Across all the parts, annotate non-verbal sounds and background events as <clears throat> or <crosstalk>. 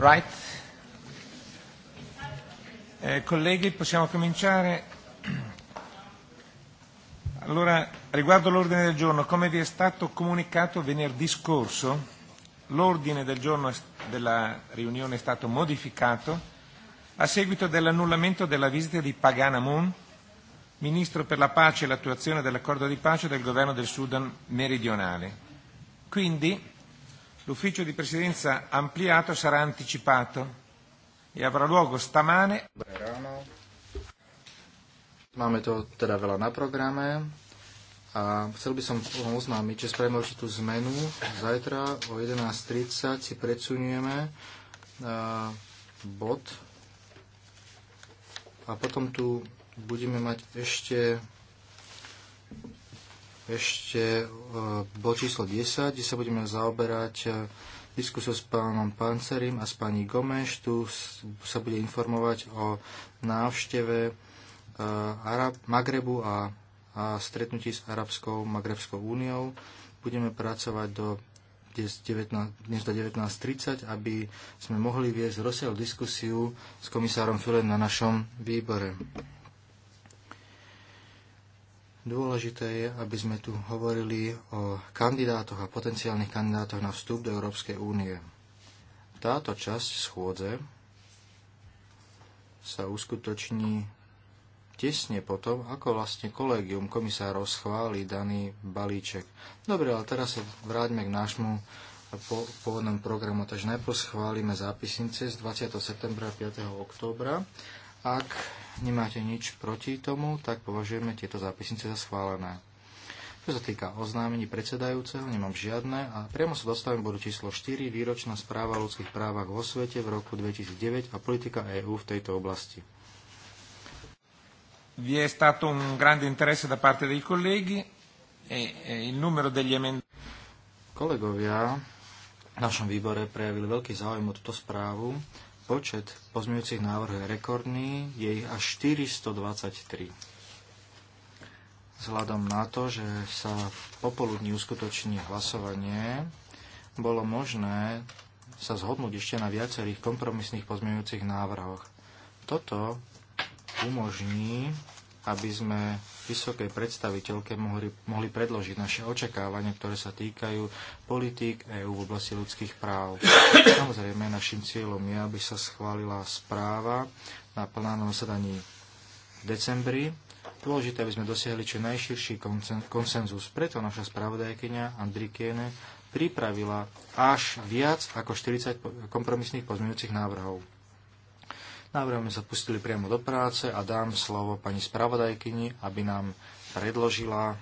Right. Eh, colleghi, possiamo cominciare. Allora, riguardo l'ordine del giorno, come vi è stato comunicato venerdì scorso, l'ordine del giorno della riunione è stato modificato a seguito dell'annullamento della visita di Pagana Moon, Ministro per la pace e l'attuazione dell'accordo di pace del governo del Sudan meridionale. Quindi L'ufficio di presidenza ampliato sarà anticipato e avrà luogo stamane. Máme to teda veľa na programe a chcel by som vám oznámiť, že spravíme určitú zmenu. Zajtra o 11.30 si predsunieme eh, bod a potom tu budeme mať ešte ešte e, bod číslo 10, kde sa budeme zaoberať e, diskusiu s pánom Pancerim a s pani Gomeš. Tu sa bude informovať o návšteve e, Arab, Magrebu a, a stretnutí s Arabskou Magrebskou úniou. Budeme pracovať do dnes, 19, do 19.30, aby sme mohli viesť rozsiaľ diskusiu s komisárom Filen na našom výbore. Dôležité je, aby sme tu hovorili o kandidátoch a potenciálnych kandidátoch na vstup do Európskej únie. Táto časť schôdze sa uskutoční tesne potom, ako vlastne kolegium komisárov schváli daný balíček. Dobre, ale teraz sa vráťme k nášmu pôvodnom programu. Takže najprv schválime zápisnice z 20. septembra a 5. októbra. Ak nemáte nič proti tomu, tak považujeme tieto zápisnice za schválené. Čo sa týka oznámení predsedajúceho, nemám žiadne a priamo sa dostávam bodu číslo 4, výročná správa o ľudských právach vo svete v roku 2009 a politika EÚ v tejto oblasti. Vi è stato un grande interesse da parte dei colleghi e, e il numero degli emendamenti. Kolegovia v našom výbore prejavili veľký záujem o túto správu Počet pozmeňujúcich návrhov je rekordný, je ich až 423. Vzhľadom na to, že sa popoludní uskutoční hlasovanie, bolo možné sa zhodnúť ešte na viacerých kompromisných pozmeňujúcich návrhoch. Toto umožní aby sme vysokej predstaviteľke mohli, mohli predložiť naše očakávania, ktoré sa týkajú politík EÚ v oblasti ľudských práv. Samozrejme, našim cieľom je, aby sa schválila správa na plnánom zasadaní v decembri. Dôležité, aby sme dosiahli čo najširší konsen konsenzus. Preto naša spravodajkynia Andrikiene pripravila až viac ako 40 kompromisných pozmeňujúcich návrhov. Návrhom sa pustili priamo do práce a dám slovo pani spravodajkyni, aby nám predložila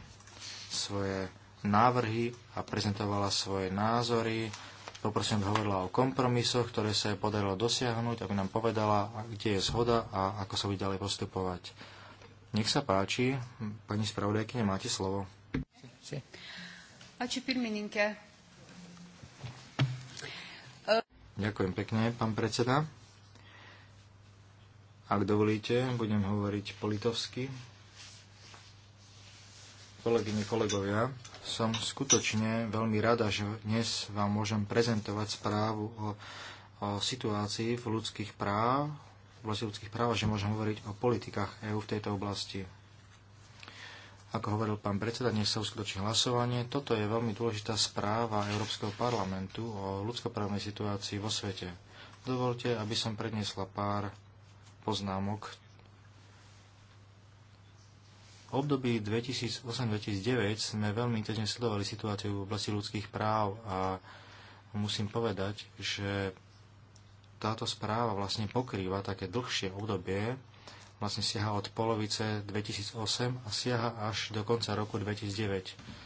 svoje návrhy a prezentovala svoje názory. Poprosím, aby hovorila o kompromisoch, ktoré sa jej podarilo dosiahnuť, aby nám povedala, kde je zhoda a ako sa bude ďalej postupovať. Nech sa páči, pani spravodajkyne, máte slovo. Ďakujem pekne, pán predseda. Ak dovolíte, budem hovoriť po litovsky. Kolegyne, kolegovia, som skutočne veľmi rada, že dnes vám môžem prezentovať správu o, o situácii v ľudských práv, v ľudských práv že môžem hovoriť o politikách EÚ v tejto oblasti. Ako hovoril pán predseda, dnes sa uskutoční hlasovanie. Toto je veľmi dôležitá správa Európskeho parlamentu o ľudskoprávnej situácii vo svete. Dovolte, aby som predniesla pár poznámok. V období 2008-2009 sme veľmi intenzívne sledovali situáciu v oblasti ľudských práv a musím povedať, že táto správa vlastne pokrýva také dlhšie obdobie, vlastne siaha od polovice 2008 a siaha až do konca roku 2009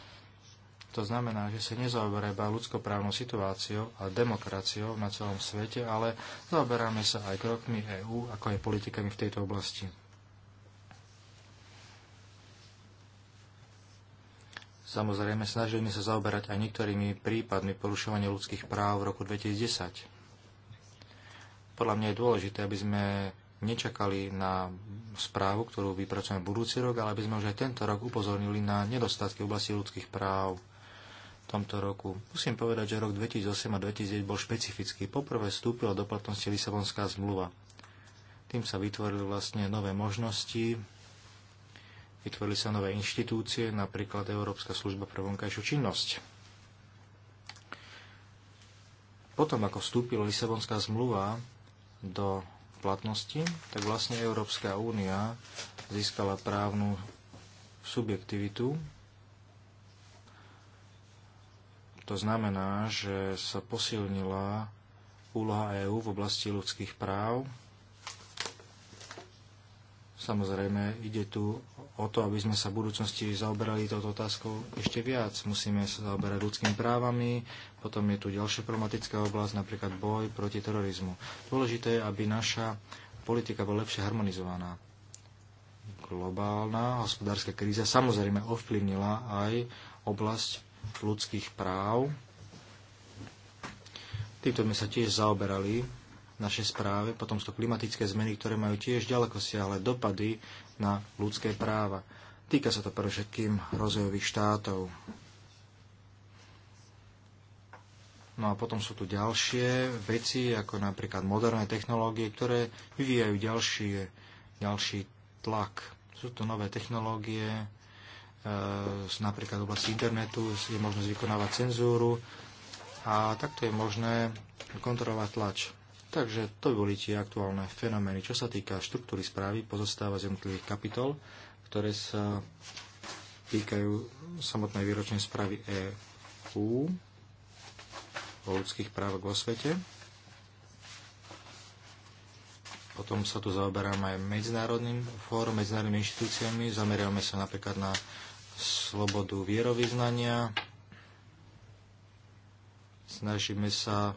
to znamená, že sa iba ľudskoprávnou situáciou a demokraciou na celom svete, ale zaoberáme sa aj krokmi EÚ, ako aj politikami v tejto oblasti. Samozrejme, snažíme sa zaoberať aj niektorými prípadmi porušovania ľudských práv v roku 2010. Podľa mňa je dôležité, aby sme nečakali na správu, ktorú vypracujeme budúci rok, ale aby sme už aj tento rok upozornili na nedostatky v oblasti ľudských práv tomto roku. Musím povedať, že rok 2008 a 2009 bol špecifický. Poprvé vstúpila do platnosti Lisabonská zmluva. Tým sa vytvorili vlastne nové možnosti, vytvorili sa nové inštitúcie, napríklad Európska služba pre vonkajšiu činnosť. Potom, ako vstúpila Lisabonská zmluva do platnosti, tak vlastne Európska únia získala právnu subjektivitu To znamená, že sa posilnila úloha EÚ v oblasti ľudských práv. Samozrejme, ide tu o to, aby sme sa v budúcnosti zaoberali touto otázkou ešte viac. Musíme sa zaoberať ľudskými právami, potom je tu ďalšia problematická oblasť, napríklad boj proti terorizmu. Dôležité je, aby naša politika bola lepšie harmonizovaná. Globálna hospodárska kríza samozrejme ovplyvnila aj oblasť ľudských práv. Týmto sme sa tiež zaoberali v našej správe. Potom sú to klimatické zmeny, ktoré majú tiež ďaleko siahle dopady na ľudské práva. Týka sa to všetkým rozvojových štátov. No a potom sú tu ďalšie veci, ako napríklad moderné technológie, ktoré vyvíjajú ďalšie, ďalší tlak. Sú to nové technológie, napríklad v oblasti internetu je možnosť vykonávať cenzúru a takto je možné kontrolovať tlač. Takže to boli tie aktuálne fenomény. Čo sa týka štruktúry správy, pozostáva z jednotlivých kapitol, ktoré sa týkajú samotnej výročnej správy EU o ľudských právach vo svete. Potom sa tu zaoberáme aj medzinárodným fórum, medzinárodnými inštitúciami. Zameriame sa napríklad na slobodu vierovýznania. Snažíme sa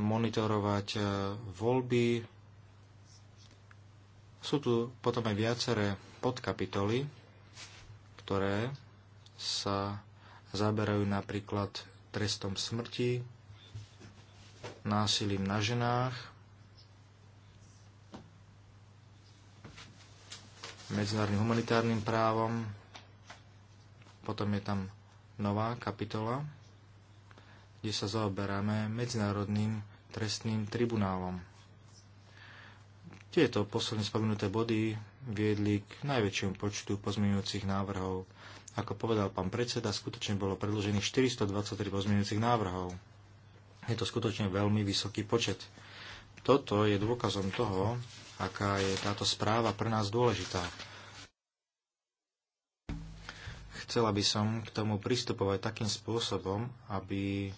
monitorovať e, voľby. Sú tu potom aj viaceré podkapitoly, ktoré sa zaberajú napríklad trestom smrti, násilím na ženách, medzinárodným humanitárnym právom, potom je tam nová kapitola, kde sa zaoberáme Medzinárodným trestným tribunálom. Tieto posledne spomenuté body viedli k najväčšiemu počtu pozmeňujúcich návrhov. Ako povedal pán predseda, skutočne bolo predložených 423 pozmeňujúcich návrhov. Je to skutočne veľmi vysoký počet. Toto je dôkazom toho, aká je táto správa pre nás dôležitá. Chcela by som k tomu pristupovať takým spôsobom, aby,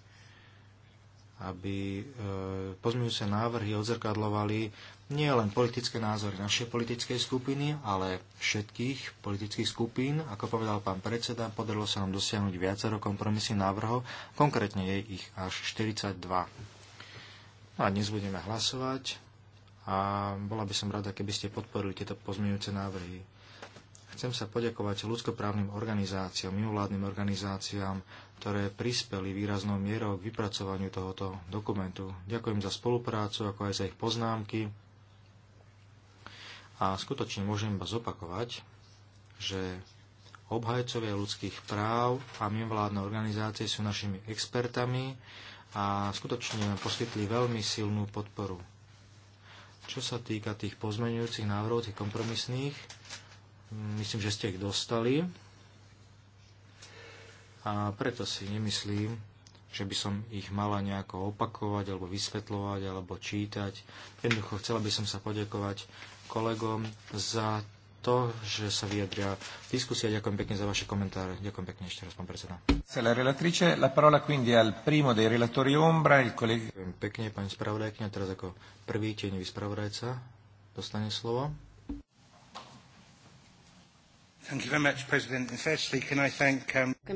aby e, pozmeňujúce návrhy odzrkadlovali len politické názory našej politickej skupiny, ale všetkých politických skupín. Ako povedal pán predseda, podarilo sa nám dosiahnuť viacero kompromisných návrhov, konkrétne je ich až 42. No a dnes budeme hlasovať a bola by som rada, keby ste podporili tieto pozmeňujúce návrhy. Chcem sa poďakovať ľudskoprávnym organizáciám, mimovládnym organizáciám, ktoré prispeli výraznou mierou k vypracovaniu tohoto dokumentu. Ďakujem za spoluprácu, ako aj za ich poznámky. A skutočne môžem iba zopakovať, že obhajcovia ľudských práv a mimovládne organizácie sú našimi expertami a skutočne poskytli veľmi silnú podporu. Čo sa týka tých pozmeňujúcich návrhov, tých kompromisných, Myslím, že ste ich dostali. A preto si nemyslím, že by som ich mala nejako opakovať, alebo vysvetľovať, alebo čítať. Jednoducho chcela by som sa poďakovať kolegom za to, že sa vyjadria diskusia. Ďakujem pekne za vaše komentáre. Ďakujem pekne ešte raz, pán predseda. Ďakujem pekne, pani spravodajkňa. Teraz ako prvý tieňový spravodajca dostane slovo. Um, Ďakujem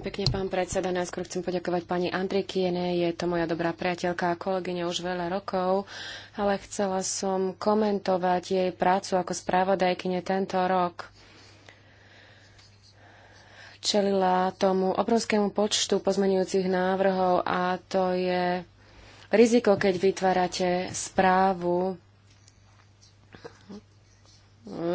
pekne, pán predseda. Najskôr chcem poďakovať pani Andrikiene. Je to moja dobrá priateľka a kolegyňa už veľa rokov, ale chcela som komentovať jej prácu ako správodajkyne tento rok. Čelila tomu obrovskému počtu pozmenujúcich návrhov a to je riziko, keď vytvárate správu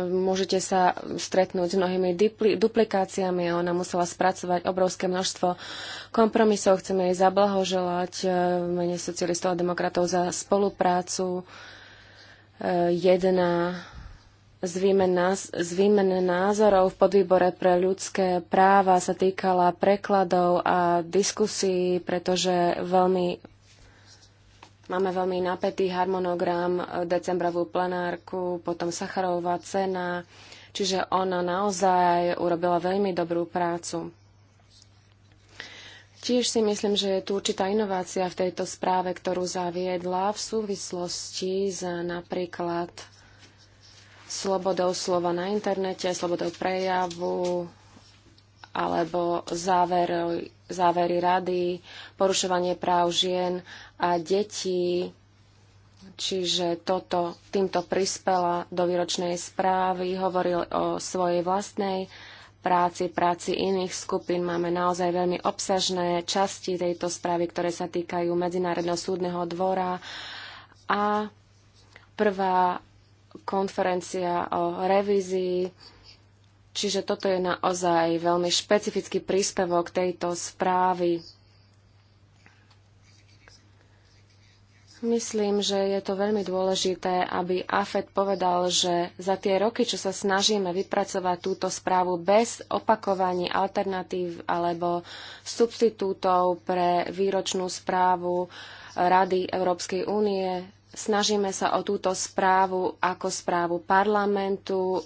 Môžete sa stretnúť s mnohými dupli- duplikáciami. Ona musela spracovať obrovské množstvo kompromisov. Chceme jej zablahoželať e, v mene socialistov a demokratov za spoluprácu. E, jedna z výmen, z výmen názorov v podvýbore pre ľudské práva sa týkala prekladov a diskusí, pretože veľmi Máme veľmi napätý harmonogram, e, decembrovú plenárku, potom Sacharová cena, čiže ona naozaj urobila veľmi dobrú prácu. Tiež si myslím, že je tu určitá inovácia v tejto správe, ktorú zaviedla v súvislosti s napríklad slobodou slova na internete, slobodou prejavu alebo závery, závery rady, porušovanie práv žien a detí. Čiže toto, týmto prispela do výročnej správy, hovoril o svojej vlastnej práci, práci iných skupín. Máme naozaj veľmi obsažné časti tejto správy, ktoré sa týkajú Medzinárodného súdneho dvora a prvá konferencia o revízii. Čiže toto je naozaj veľmi špecifický príspevok tejto správy. Myslím, že je to veľmi dôležité, aby AFED povedal, že za tie roky, čo sa snažíme vypracovať túto správu bez opakovaní alternatív alebo substitútov pre výročnú správu Rady Európskej únie, snažíme sa o túto správu ako správu parlamentu,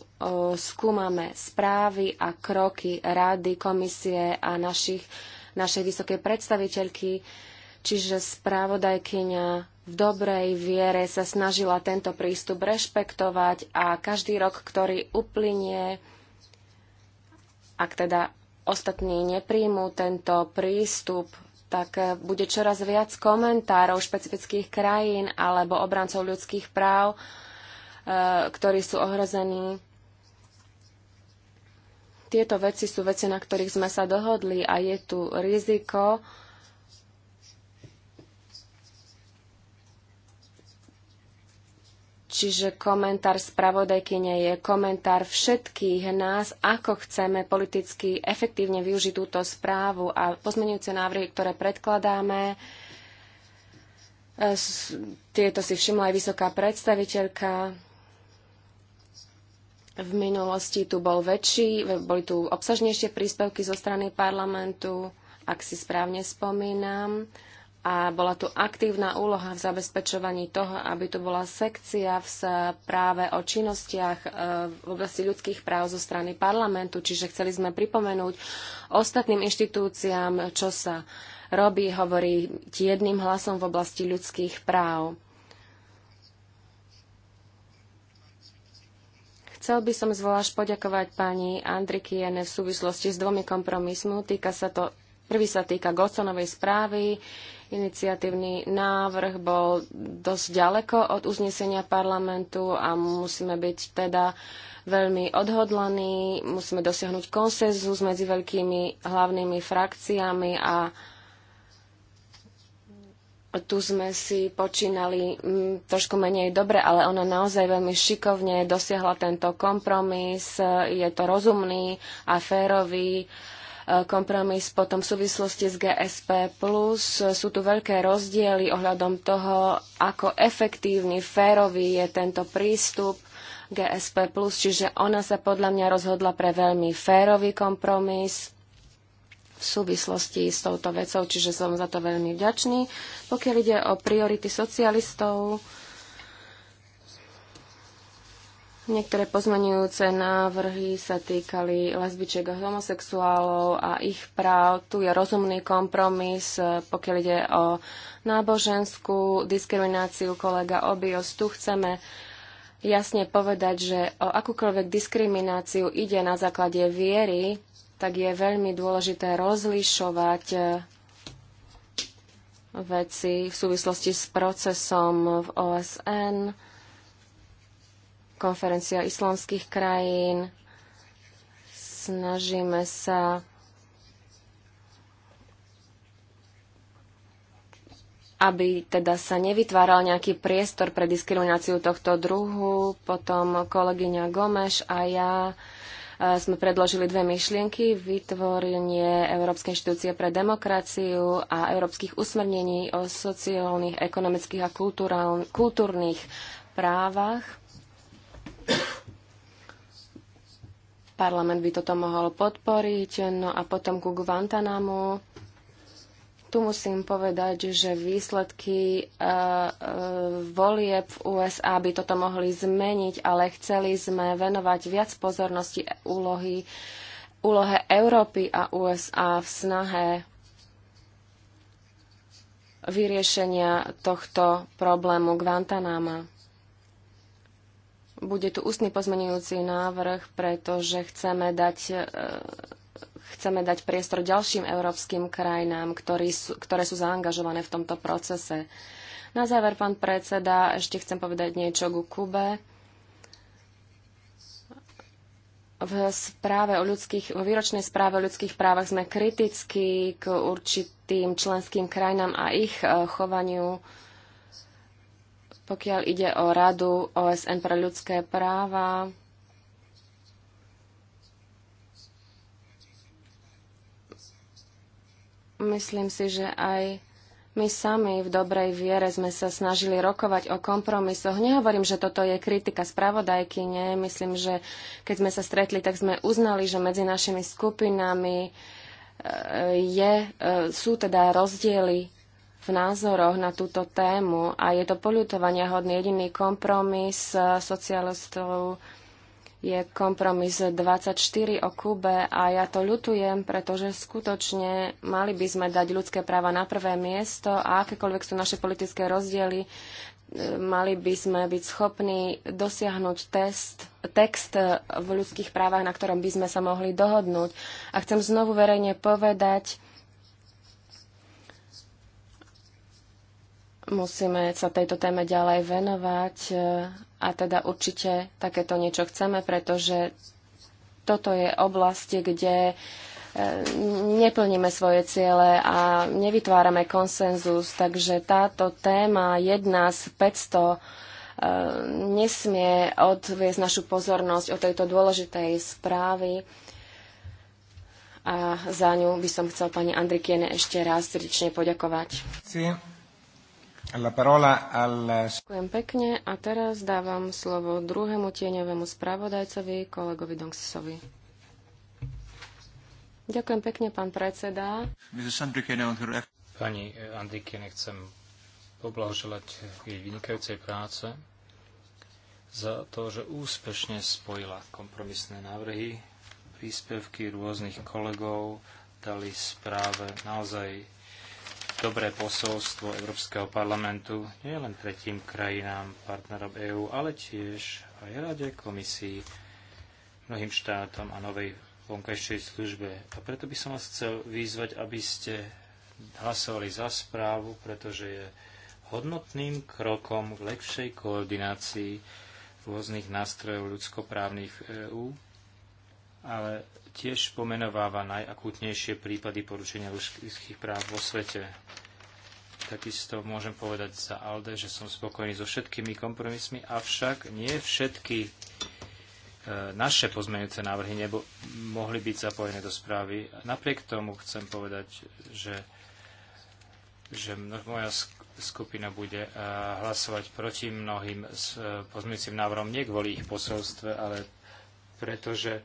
skúmame správy a kroky Rady, komisie a našich, našej vysokej predstaviteľky, čiže spravodajkyňa v dobrej viere sa snažila tento prístup rešpektovať a každý rok, ktorý uplynie, ak teda ostatní nepríjmú tento prístup, tak bude čoraz viac komentárov špecifických krajín alebo obrancov ľudských práv, e, ktorí sú ohrození tieto veci sú veci, na ktorých sme sa dohodli a je tu riziko, Čiže komentár spravodajkyne je komentár všetkých nás, ako chceme politicky efektívne využiť túto správu a pozmenujúce návrhy, ktoré predkladáme. E, tieto si všimla aj vysoká predstaviteľka. V minulosti tu bol väčší, boli tu obsažnejšie príspevky zo strany parlamentu, ak si správne spomínam a bola tu aktívna úloha v zabezpečovaní toho, aby tu bola sekcia v práve o činnostiach e, v oblasti ľudských práv zo strany parlamentu, čiže chceli sme pripomenúť ostatným inštitúciám, čo sa robí, hovorí jedným hlasom v oblasti ľudských práv. Chcel by som zvlášť poďakovať pani Andrikiene v súvislosti s dvomi kompromismi. Týka sa to, prvý sa týka Goconovej správy, Iniciatívny návrh bol dosť ďaleko od uznesenia parlamentu a musíme byť teda veľmi odhodlaní, musíme dosiahnuť konsenzus medzi veľkými hlavnými frakciami a tu sme si počínali mm, trošku menej dobre, ale ona naozaj veľmi šikovne dosiahla tento kompromis. Je to rozumný a férový kompromis. Potom v súvislosti s GSP+, plus sú tu veľké rozdiely ohľadom toho, ako efektívny, férový je tento prístup GSP+, plus, čiže ona sa podľa mňa rozhodla pre veľmi férový kompromis v súvislosti s touto vecou, čiže som za to veľmi vďačný. Pokiaľ ide o priority socialistov, Niektoré pozmenujúce návrhy sa týkali lesbičiek a homosexuálov a ich práv. Tu je rozumný kompromis, e, pokiaľ ide o náboženskú diskrimináciu. Kolega Obios, tu chceme jasne povedať, že o akúkoľvek diskrimináciu ide na základe viery, tak je veľmi dôležité rozlišovať e, veci v súvislosti s procesom v OSN Konferencia islamských krajín. Snažíme sa aby teda sa nevytváral nejaký priestor pre diskrimináciu tohto druhu. Potom kolegyňa Gomeš a ja e, sme predložili dve myšlienky. Vytvorenie Európskej inštitúcie pre demokraciu a európskych usmernení o sociálnych, ekonomických a kultúrnych právach Parlament by toto mohol podporiť. No a potom ku Guantanamu. Tu musím povedať, že výsledky uh, uh, volieb v USA by toto mohli zmeniť, ale chceli sme venovať viac pozornosti úlohy, úlohe Európy a USA v snahe vyriešenia tohto problému Guantanama. Bude tu ústny pozmenujúci návrh, pretože chceme dať, e, chceme dať priestor ďalším európskym krajinám, ktorí sú, ktoré sú zaangažované v tomto procese. Na záver, pán predseda, ešte chcem povedať niečo ku Kube. V, správe o ľudských, v výročnej správe o ľudských právach sme kritickí k určitým členským krajinám a ich e, chovaniu pokiaľ ide o Radu OSN pre ľudské práva, myslím si, že aj my sami v dobrej viere sme sa snažili rokovať o kompromisoch. Nehovorím, že toto je kritika spravodajky, nie. Myslím, že keď sme sa stretli, tak sme uznali, že medzi našimi skupinami e, je, e, sú teda rozdiely v názoroch na túto tému a je to poľutovania hodný. Jediný kompromis e, socialistov je kompromis 24 o Kube a ja to ľutujem, pretože skutočne mali by sme dať ľudské práva na prvé miesto a akékoľvek sú naše politické rozdiely, e, mali by sme byť schopní dosiahnuť test, text v ľudských právach, na ktorom by sme sa mohli dohodnúť. A chcem znovu verejne povedať, Musíme sa tejto téme ďalej venovať e, a teda určite takéto niečo chceme, pretože toto je oblasti, kde e, neplníme svoje ciele a nevytvárame konsenzus, takže táto téma jedna z 500 e, nesmie odviesť našu pozornosť o tejto dôležitej správy. A za ňu by som chcel pani Andrikiene ešte raz srdečne poďakovať. Ďakujem pekne a teraz dávam slovo druhému tieňovému spravodajcovi, kolegovi Dongsisovi. Ďakujem pekne, pán predseda. Pani Andrike, nechcem poblahoželať jej vynikajúcej práce za to, že úspešne spojila kompromisné návrhy, príspevky rôznych kolegov, dali správe naozaj dobré posolstvo Európskeho parlamentu nie len tretím krajinám, partnerom EÚ, ale tiež aj Rade, Komisii, mnohým štátom a novej vonkajšej službe. A preto by som vás chcel vyzvať, aby ste hlasovali za správu, pretože je hodnotným krokom k lepšej koordinácii rôznych nástrojov ľudskoprávnych v EÚ, ale tiež pomenováva najakútnejšie prípady porušenia ľudských práv vo svete. Takisto môžem povedať za ALDE, že som spokojný so všetkými kompromismi, avšak nie všetky e, naše pozmeňujúce návrhy nebo, mohli byť zapojené do správy. Napriek tomu chcem povedať, že, že moja skupina bude e, hlasovať proti mnohým e, pozmeňujúcim návrhom, nie kvôli ich posolstve, ale pretože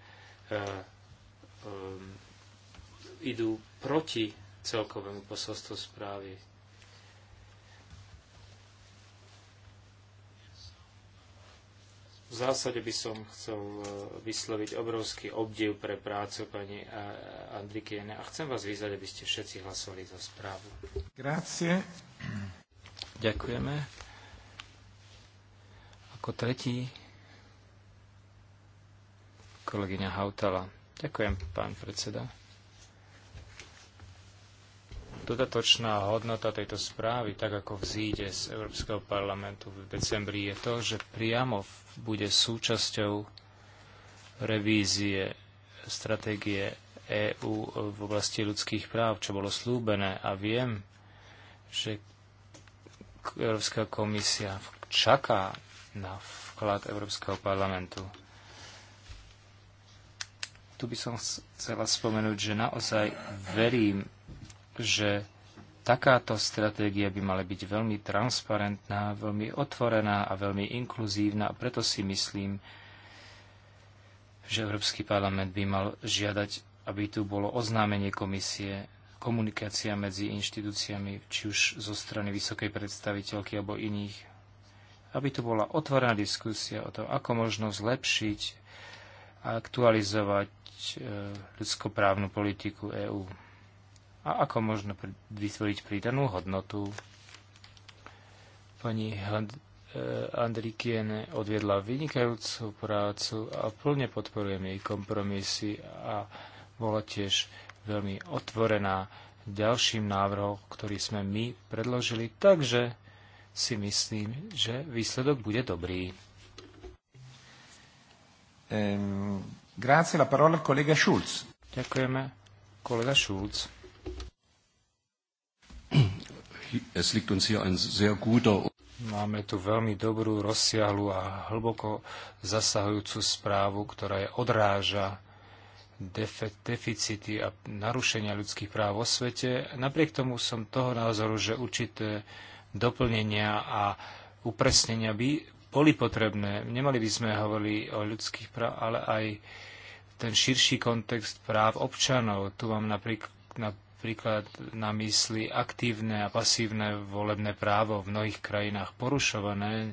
Um, idú proti celkovému posolstvu správy. V zásade by som chcel uh, vysloviť obrovský obdiv pre prácu pani uh, Andrikiene a chcem vás vyzvať, aby ste všetci hlasovali za správu. Grazie. Ďakujeme. Ako tretí kolegyňa Hautala. Ďakujem, pán predseda. Dodatočná hodnota tejto správy, tak ako vzíde z Európskeho parlamentu v decembri, je to, že priamo bude súčasťou revízie stratégie EÚ v oblasti ľudských práv, čo bolo slúbené. A viem, že Európska komisia čaká na vklad Európskeho parlamentu. Tu by som chcela spomenúť, že naozaj verím, že takáto stratégia by mala byť veľmi transparentná, veľmi otvorená a veľmi inkluzívna a preto si myslím, že Európsky parlament by mal žiadať, aby tu bolo oznámenie komisie, komunikácia medzi inštitúciami, či už zo strany vysokej predstaviteľky alebo iných, aby tu bola otvorená diskusia o tom, ako možno zlepšiť a aktualizovať E, ľudskoprávnu politiku EÚ a ako možno vytvoriť pridanú hodnotu. Pani e, Andrikiene odviedla vynikajúcu prácu a plne podporujem jej kompromisy a bola tiež veľmi otvorená ďalším návrhom, ktorý sme my predložili, takže si myslím, že výsledok bude dobrý. Grazie, la parola Schulz. Ďakujeme. Kolega Schulz. Es liegt uns hier ein sehr guter Máme tu veľmi dobrú, rozsiahlu a hlboko zasahujúcu správu, ktorá je odráža deficity a narušenia ľudských práv vo svete. Napriek tomu som toho názoru, že určité doplnenia a upresnenia by boli potrebné. Nemali by sme hovorili o ľudských práv, ale aj ten širší kontext práv občanov. Tu mám napríklad, napríklad na mysli aktívne a pasívne volebné právo v mnohých krajinách porušované,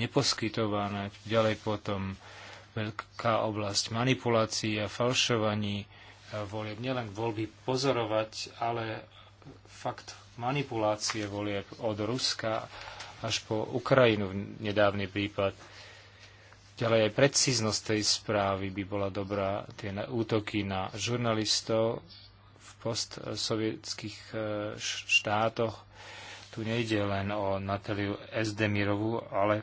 neposkytované. Ďalej potom veľká oblasť manipulácií a falšovaní volieb. Nielen voľby pozorovať, ale fakt manipulácie volieb od Ruska až po Ukrajinu v nedávny prípad. Ďalej aj precíznosť tej správy by bola dobrá. Tie útoky na žurnalistov v postsovietských e, štátoch. Tu nejde len o Nataliu Esdemirovú, ale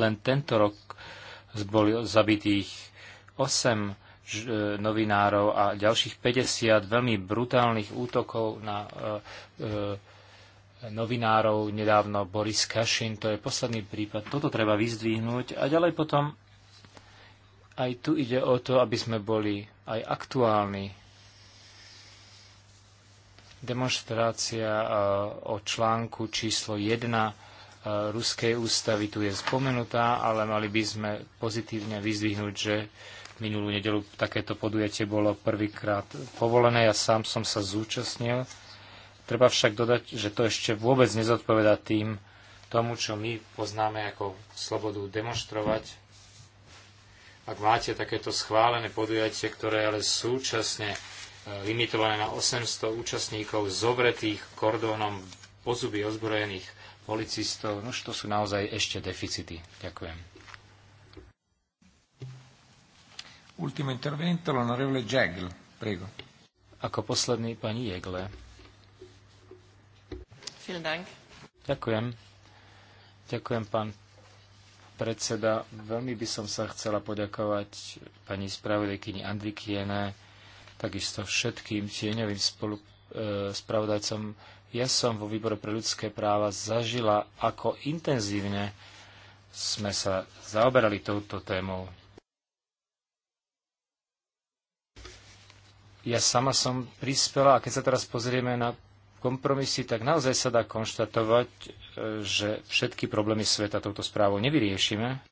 len tento rok boli zabitých 8 e, novinárov a ďalších 50 veľmi brutálnych útokov na e, novinárov nedávno Boris Kašin, to je posledný prípad, toto treba vyzdvihnúť a ďalej potom aj tu ide o to, aby sme boli aj aktuálni. Demonstrácia e, o článku číslo 1 e, Ruskej ústavy tu je spomenutá, ale mali by sme pozitívne vyzdvihnúť, že minulú nedelu takéto podujatie bolo prvýkrát povolené. Ja sám som sa zúčastnil Treba však dodať, že to ešte vôbec nezodpoveda tým tomu, čo my poznáme ako slobodu demonstrovať. Ak máte takéto schválené podujatie, ktoré ale súčasne e, limitované na 800 účastníkov zovretých kordónom pozuby ozbrojených policistov. no to sú naozaj ešte deficity. Ďakujem. Ultimo intervento, l'onorevole Jagl. Prego. Ako posledný pani Jegle. Ďakujem. Ďakujem, pán predseda. Veľmi by som sa chcela poďakovať pani spravodajkyni Andrikiene, takisto všetkým tieňovým spolu, e, spravodajcom. Ja som vo výbore pre ľudské práva zažila, ako intenzívne sme sa zaoberali touto témou. Ja sama som prispela, a keď sa teraz pozrieme na kompromisy, tak naozaj sa dá konštatovať, e, že všetky problémy sveta touto správou nevyriešime.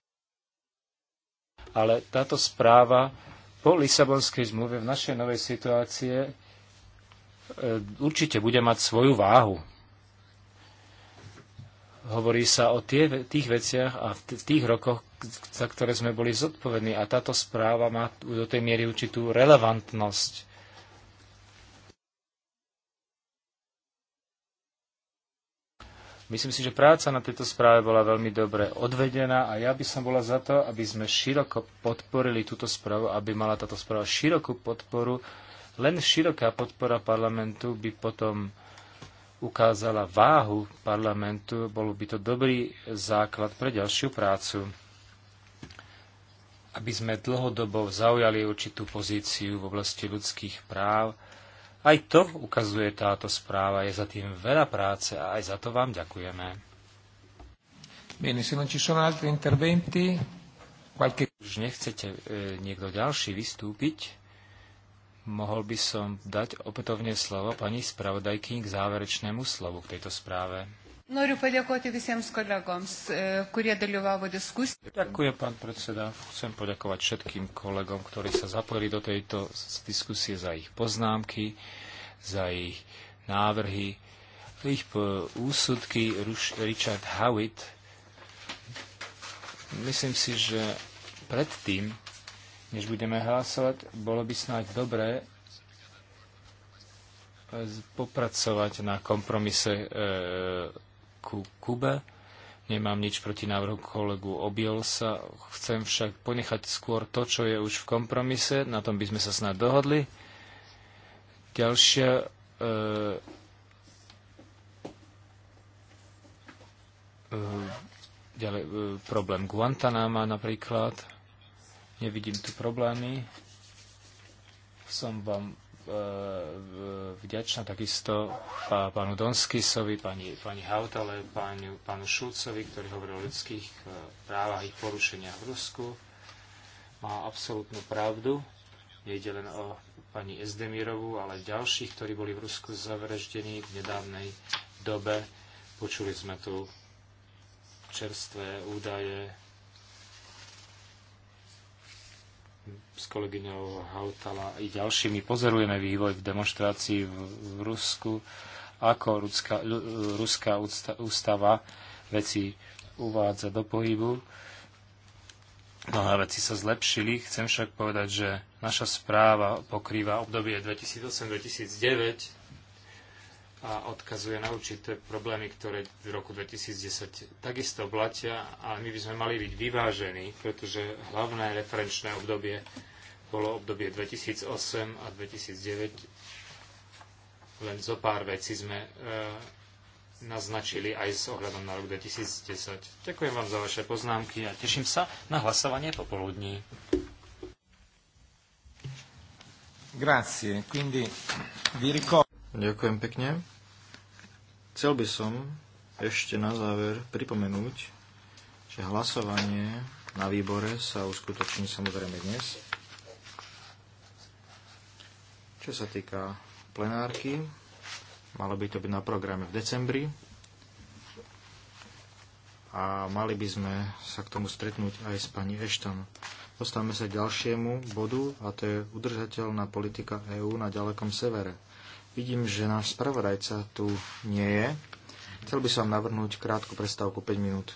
Ale táto správa po Lisabonskej zmluve v našej novej situácie e, určite bude mať svoju váhu. Hovorí sa o tie, tých veciach a v tých rokoch, za ktoré sme boli zodpovední. A táto správa má do tej miery určitú relevantnosť Myslím si, že práca na tejto správe bola veľmi dobre odvedená a ja by som bola za to, aby sme široko podporili túto správu, aby mala táto správa širokú podporu. Len široká podpora parlamentu by potom ukázala váhu parlamentu, bol by to dobrý základ pre ďalšiu prácu. Aby sme dlhodobo zaujali určitú pozíciu v oblasti ľudských práv, aj to ukazuje táto správa. Je za tým veľa práce a aj za to vám ďakujeme. Už nechcete e, niekto ďalší vystúpiť, mohol by som dať opätovne slovo pani spravodajky k záverečnému slovu k tejto správe. Noriu padėkoti visiems kolegoms, e, kurie dalyvavo diskusijoje. Dėkuoju, pan predseda. Chcem poďakovať všetkým kolegom, ktorí sa zapojili do tejto diskusie za ich poznámky, za ich návrhy, za ich e, úsudky. Richard Howitt, myslím si, že predtým, než budeme hlasovať, bolo by snáď dobré e, popracovať na kompromise e, ku Kube. Nemám nič proti návrhu kolegu Obielsa, Chcem však ponechať skôr to, čo je už v kompromise. Na tom by sme sa snad dohodli. Ďalšia e, e ďalej, e, problém Guantanama napríklad. Nevidím tu problémy. Som vám vďačná takisto pánu Donskisovi, pani, pani Hautale, pánu, pánu Šulcovi, ktorý hovoril o ľudských e, právach a ich porušeniach v Rusku. Má absolútnu pravdu. Nejde len o pani Ezdemirovú, ale ďalších, ktorí boli v Rusku zavraždení v nedávnej dobe. Počuli sme tu čerstvé údaje s kolegyňou Hautala i ďalšími pozorujeme vývoj v demonstrácii v, v Rusku, ako ruská, ruská ústava veci uvádza do pohybu. Mnohé veci sa zlepšili. Chcem však povedať, že naša správa pokrýva obdobie 2008-2009 a odkazuje na určité problémy, ktoré v roku 2010 takisto blatia, ale my by sme mali byť vyvážení, pretože hlavné referenčné obdobie bolo obdobie 2008 a 2009. Len zo pár vecí sme e, naznačili aj s ohľadom na rok 2010. Ďakujem vám za vaše poznámky a teším sa na hlasovanie popoludní. Grazie. Quindi vi ricordo Ďakujem pekne. Chcel by som ešte na záver pripomenúť, že hlasovanie na výbore sa uskutoční samozrejme dnes. Čo sa týka plenárky, malo by to byť na programe v decembri a mali by sme sa k tomu stretnúť aj s pani Ešton. Dostávame sa k ďalšiemu bodu a to je udržateľná politika EÚ na ďalekom severe. Vidím, že náš spravodajca tu nie je. Chcel by som navrhnúť krátku prestávku 5 minút.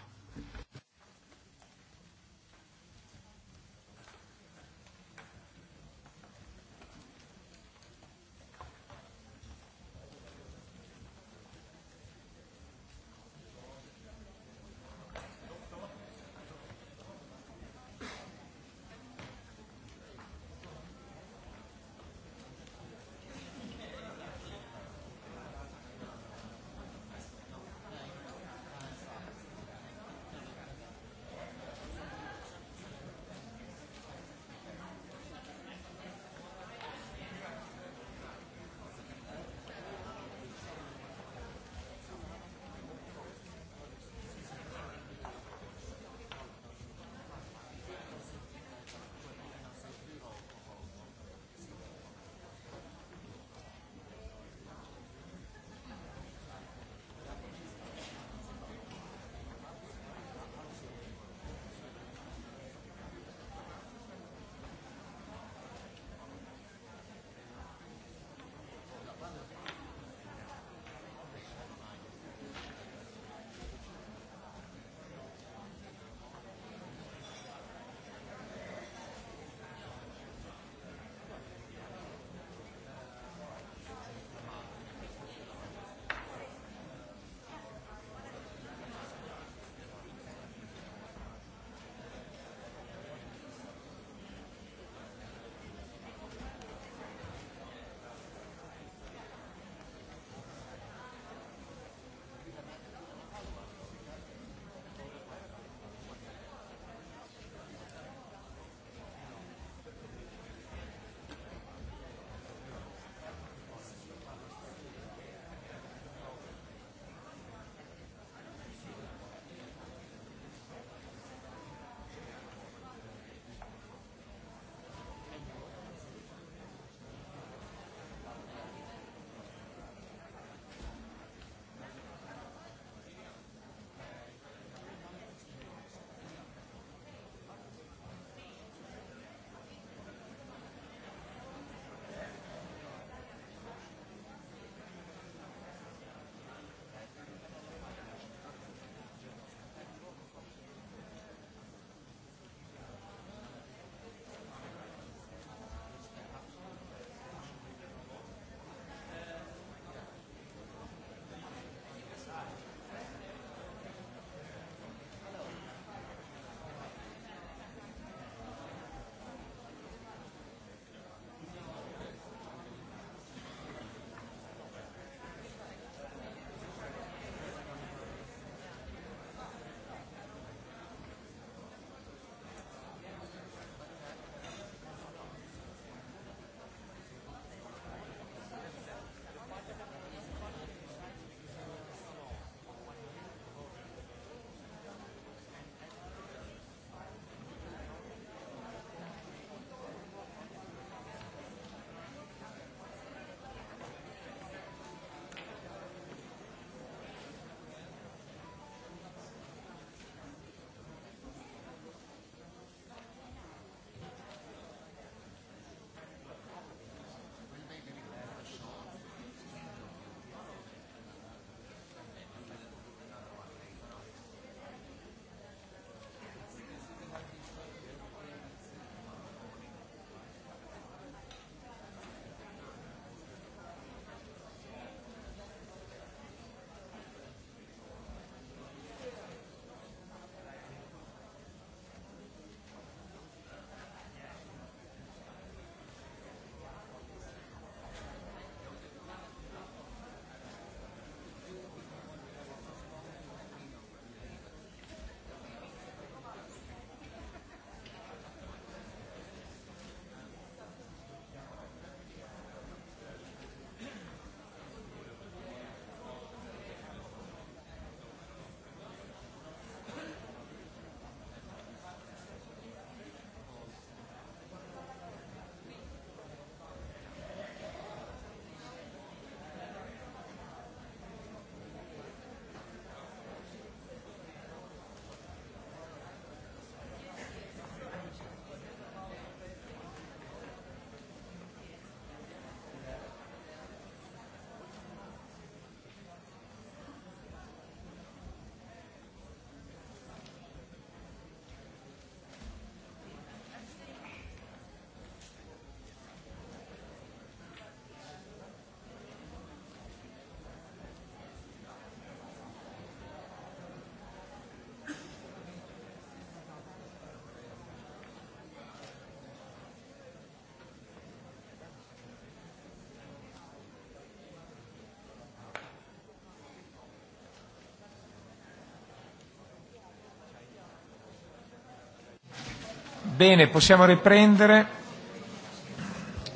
Bene, possiamo riprendere.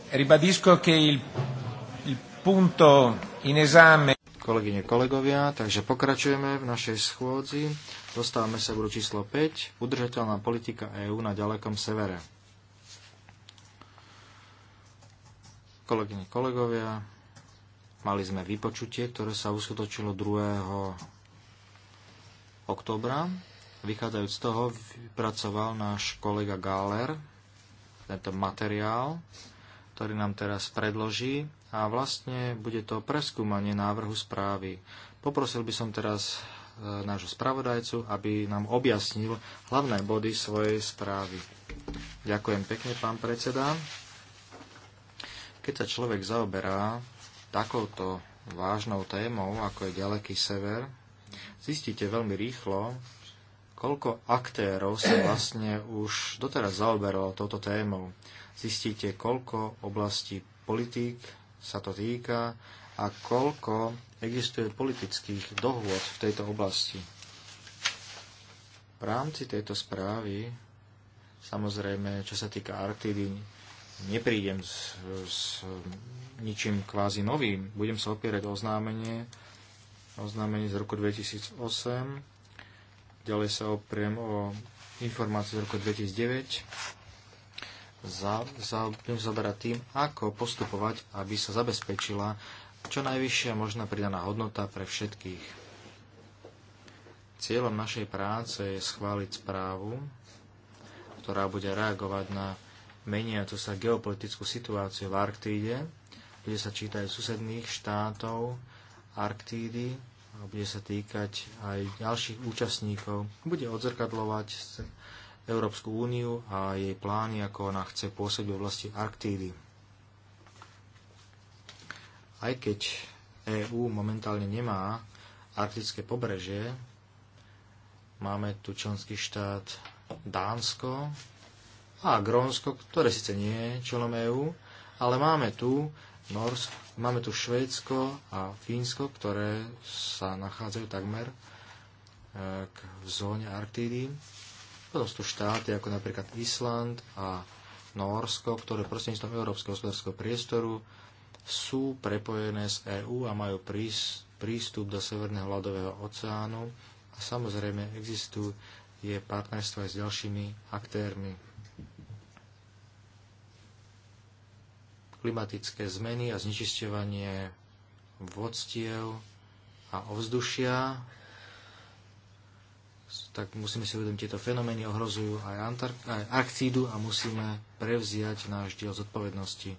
Ribadisco che il, il punto in esame... Kolegyne, kolegovia, takže pokračujeme v našej schôdzi. Dostávame sa k číslo 5, udržateľná politika EÚ na ďalekom severe. Kolegyne, kolegovia, mali sme vypočutie, ktoré sa uskutočilo 2. oktobra Vychádzajúc z toho, vypracoval náš kolega Gáler tento materiál, ktorý nám teraz predloží a vlastne bude to preskúmanie návrhu správy. Poprosil by som teraz e, nášho spravodajcu, aby nám objasnil hlavné body svojej správy. Ďakujem pekne, pán predseda. Keď sa človek zaoberá takouto vážnou témou, ako je ďaleký sever, zistíte veľmi rýchlo, koľko aktérov sa vlastne už doteraz zaoberalo touto témou. Zistíte, koľko oblastí politík sa to týka a koľko existuje politických dohôd v tejto oblasti. V rámci tejto správy, samozrejme, čo sa týka Arktidy, neprídem s, s ničím kvázi novým. Budem sa opierať o oznámenie, oznámenie z roku 2008 Ďalej sa opriem o informácie z roku 2009. Za, za, zabera tým, ako postupovať, aby sa zabezpečila čo najvyššia možná pridaná hodnota pre všetkých. Cieľom našej práce je schváliť správu, ktorá bude reagovať na meniacu sa geopolitickú situáciu v Arktíde, kde sa čítajú susedných štátov Arktídy bude sa týkať aj ďalších účastníkov. Bude odzrkadlovať Európsku úniu a jej plány, ako ona chce pôsobiť v oblasti Arktídy. Aj keď EÚ momentálne nemá arktické pobrežie, máme tu členský štát Dánsko a Grónsko, ktoré síce nie je členom EÚ, ale máme tu Nors. Máme tu Švédsko a Fínsko, ktoré sa nachádzajú takmer e, v zóne Arktídy. Potom sú tu štáty ako napríklad Island a Norsko, ktoré prostredníctvom Európskeho hospodárskeho priestoru sú prepojené s EÚ a majú prístup do Severného ľadového oceánu a samozrejme existujú je partnerstvo aj s ďalšími aktérmi. klimatické zmeny a znečisťovanie vodstiev a ovzdušia. Tak musíme si uvedomiť, tieto fenomény ohrozujú aj, Antark- aj Arktídu a musíme prevziať náš diel zodpovednosti.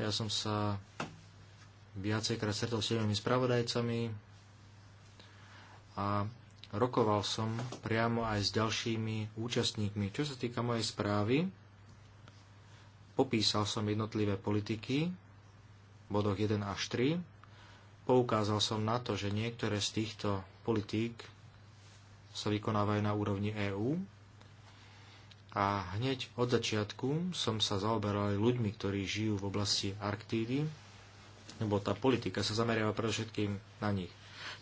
Ja som sa viacejkrát stretol s tými spravodajcami a rokoval som priamo aj s ďalšími účastníkmi. Čo sa týka mojej správy, Popísal som jednotlivé politiky v bodoch 1 až 3. Poukázal som na to, že niektoré z týchto politík sa vykonávajú na úrovni EÚ. A hneď od začiatku som sa zaoberal aj ľuďmi, ktorí žijú v oblasti Arktídy, lebo tá politika sa zameriava predovšetkým na nich.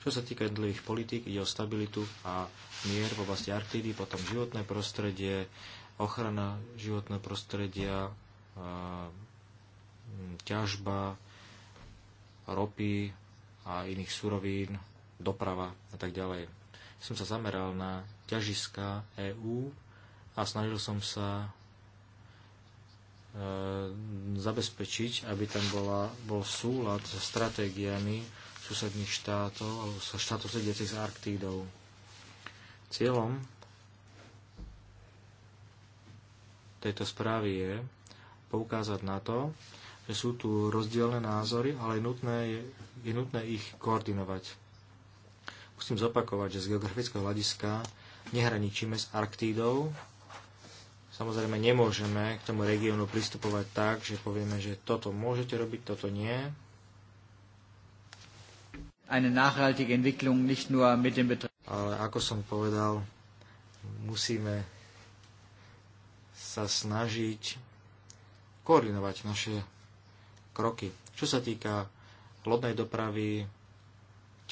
Čo sa týka jednotlivých politík, ide o stabilitu a mier v oblasti Arktídy, potom životné prostredie, ochrana životného prostredia, Mm, ťažba ropy a iných surovín, doprava a tak ďalej. Som sa zameral na ťažiska EÚ a snažil som sa e, zabezpečiť, aby tam bola, bol súlad so stratégiami susedných štátov alebo so štátov sediacich s Arktídou. Cieľom tejto správy je poukázať na to, že sú tu rozdielne názory, ale je nutné, je, nutné ich koordinovať. Musím zopakovať, že z geografického hľadiska nehraničíme s Arktídou. Samozrejme, nemôžeme k tomu regiónu pristupovať tak, že povieme, že toto môžete robiť, toto nie eine nachhaltige Entwicklung nicht nur mit dem Ale ako som povedal, musíme sa snažiť koordinovať naše kroky. Čo sa týka lodnej dopravy,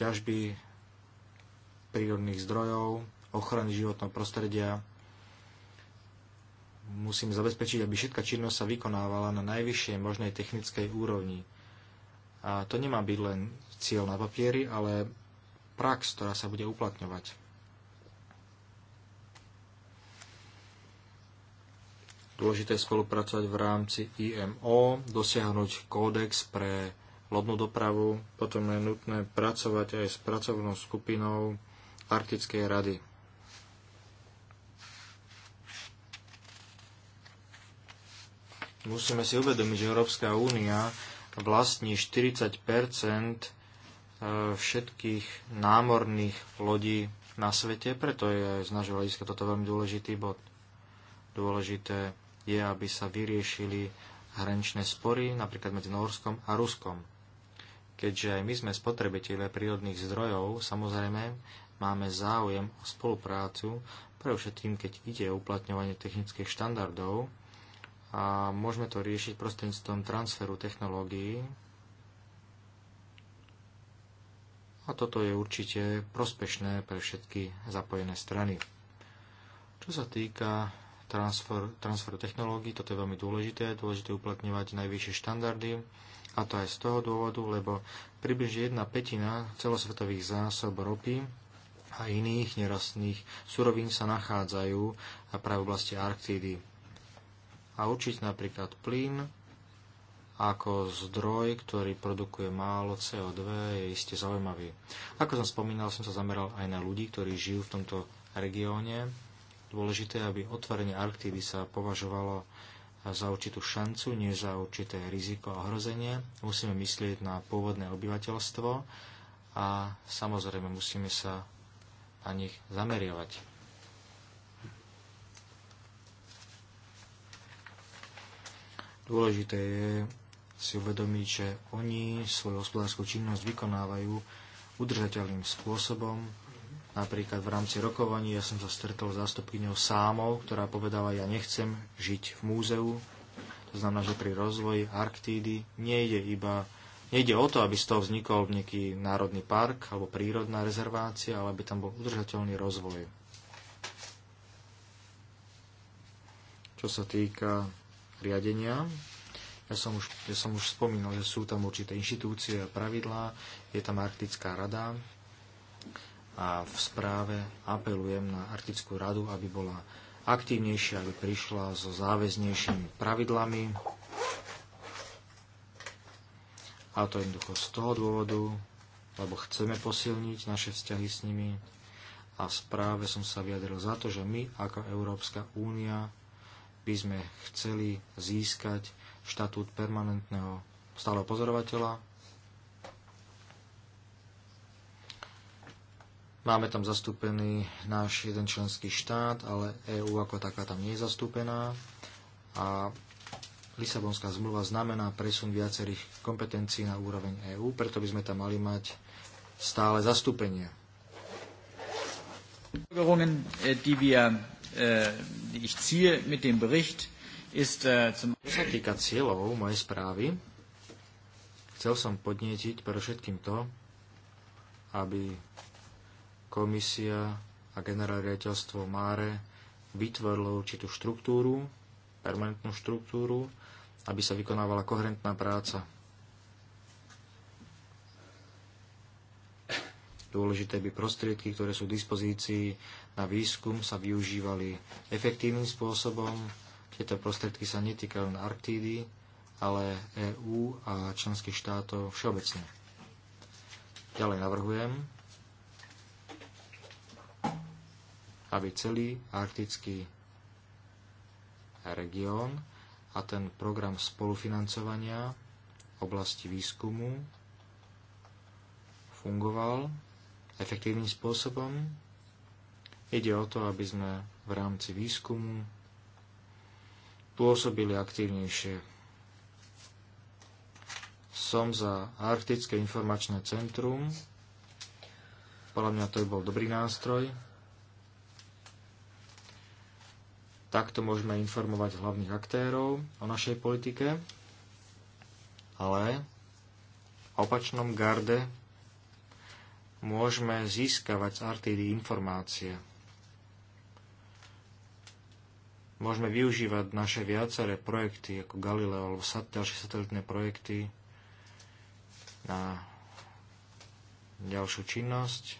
ťažby prírodných zdrojov, ochrany životného prostredia, musíme zabezpečiť, aby všetká činnosť sa vykonávala na najvyššej možnej technickej úrovni. A to nemá byť len cieľ na papieri, ale prax, ktorá sa bude uplatňovať. Dôležité spolupracovať v rámci IMO, dosiahnuť kódex pre lodnú dopravu, potom je nutné pracovať aj s pracovnou skupinou Arktickej rady. Musíme si uvedomiť, že Európska únia vlastní 40 e, všetkých námorných lodí na svete, preto je z nášho hľadiska toto veľmi dôležitý bod. Dôležité je, aby sa vyriešili hraničné spory napríklad medzi Norskom a Ruskom. Keďže aj my sme spotrebitelia prírodných zdrojov, samozrejme máme záujem o spoluprácu, pre všetkým, keď ide o uplatňovanie technických štandardov a môžeme to riešiť prostredníctvom transferu technológií. A toto je určite prospešné pre všetky zapojené strany. Čo sa týka transfer, transfer technológií. Toto je veľmi dôležité. Dôležité uplatňovať najvyššie štandardy. A to aj z toho dôvodu, lebo približne jedna petina celosvetových zásob ropy a iných nerastných surovín sa nachádzajú práve v oblasti Arktídy. A určite napríklad plyn ako zdroj, ktorý produkuje málo CO2, je iste zaujímavý. Ako som spomínal, som sa zameral aj na ľudí, ktorí žijú v tomto regióne dôležité, aby otvorenie Arktídy sa považovalo za určitú šancu, nie za určité riziko a hrozenie. Musíme myslieť na pôvodné obyvateľstvo a samozrejme musíme sa na nich zameriavať. Dôležité je si uvedomiť, že oni svoju hospodárskú činnosť vykonávajú udržateľným spôsobom, Napríklad v rámci rokovaní ja som sa stretol s zástupkyňou Sámov, ktorá povedala, ja nechcem žiť v múzeu. To znamená, že pri rozvoji Arktídy nejde iba Nejde o to, aby z toho vznikol nejaký národný park alebo prírodná rezervácia, ale aby tam bol udržateľný rozvoj. Čo sa týka riadenia, ja som už, ja som už spomínal, že sú tam určité inštitúcie a pravidlá, je tam Arktická rada, a v správe apelujem na Arktickú radu, aby bola aktívnejšia, aby prišla so záväznejšími pravidlami. A to jednoducho z toho dôvodu, lebo chceme posilniť naše vzťahy s nimi. A v správe som sa vyjadril za to, že my ako Európska únia by sme chceli získať štatút permanentného stáleho pozorovateľa Máme tam zastúpený náš jeden členský štát, ale EÚ ako taká tam nie je zastúpená. A Lisabonská zmluva znamená presun viacerých kompetencií na úroveň EÚ, preto by sme tam mali mať stále zastúpenie. Äh, äh, äh, Čo sa týka cieľov mojej správy, chcel som podnietiť pre všetkým to, aby komisia a generálne Máre vytvorilo určitú štruktúru, permanentnú štruktúru, aby sa vykonávala koherentná práca. Dôležité by prostriedky, ktoré sú v dispozícii na výskum, sa využívali efektívnym spôsobom. Tieto prostriedky sa netýkajú na Arktídy, ale EÚ a členských štátov všeobecne. Ďalej navrhujem, aby celý arktický región a ten program spolufinancovania oblasti výskumu fungoval efektívnym spôsobom. Ide o to, aby sme v rámci výskumu pôsobili aktívnejšie. Som za Arktické informačné centrum. Podľa mňa to by bol dobrý nástroj, Takto môžeme informovať hlavných aktérov o našej politike, ale v opačnom garde môžeme získavať z RTD informácie. Môžeme využívať naše viaceré projekty ako Galileo alebo ďalšie satelitné projekty na ďalšiu činnosť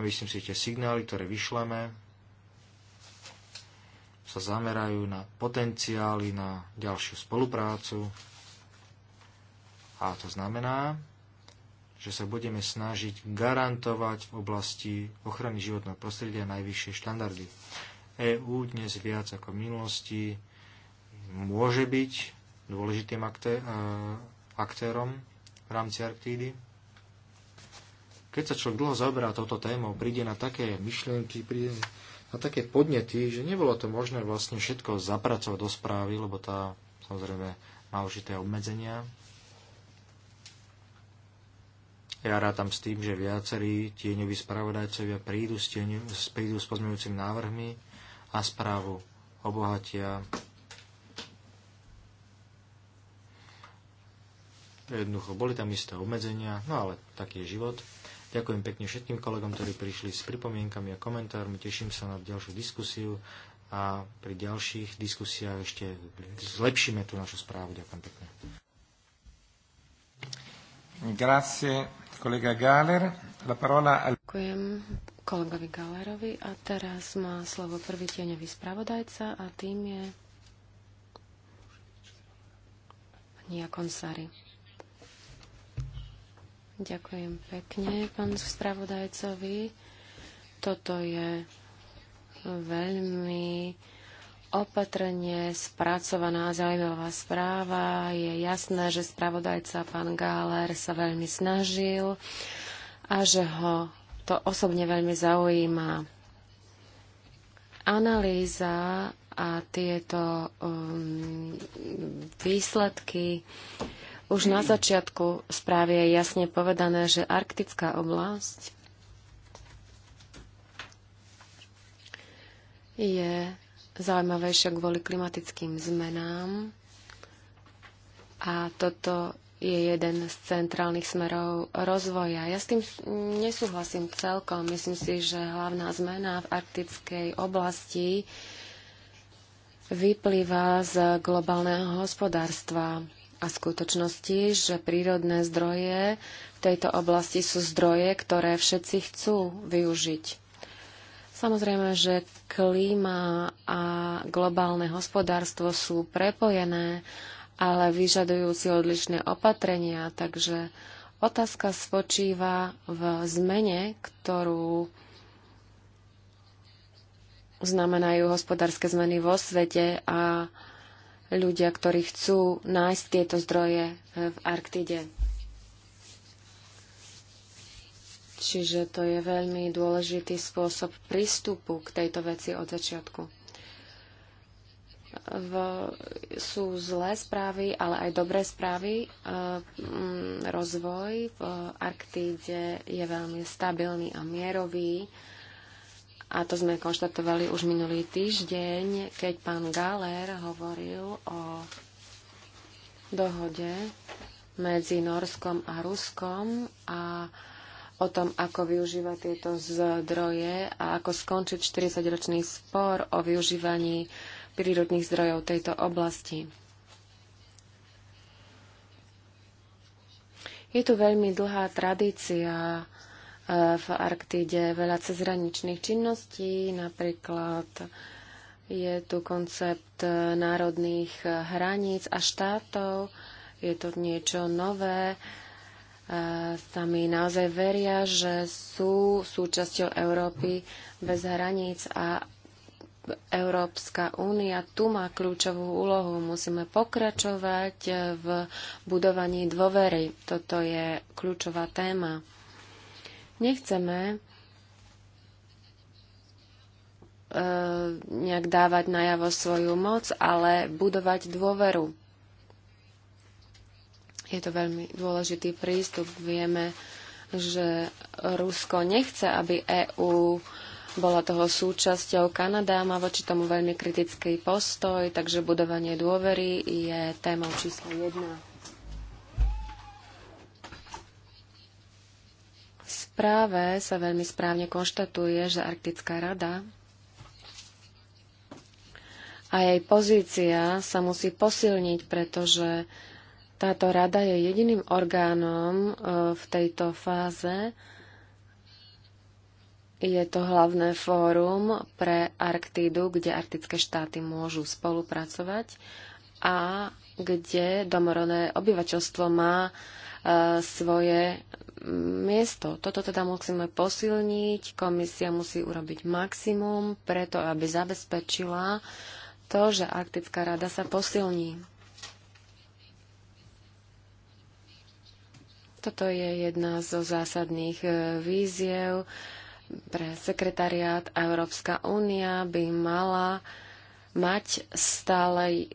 a myslím si že tie signály, ktoré vyšleme, sa zamerajú na potenciály, na ďalšiu spoluprácu. A to znamená, že sa budeme snažiť garantovať v oblasti ochrany životného prostredia najvyššie štandardy. EÚ dnes viac ako v minulosti môže byť dôležitým akté- e, aktérom v rámci Arktídy. Keď sa človek dlho zaoberá touto témou, príde na také myšlienky, príde a také podnety, že nebolo to možné vlastne všetko zapracovať do správy, lebo tá samozrejme má určité obmedzenia. Ja rátam s tým, že viacerí tieňoví spravodajcovia prídu s, tieňu, prídu s pozmeňujúcimi návrhmi a správu obohatia Jednoducho, boli tam isté obmedzenia, no ale taký je život. Ďakujem pekne všetkým kolegom, ktorí prišli s pripomienkami a komentármi. Teším sa na ďalšiu diskusiu a pri ďalších diskusiách ešte zlepšíme tú našu správu. Ďakujem pekne. Grazie, kolega Galer. La parola... Ďakujem kolegovi Galerovi a teraz má slovo prvý tieňový spravodajca a tým je Nia Konsari. Ďakujem pekne pán spravodajcovi. Toto je veľmi opatrne spracovaná zaujímavá správa. Je jasné, že spravodajca pán Gáler sa veľmi snažil a že ho to osobne veľmi zaujíma. Analýza a tieto um, výsledky už na začiatku správy je jasne povedané, že arktická oblasť je zaujímavejšia kvôli klimatickým zmenám a toto je jeden z centrálnych smerov rozvoja. Ja s tým nesúhlasím celkom. Myslím si, že hlavná zmena v arktickej oblasti vyplýva z globálneho hospodárstva a skutočnosti, že prírodné zdroje v tejto oblasti sú zdroje, ktoré všetci chcú využiť. Samozrejme, že klíma a globálne hospodárstvo sú prepojené, ale vyžadujú si odlišné opatrenia, takže otázka spočíva v zmene, ktorú znamenajú hospodárske zmeny vo svete a ľudia, ktorí chcú nájsť tieto zdroje eh, v Arktide. Čiže to je veľmi dôležitý spôsob prístupu k tejto veci od začiatku v, sú zlé správy, ale aj dobré správy. Eh, mm, rozvoj v Arktíde je veľmi stabilný a mierový. A to sme konštatovali už minulý týždeň, keď pán Galer hovoril o dohode medzi Norskom a Ruskom a o tom, ako využívať tieto zdroje a ako skončiť 40-ročný spor o využívaní prírodných zdrojov tejto oblasti. Je tu veľmi dlhá tradícia v Arktíde veľa cezhraničných činností, napríklad je tu koncept národných hraníc a štátov, je to niečo nové. Sami naozaj veria, že sú súčasťou Európy bez hraníc a Európska únia tu má kľúčovú úlohu. Musíme pokračovať v budovaní dôvery. Toto je kľúčová téma. Nechceme e, nejak dávať najavo svoju moc, ale budovať dôveru. Je to veľmi dôležitý prístup. Vieme, že Rusko nechce, aby EÚ bola toho súčasťou. Kanada má voči tomu veľmi kritický postoj, takže budovanie dôvery je témou číslo jedna. správe sa veľmi správne konštatuje, že Arktická rada a jej pozícia sa musí posilniť, pretože táto rada je jediným orgánom e, v tejto fáze. Je to hlavné fórum pre Arktídu, kde arktické štáty môžu spolupracovať a kde domorodné obyvateľstvo má e, svoje miesto. Toto teda musíme posilniť. Komisia musí urobiť maximum preto, aby zabezpečila to, že Arktická rada sa posilní. Toto je jedna zo zásadných e, víziev pre sekretariát a Európska únia by mala mať stále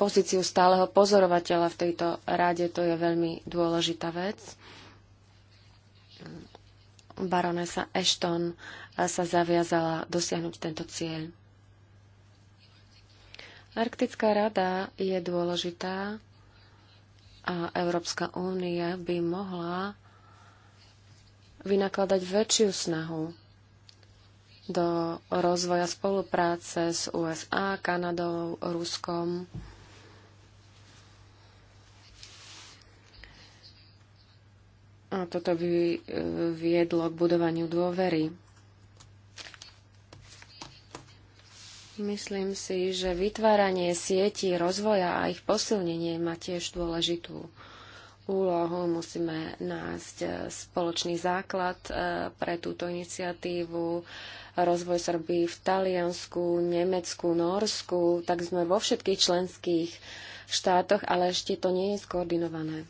pozíciu stáleho pozorovateľa v tejto rade, to je veľmi dôležitá vec baronesa Ashton sa zaviazala dosiahnuť tento cieľ. Arktická rada je dôležitá a Európska únia by mohla vynakladať väčšiu snahu do rozvoja spolupráce s USA, Kanadou, Ruskom A toto by e, viedlo k budovaniu dôvery. Myslím si, že vytváranie sietí rozvoja a ich posilnenie má tiež dôležitú úlohu. Musíme nájsť e, spoločný základ e, pre túto iniciatívu. Rozvoj Srby v Taliansku, Nemecku, Norsku, tak sme vo všetkých členských štátoch, ale ešte to nie je skoordinované.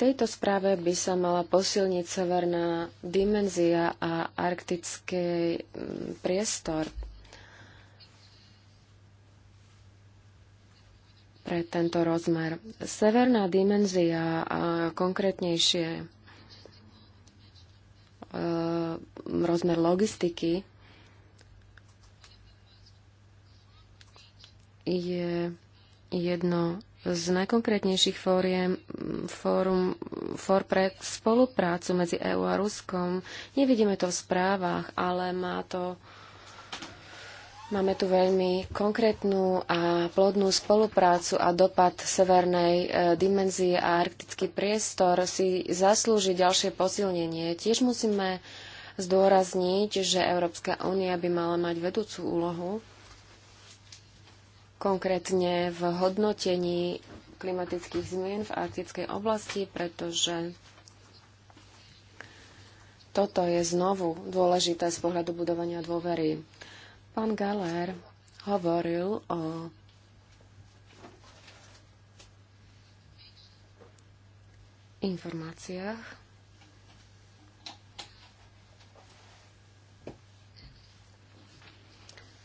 tejto správe by sa mala posilniť severná dimenzia a arktický mm, priestor pre tento rozmer. Severná dimenzia a konkrétnejšie e, rozmer logistiky je jedno z najkonkrétnejších fóriem, fórum, fór pre spoluprácu medzi EÚ a Ruskom. Nevidíme to v správach, ale má to, máme tu veľmi konkrétnu a plodnú spoluprácu a dopad severnej e, dimenzie a arktický priestor si zaslúži ďalšie posilnenie. Tiež musíme zdôrazniť, že Európska únia by mala mať vedúcu úlohu konkrétne v hodnotení klimatických zmien v arktickej oblasti, pretože toto je znovu dôležité z pohľadu budovania dôvery. Pán Galer hovoril o informáciách.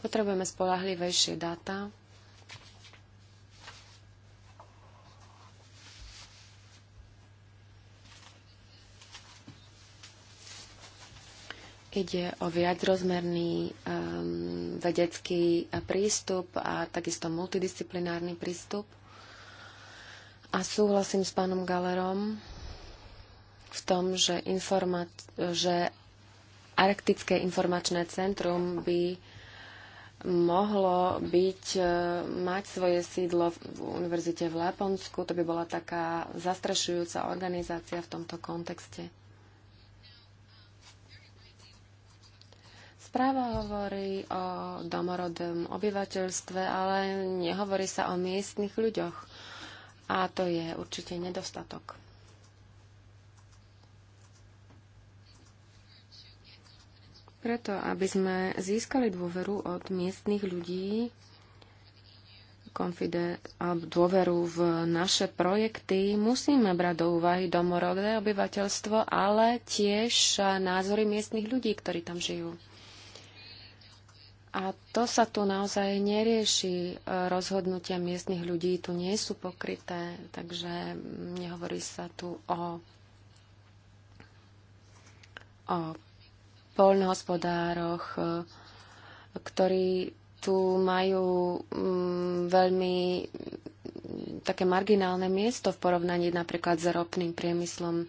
Potrebujeme spolahlivejšie dáta. Ide o viacrozmerný um, vedecký e, prístup a takisto multidisciplinárny prístup. A súhlasím s pánom Galerom v tom, že, informa- že Arktické informačné centrum by mohlo byť, e, mať svoje sídlo v univerzite v Laponsku. To by bola taká zastrašujúca organizácia v tomto kontexte. Správa hovorí o domorodom obyvateľstve, ale nehovorí sa o miestnych ľuďoch. A to je určite nedostatok. Preto, aby sme získali dôveru od miestnych ľudí, konfide, alebo dôveru v naše projekty, musíme brať do úvahy domorodé obyvateľstvo, ale tiež názory miestnych ľudí, ktorí tam žijú. A to sa tu naozaj nerieši. E, rozhodnutia miestnych ľudí tu nie sú pokryté, takže nehovorí sa tu o, o poľnohospodároch, e, ktorí tu majú mm, veľmi také marginálne miesto v porovnaní napríklad s ropným priemyslom.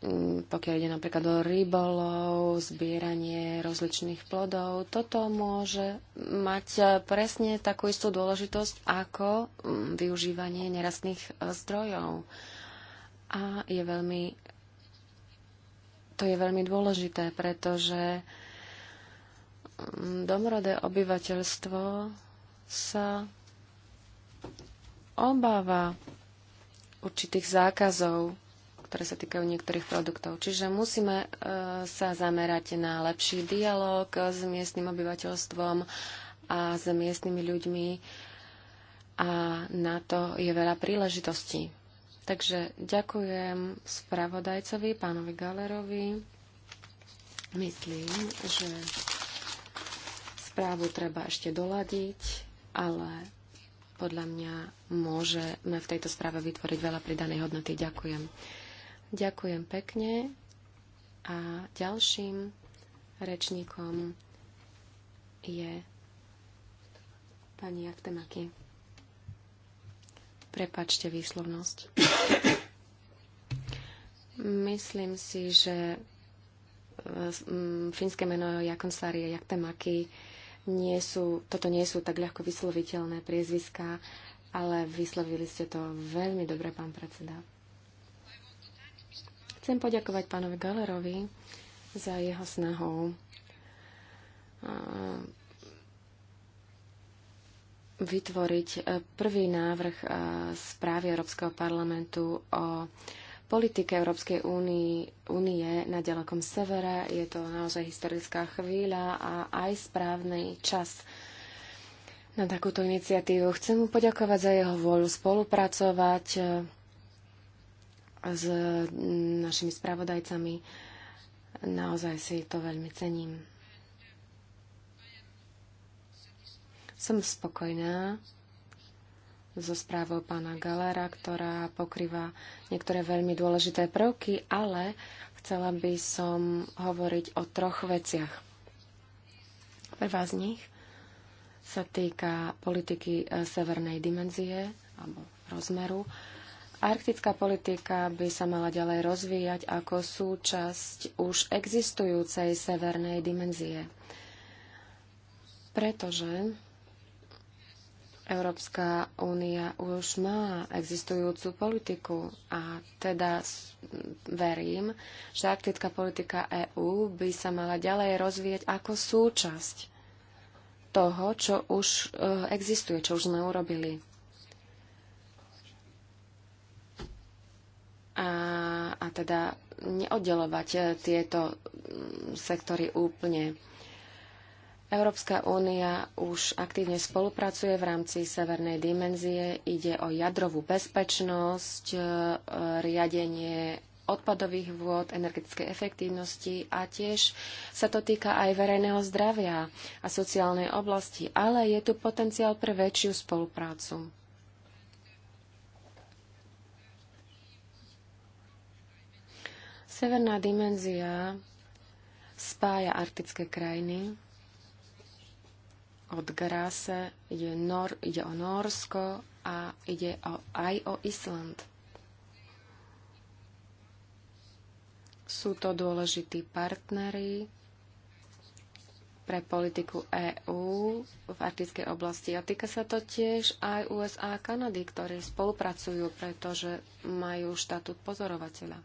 Mm, pokiaľ ide napríklad o rybolov, zbieranie rozličných plodov, toto môže mať presne takú istú dôležitosť ako mm, využívanie nerastných e, zdrojov. A je veľmi, to je veľmi dôležité, pretože mm, domorodé obyvateľstvo sa obáva určitých zákazov ktoré sa týkajú niektorých produktov. Čiže musíme e, sa zamerať na lepší dialog s miestnym obyvateľstvom a s miestnymi ľuďmi a na to je veľa príležitostí. Takže ďakujem spravodajcovi, pánovi Galerovi. Myslím, že správu treba ešte doladiť, ale podľa mňa môžeme v tejto správe vytvoriť veľa pridanej hodnoty. Ďakujem. Ďakujem pekne a ďalším rečníkom je pani Jachtemaki. Prepačte výslovnosť. Myslím si, že e, fínske meno Jakonsári a Jaktemaki nie sú, toto nie sú tak ľahko vysloviteľné priezviská, ale vyslovili ste to veľmi dobre, pán predseda. Chcem poďakovať pánovi Galerovi za jeho snahu vytvoriť e, prvý návrh e, správy Európskeho parlamentu o politike Európskej únie, na ďalekom severe. Je to naozaj historická chvíľa a aj správny čas na takúto iniciatívu. Chcem mu poďakovať za jeho voľu spolupracovať e, s našimi spravodajcami. Naozaj si to veľmi cením. Som spokojná so správou pána Galera, ktorá pokrýva niektoré veľmi dôležité prvky, ale chcela by som hovoriť o troch veciach. Prvá z nich sa týka politiky eh, severnej dimenzie alebo rozmeru. Arktická politika by sa mala ďalej rozvíjať ako súčasť už existujúcej severnej dimenzie. Pretože Európska únia už má existujúcu politiku a teda verím, že arktická politika EÚ by sa mala ďalej rozvíjať ako súčasť toho, čo už eh, existuje, čo už sme urobili. a, a teda neoddelovať e, tieto sektory úplne. Európska únia už aktívne spolupracuje v rámci severnej dimenzie. Ide o jadrovú bezpečnosť, e, riadenie odpadových vôd, energetickej efektívnosti a tiež sa to týka aj verejného zdravia a sociálnej oblasti, ale je tu potenciál pre väčšiu spoluprácu. Severná dimenzia spája arktické krajiny. Od Gráse ide, Nor- ide o Norsko a ide o, aj o Island. Sú to dôležití partnery pre politiku EÚ v arktickej oblasti. A týka sa to tiež aj USA a Kanady, ktorí spolupracujú, pretože majú štatút pozorovateľa.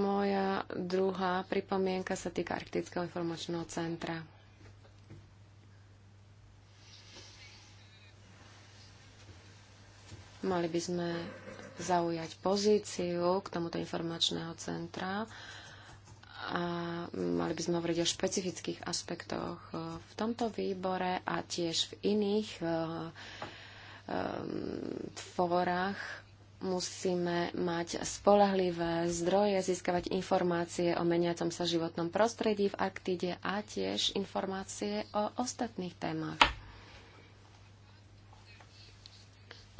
Moja druhá pripomienka sa týka Arktického informačného centra. Mali by sme zaujať pozíciu k tomuto informačného centra a mali by sme hovoriť o špecifických aspektoch v tomto výbore a tiež v iných eh, eh, tvorách musíme mať spolahlivé zdroje, získavať informácie o meniacom sa životnom prostredí v Arktide a tiež informácie o ostatných témach.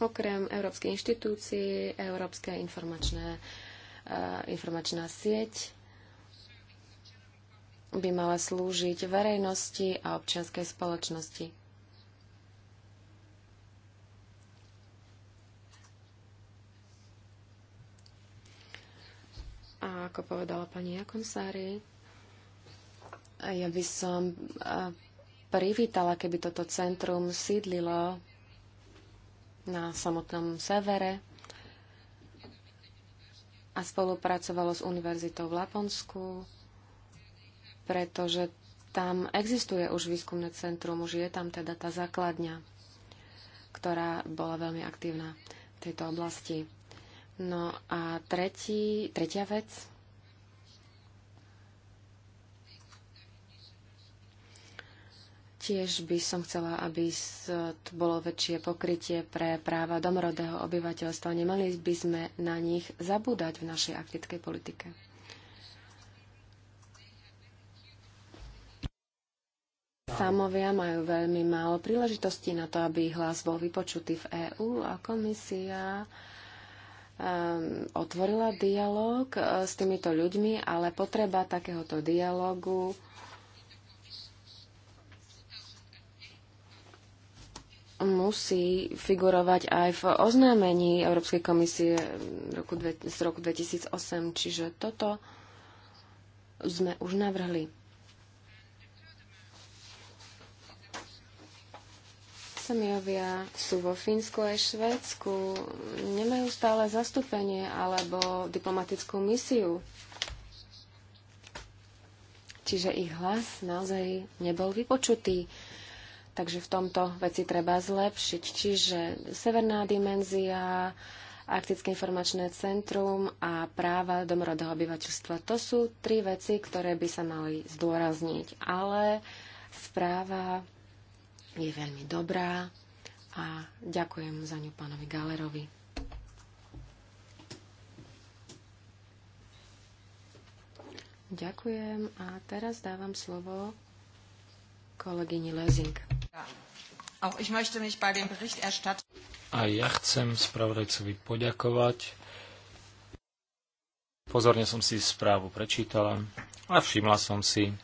Okrem Európskej inštitúcii, Európska informačná, eh, informačná sieť by mala slúžiť verejnosti a občianskej spoločnosti. ako povedala pani Jakonsári, ja by som privítala, keby toto centrum sídlilo na samotnom severe a spolupracovalo s univerzitou v Laponsku, pretože tam existuje už výskumné centrum, už je tam teda tá základňa, ktorá bola veľmi aktívna v tejto oblasti. No a tretí, tretia vec, Tiež by som chcela, aby tu bolo väčšie pokrytie pre práva domorodého obyvateľstva. Nemali by sme na nich zabúdať v našej africkej politike. Sámovia majú veľmi málo príležitostí na to, aby hlas bol vypočutý v EÚ a komisia ehm, otvorila dialog eh, s týmito ľuďmi, ale potreba takéhoto dialogu musí figurovať aj v oznámení Európskej komisie roku dve, z roku 2008, čiže toto sme už navrhli. Samiovia sú vo Fínsku aj Švédsku, nemajú stále zastúpenie alebo diplomatickú misiu. Čiže ich hlas naozaj nebol vypočutý. Takže v tomto veci treba zlepšiť. Čiže severná dimenzia, Arktické informačné centrum a práva domorodého obyvateľstva. To sú tri veci, ktoré by sa mali zdôrazniť. Ale správa je veľmi dobrá a ďakujem za ňu pánovi Galerovi. Ďakujem a teraz dávam slovo kolegyni Lezing. A ja chcem spravodajcovi poďakovať. Pozorne som si správu prečítala a všimla som si,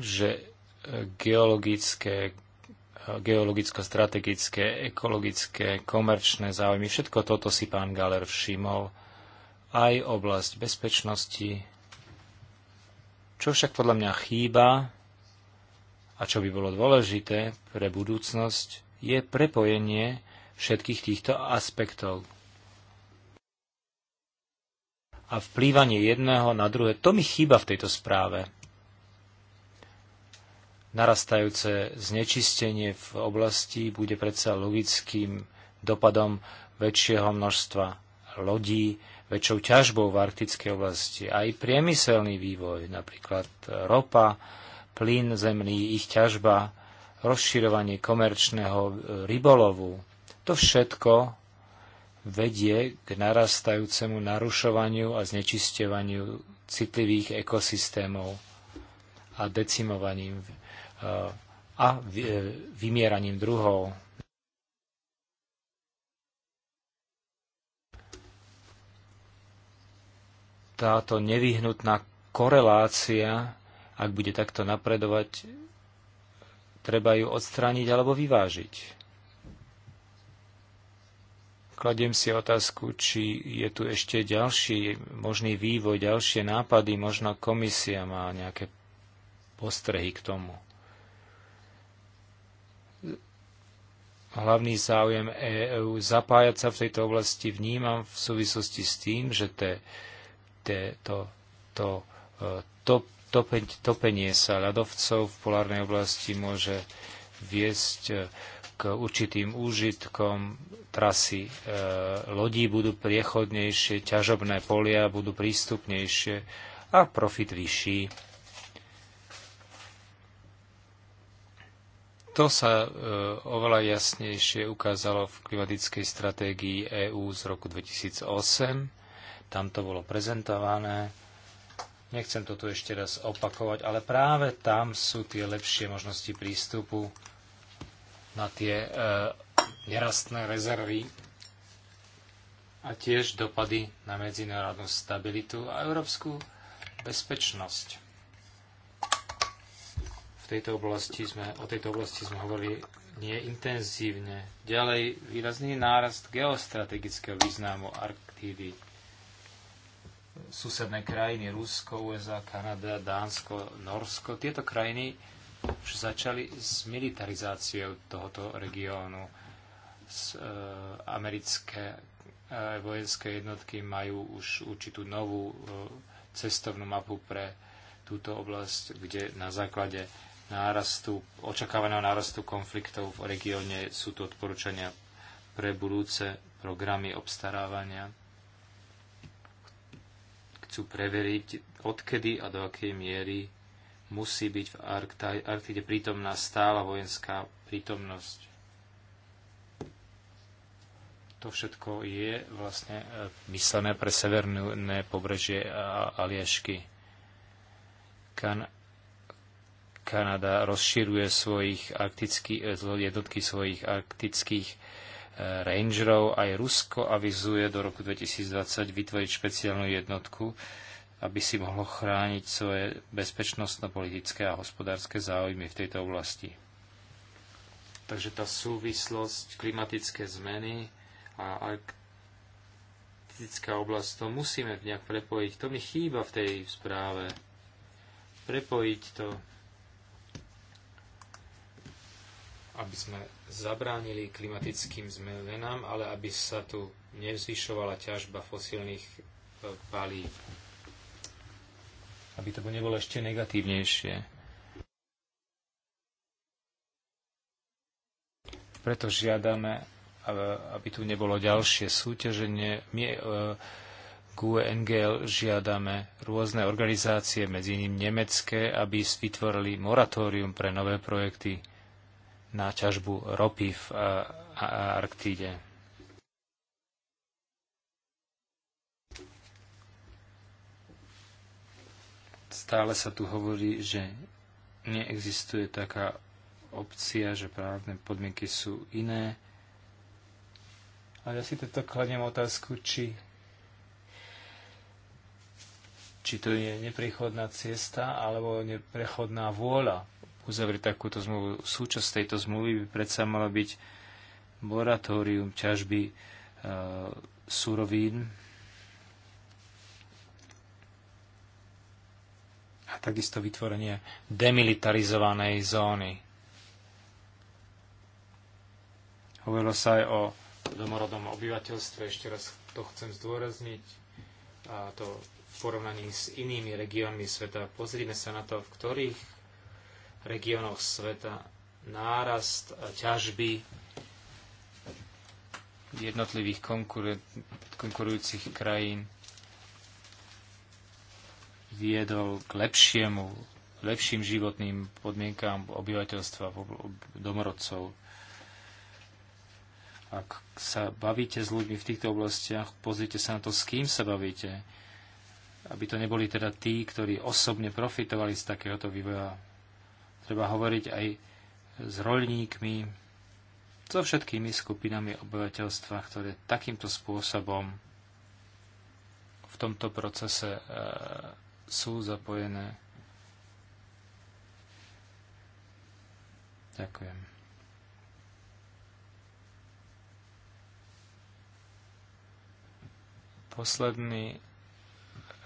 že geologické, geologicko-strategické, ekologické, komerčné záujmy, všetko toto si pán Galer všimol, aj oblasť bezpečnosti, čo však podľa mňa chýba a čo by bolo dôležité pre budúcnosť, je prepojenie všetkých týchto aspektov. A vplývanie jedného na druhé, to mi chýba v tejto správe. Narastajúce znečistenie v oblasti bude predsa logickým dopadom väčšieho množstva lodí, väčšou ťažbou v arktickej oblasti. Aj priemyselný vývoj, napríklad ropa, plyn zemný, ich ťažba, rozširovanie komerčného e, rybolovu. To všetko vedie k narastajúcemu narušovaniu a znečisťovaniu citlivých ekosystémov a decimovaním e, a e, vymieraním druhov. Táto nevyhnutná korelácia ak bude takto napredovať, treba ju odstrániť alebo vyvážiť. Kladiem si otázku, či je tu ešte ďalší možný vývoj, ďalšie nápady, možno komisia má nejaké postrehy k tomu. Hlavný záujem EÚ e zapájať sa v tejto oblasti vnímam v súvislosti s tým, že te, te, to, to, to, e, to topenie sa ľadovcov v polárnej oblasti môže viesť e, k určitým úžitkom. Trasy e, lodí budú priechodnejšie, ťažobné polia budú prístupnejšie a profit vyšší. To sa e, oveľa jasnejšie ukázalo v klimatickej stratégii EÚ z roku 2008. Tam to bolo prezentované Nechcem to tu ešte raz opakovať, ale práve tam sú tie lepšie možnosti prístupu na tie e, nerastné rezervy a tiež dopady na medzinárodnú stabilitu a európsku bezpečnosť. V tejto oblasti sme, o tejto oblasti sme hovorili neintenzívne. Ďalej výrazný nárast geostrategického významu Arktídy susedné krajiny, Rusko, USA, Kanada, Dánsko, Norsko, tieto krajiny už začali s militarizáciou tohoto regiónu. S, e, americké e, vojenské jednotky majú už určitú novú e, cestovnú mapu pre túto oblasť, kde na základe nárastu, očakávaného nárastu konfliktov v regióne sú tu odporúčania pre budúce programy obstarávania chcú preveriť, odkedy a do akej miery musí byť v Arktide prítomná stála vojenská prítomnosť. To všetko je vlastne e, myslené pre severné pobrežie a e, Aliešky. Kan- Kanada rozširuje svojich arktických e, jednotky svojich arktických rangerov. Aj Rusko avizuje do roku 2020 vytvoriť špeciálnu jednotku, aby si mohlo chrániť svoje bezpečnostno-politické a hospodárske záujmy v tejto oblasti. Takže tá súvislosť, klimatické zmeny a arktická oblasť, to musíme nejak prepojiť. To mi chýba v tej správe. Prepojiť to, aby sme zabránili klimatickým zmenám, ale aby sa tu nevzvyšovala ťažba fosílnych e, palív. Aby to nebolo ešte negatívnejšie. Preto žiadame, aby tu nebolo ďalšie súťaženie. My GUE NGL žiadame rôzne organizácie, medzi nimi nemecké, aby vytvorili moratórium pre nové projekty na ťažbu ropy v e, Arktíde. Stále sa tu hovorí, že neexistuje taká opcia, že právne podmienky sú iné. Ale ja si teda kladiem otázku, či, či to je neprechodná cesta alebo neprechodná vôľa uzavrieť takúto zmluvu. Súčasť tejto zmluvy by predsa mala byť moratórium ťažby e, surovín a takisto vytvorenie demilitarizovanej zóny. Hovorilo sa aj o domorodom obyvateľstve, ešte raz to chcem zdôrazniť, a to v porovnaní s inými regiónmi sveta. Pozrime sa na to, v ktorých regiónoch sveta, nárast ťažby jednotlivých konkurujúcich krajín viedol k lepšiemu, lepším životným podmienkám obyvateľstva, domorodcov. Ak sa bavíte s ľuďmi v týchto oblastiach, pozrite sa na to, s kým sa bavíte. Aby to neboli teda tí, ktorí osobne profitovali z takéhoto vývoja Treba hovoriť aj s roľníkmi, so všetkými skupinami obyvateľstva, ktoré takýmto spôsobom v tomto procese e, sú zapojené. Ďakujem. Posledný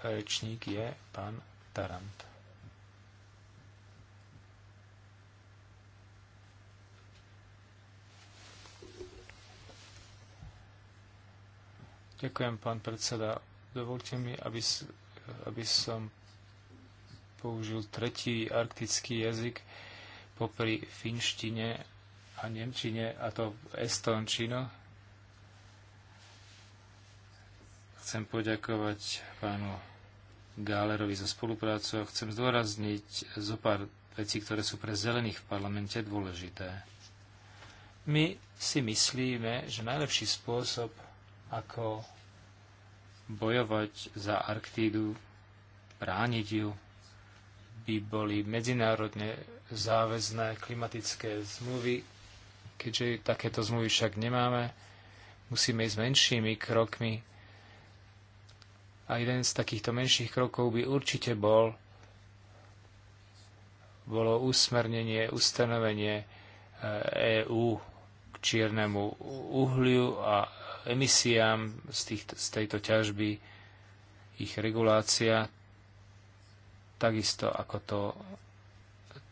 rečník je pán Tarant. Ďakujem, pán predseda. Dovolte mi, aby, aby som použil tretí arktický jazyk popri finštine a nemčine, a to estončino. Chcem poďakovať pánu Gálerovi za spoluprácu a chcem zdôrazniť zo pár vecí, ktoré sú pre zelených v parlamente dôležité. My si myslíme, že najlepší spôsob ako bojovať za Arktídu, brániť ju, by boli medzinárodne záväzné klimatické zmluvy. Keďže takéto zmluvy však nemáme, musíme ísť menšími krokmi. A jeden z takýchto menších krokov by určite bol bolo usmernenie, ustanovenie EÚ e k čiernemu uhliu a emisiám z, tých, z tejto ťažby, ich regulácia, takisto ako to,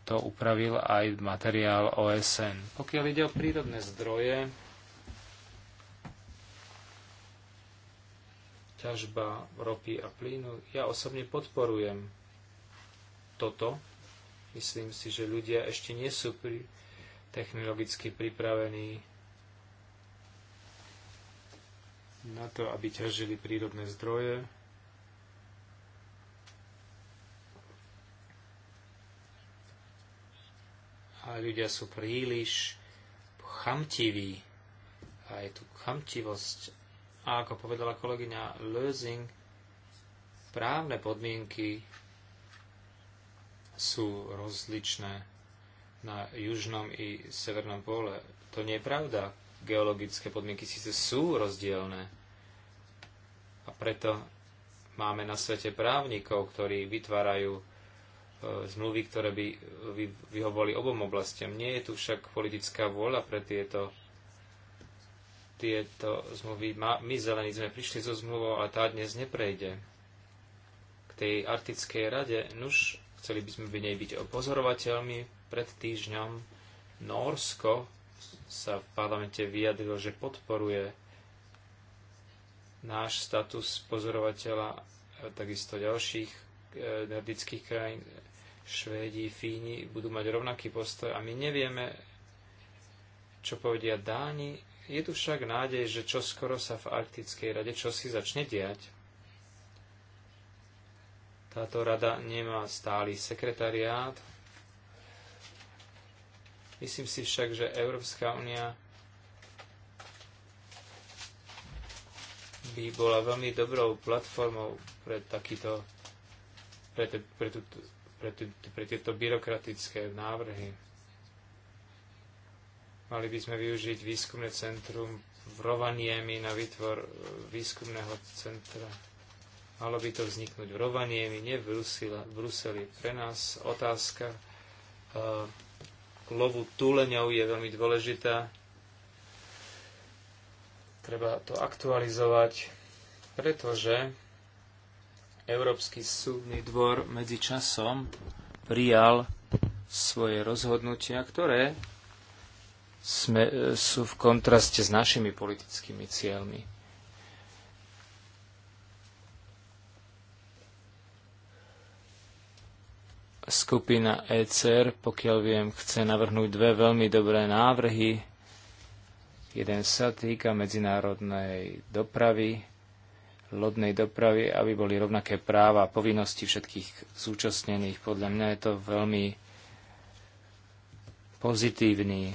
to upravil aj materiál OSN. Pokiaľ ide o prírodné zdroje, ťažba ropy a plynu, ja osobne podporujem toto. Myslím si, že ľudia ešte nie sú pri, technologicky pripravení na to, aby ťažili prírodné zdroje. A ľudia sú príliš chamtiví. A je tu chamtivosť. A ako povedala kolegyňa Lösing, právne podmienky sú rozličné na južnom i severnom pole. To nie je pravda geologické podmienky síce sú rozdielne. A preto máme na svete právnikov, ktorí vytvárajú e, zmluvy, ktoré by vy, vyhovovali obom oblastiam. Nie je tu však politická vôľa pre tieto, tieto zmluvy. My zelení sme prišli so zmluvou, ale tá dnes neprejde. K tej Arktickej rade, nuž, chceli by sme v nej byť opozorovateľmi pred týždňom Norsko sa v parlamente vyjadril, že podporuje náš status pozorovateľa, e, takisto ďalších e, nordických krajín, Švédi, Fíni budú mať rovnaký postoj a my nevieme, čo povedia Dáni. Je tu však nádej, že čoskoro sa v Arktickej rade čosi začne diať. Táto rada nemá stály sekretariát, Myslím si však, že Európska únia by bola veľmi dobrou platformou pre takýto pre, te, pre, tu, pre, tu, pre tieto byrokratické návrhy. Mali by sme využiť výskumné centrum v Rovaniemi na výtvor výskumného centra. Malo by to vzniknúť v Rovaniemi, nie v Bruseli. Pre nás otázka eh, lovu túleňov je veľmi dôležitá. Treba to aktualizovať, pretože Európsky súdny dvor medzi časom prijal svoje rozhodnutia, ktoré sme, sú v kontraste s našimi politickými cieľmi. skupina ECR, pokiaľ viem, chce navrhnúť dve veľmi dobré návrhy. Jeden sa týka medzinárodnej dopravy, lodnej dopravy, aby boli rovnaké práva a povinnosti všetkých zúčastnených. Podľa mňa je to veľmi pozitívny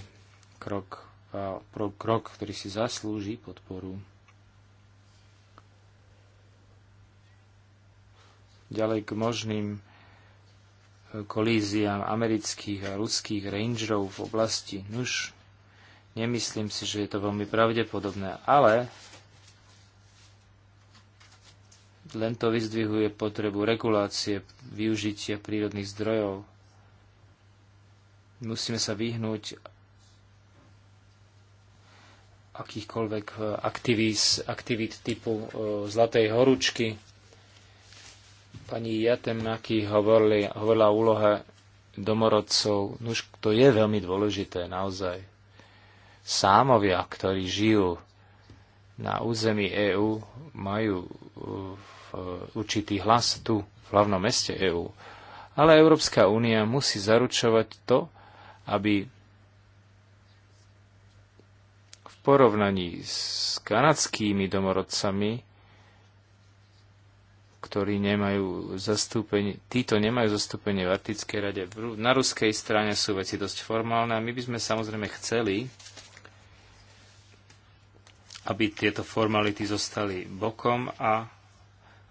krok, a pro krok, ktorý si zaslúži podporu. Ďalej k možným kolíziám amerických a ruských rangerov v oblasti. Nuž, nemyslím si, že je to veľmi pravdepodobné, ale len to vyzdvihuje potrebu regulácie využitia prírodných zdrojov. Musíme sa vyhnúť akýchkoľvek eh, aktivít, aktivít typu eh, zlatej horúčky, Pani Jatemaki hovorili, hovorila úloha domorodcov. Nuž, no to je veľmi dôležité, naozaj. Sámovia, ktorí žijú na území EÚ, majú uh, uh, určitý hlas tu, v hlavnom meste EÚ. Ale Európska únia musí zaručovať to, aby v porovnaní s kanadskými domorodcami ktorí nemajú zastúpenie, títo nemajú zastúpenie v Artickej rade. Na ruskej strane sú veci dosť formálne a my by sme samozrejme chceli, aby tieto formality zostali bokom a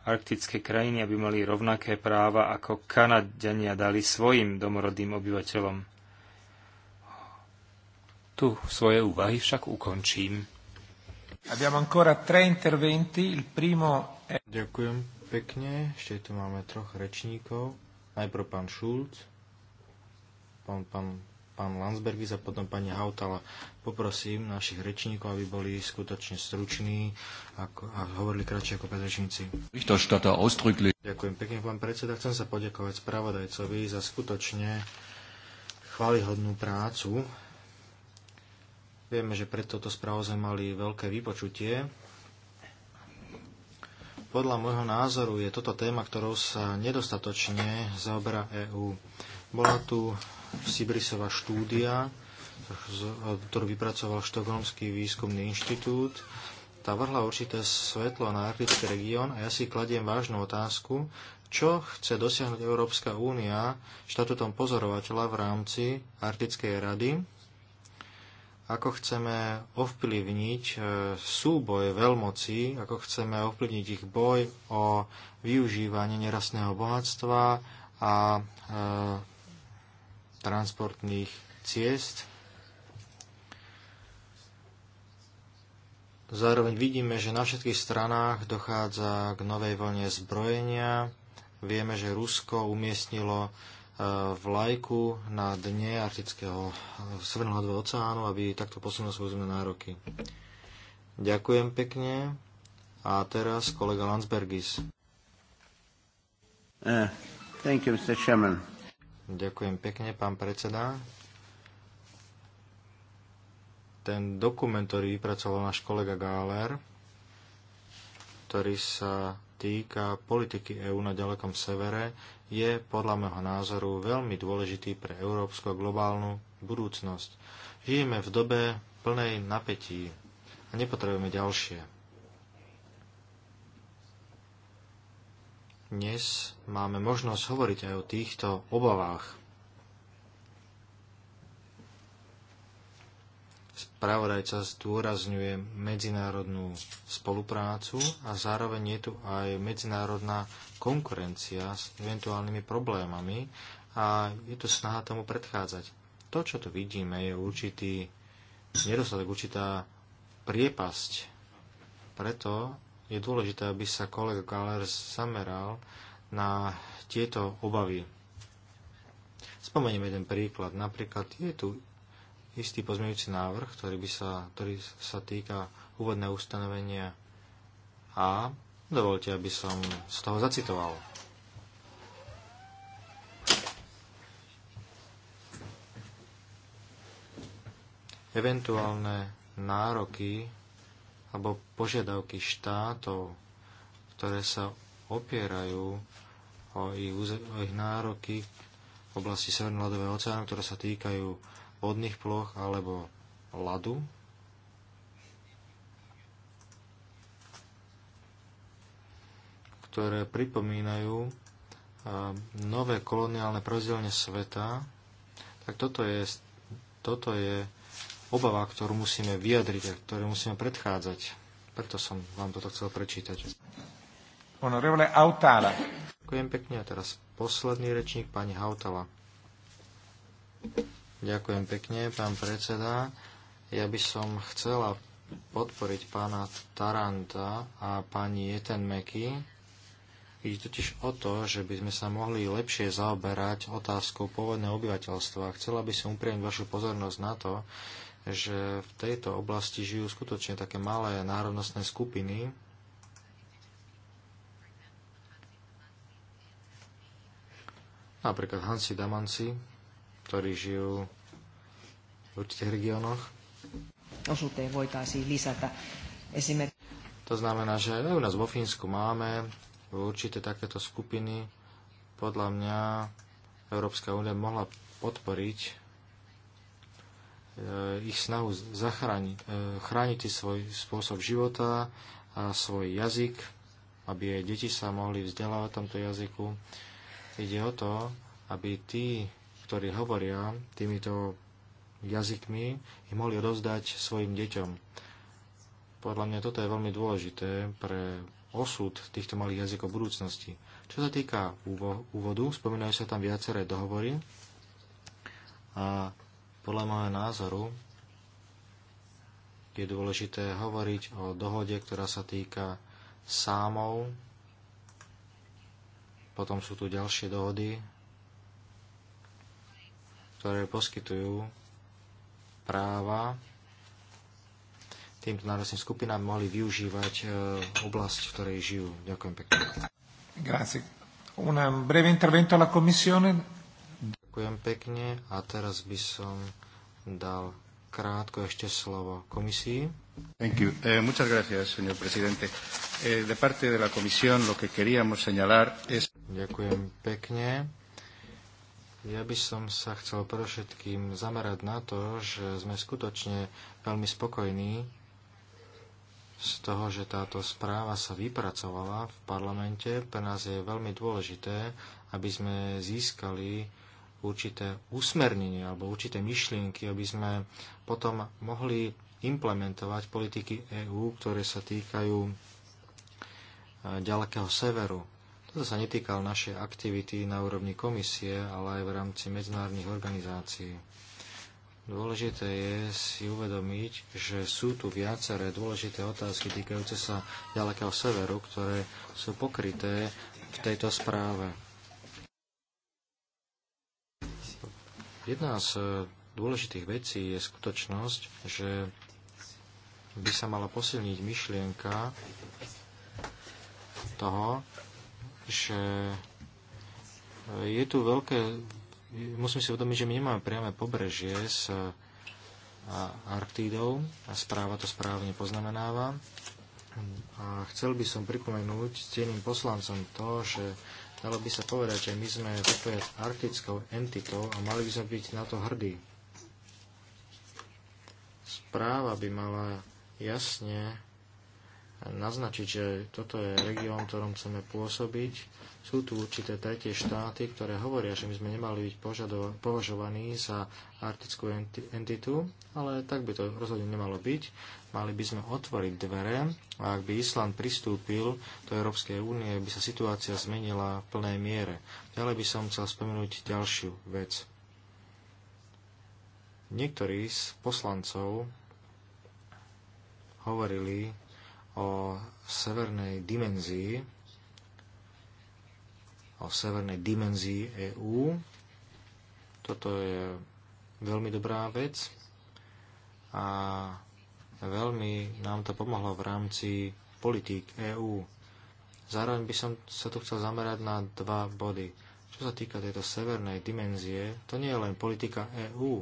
arktické krajiny, aby mali rovnaké práva, ako Kanadiania dali svojim domorodým obyvateľom. Tu svoje úvahy však ukončím. Abbiamo ancora tre interventi. Il primo è... Ďakujem pekne. Ešte tu máme troch rečníkov. Najprv pán Šulc, pán, pán, pán Landsbergis a potom pani Hautala. Poprosím našich rečníkov, aby boli skutočne struční ako, a hovorili kratšie ako predrečníci. Ďakujem pekne, pán predseda. Chcem sa poďakovať spravodajcovi za skutočne chválihodnú prácu. Vieme, že pred toto správo sme mali veľké vypočutie podľa môjho názoru je toto téma, ktorou sa nedostatočne zaoberá EÚ. Bola tu Sibrisová štúdia, ktorú vypracoval Štokholmský výskumný inštitút. Tá vrhla určité svetlo na arktický región a ja si kladiem vážnu otázku, čo chce dosiahnuť Európska únia štatutom pozorovateľa v rámci Arktickej rady ako chceme ovplyvniť e, súboj veľmocí, ako chceme ovplyvniť ich boj o využívanie nerastného bohatstva a e, transportných ciest. Zároveň vidíme, že na všetkých stranách dochádza k novej vlne zbrojenia. Vieme, že Rusko umiestnilo vlajku na dne Arktického Severného hladového oceánu, aby takto posunul svoje územné nároky. Ďakujem pekne. A teraz kolega Landsbergis. Uh, thank you, Mr. Chairman. Ďakujem pekne, pán predseda. Ten dokument, ktorý vypracoval náš kolega Gáler, ktorý sa týka politiky EÚ na ďalekom severe, je podľa môjho názoru veľmi dôležitý pre európsku globálnu budúcnosť. Žijeme v dobe plnej napätí a nepotrebujeme ďalšie. Dnes máme možnosť hovoriť aj o týchto obavách spravodajca zdôrazňuje medzinárodnú spoluprácu a zároveň je tu aj medzinárodná konkurencia s eventuálnymi problémami a je tu snaha tomu predchádzať. To, čo tu vidíme, je určitý nedostatok, určitá priepasť. Preto je dôležité, aby sa kolega Galer zameral na tieto obavy. Spomeniem jeden príklad. Napríklad je tu istý pozmeňujúci návrh, ktorý, by sa, ktorý sa týka úvodné ustanovenia A. Dovolte, aby som z toho zacitoval. Eventuálne nároky alebo požiadavky štátov, ktoré sa opierajú o ich, o ich nároky v oblasti Severného oceánu, ktoré sa týkajú vodných ploch alebo ľadu. ktoré pripomínajú nové koloniálne prozdielne sveta, tak toto je, toto je obava, ktorú musíme vyjadriť a ktoré musíme predchádzať. Preto som vám toto chcel prečítať. Honorable Autala. Ďakujem pekne a teraz posledný rečník, pani Hautala. Ďakujem pekne, pán predseda. Ja by som chcela podporiť pána Taranta a pani Etenmeky. Ide totiž o to, že by sme sa mohli lepšie zaoberať otázkou pôvodného obyvateľstva. Chcela by som upriamiť vašu pozornosť na to, že v tejto oblasti žijú skutočne také malé národnostné skupiny, napríklad Hansi Damansi, ktorí žijú v určitých regiónoch. No to znamená, že aj u nás vo Fínsku máme určité takéto skupiny. Podľa mňa Európska únia mohla podporiť e, ich snahu zachrániť, e, chrániť svoj spôsob života a svoj jazyk, aby aj deti sa mohli vzdelávať v tomto jazyku. Ide o to, aby tí ktorí hovoria týmito jazykmi, ich mohli rozdať svojim deťom. Podľa mňa toto je veľmi dôležité pre osud týchto malých jazykov budúcnosti. Čo sa týka úvodu, spomínajú sa tam viaceré dohovory a podľa môjho názoru je dôležité hovoriť o dohode, ktorá sa týka sámov. Potom sú tu ďalšie dohody ktoré poskytujú práva týmto národným skupinám mohli využívať e, oblasť, v ktorej žijú. Ďakujem pekne. Grazie. breve intervento alla Commissione. Ďakujem pekne a teraz by som dal krátko ešte slovo komisii. Thank you. Eh, muchas gracias, señor presidente. Eh, de parte de la comisión lo que queríamos señalar es... Ďakujem pekne. Ja by som sa chcel všetkým zamerať na to, že sme skutočne veľmi spokojní z toho, že táto správa sa vypracovala v parlamente. Pre nás je veľmi dôležité, aby sme získali určité usmernenie alebo určité myšlienky, aby sme potom mohli implementovať politiky EÚ, ktoré sa týkajú eh, ďalekého severu. To sa netýkal našej aktivity na úrovni komisie, ale aj v rámci medzinárodných organizácií. Dôležité je si uvedomiť, že sú tu viaceré dôležité otázky týkajúce sa ďalekého severu, ktoré sú pokryté v tejto správe. Jedna z dôležitých vecí je skutočnosť, že by sa mala posilniť myšlienka toho, že e, je tu veľké... Musím si uvedomiť, že my nemáme priame pobrežie s e, Arktídou a správa to správne poznamenáva. A chcel by som pripomenúť steným poslancom to, že dalo by sa povedať, že my sme také arktickou entitou a mali by sme byť na to hrdí. Správa by mala jasne naznačiť, že toto je región, v ktorom chceme pôsobiť. Sú tu určité tretie štáty, ktoré hovoria, že my sme nemali byť považovaní za arktickú entitu, ale tak by to rozhodne nemalo byť. Mali by sme otvoriť dvere a ak by Island pristúpil do Európskej únie, by sa situácia zmenila v plnej miere. Ďalej by som chcel spomenúť ďalšiu vec. Niektorí z poslancov hovorili o severnej dimenzii, o severnej dimenzii EÚ. Toto je veľmi dobrá vec a veľmi nám to pomohlo v rámci politík EÚ. Zároveň by som sa tu chcel zamerať na dva body. Čo sa týka tejto severnej dimenzie, to nie je len politika EÚ.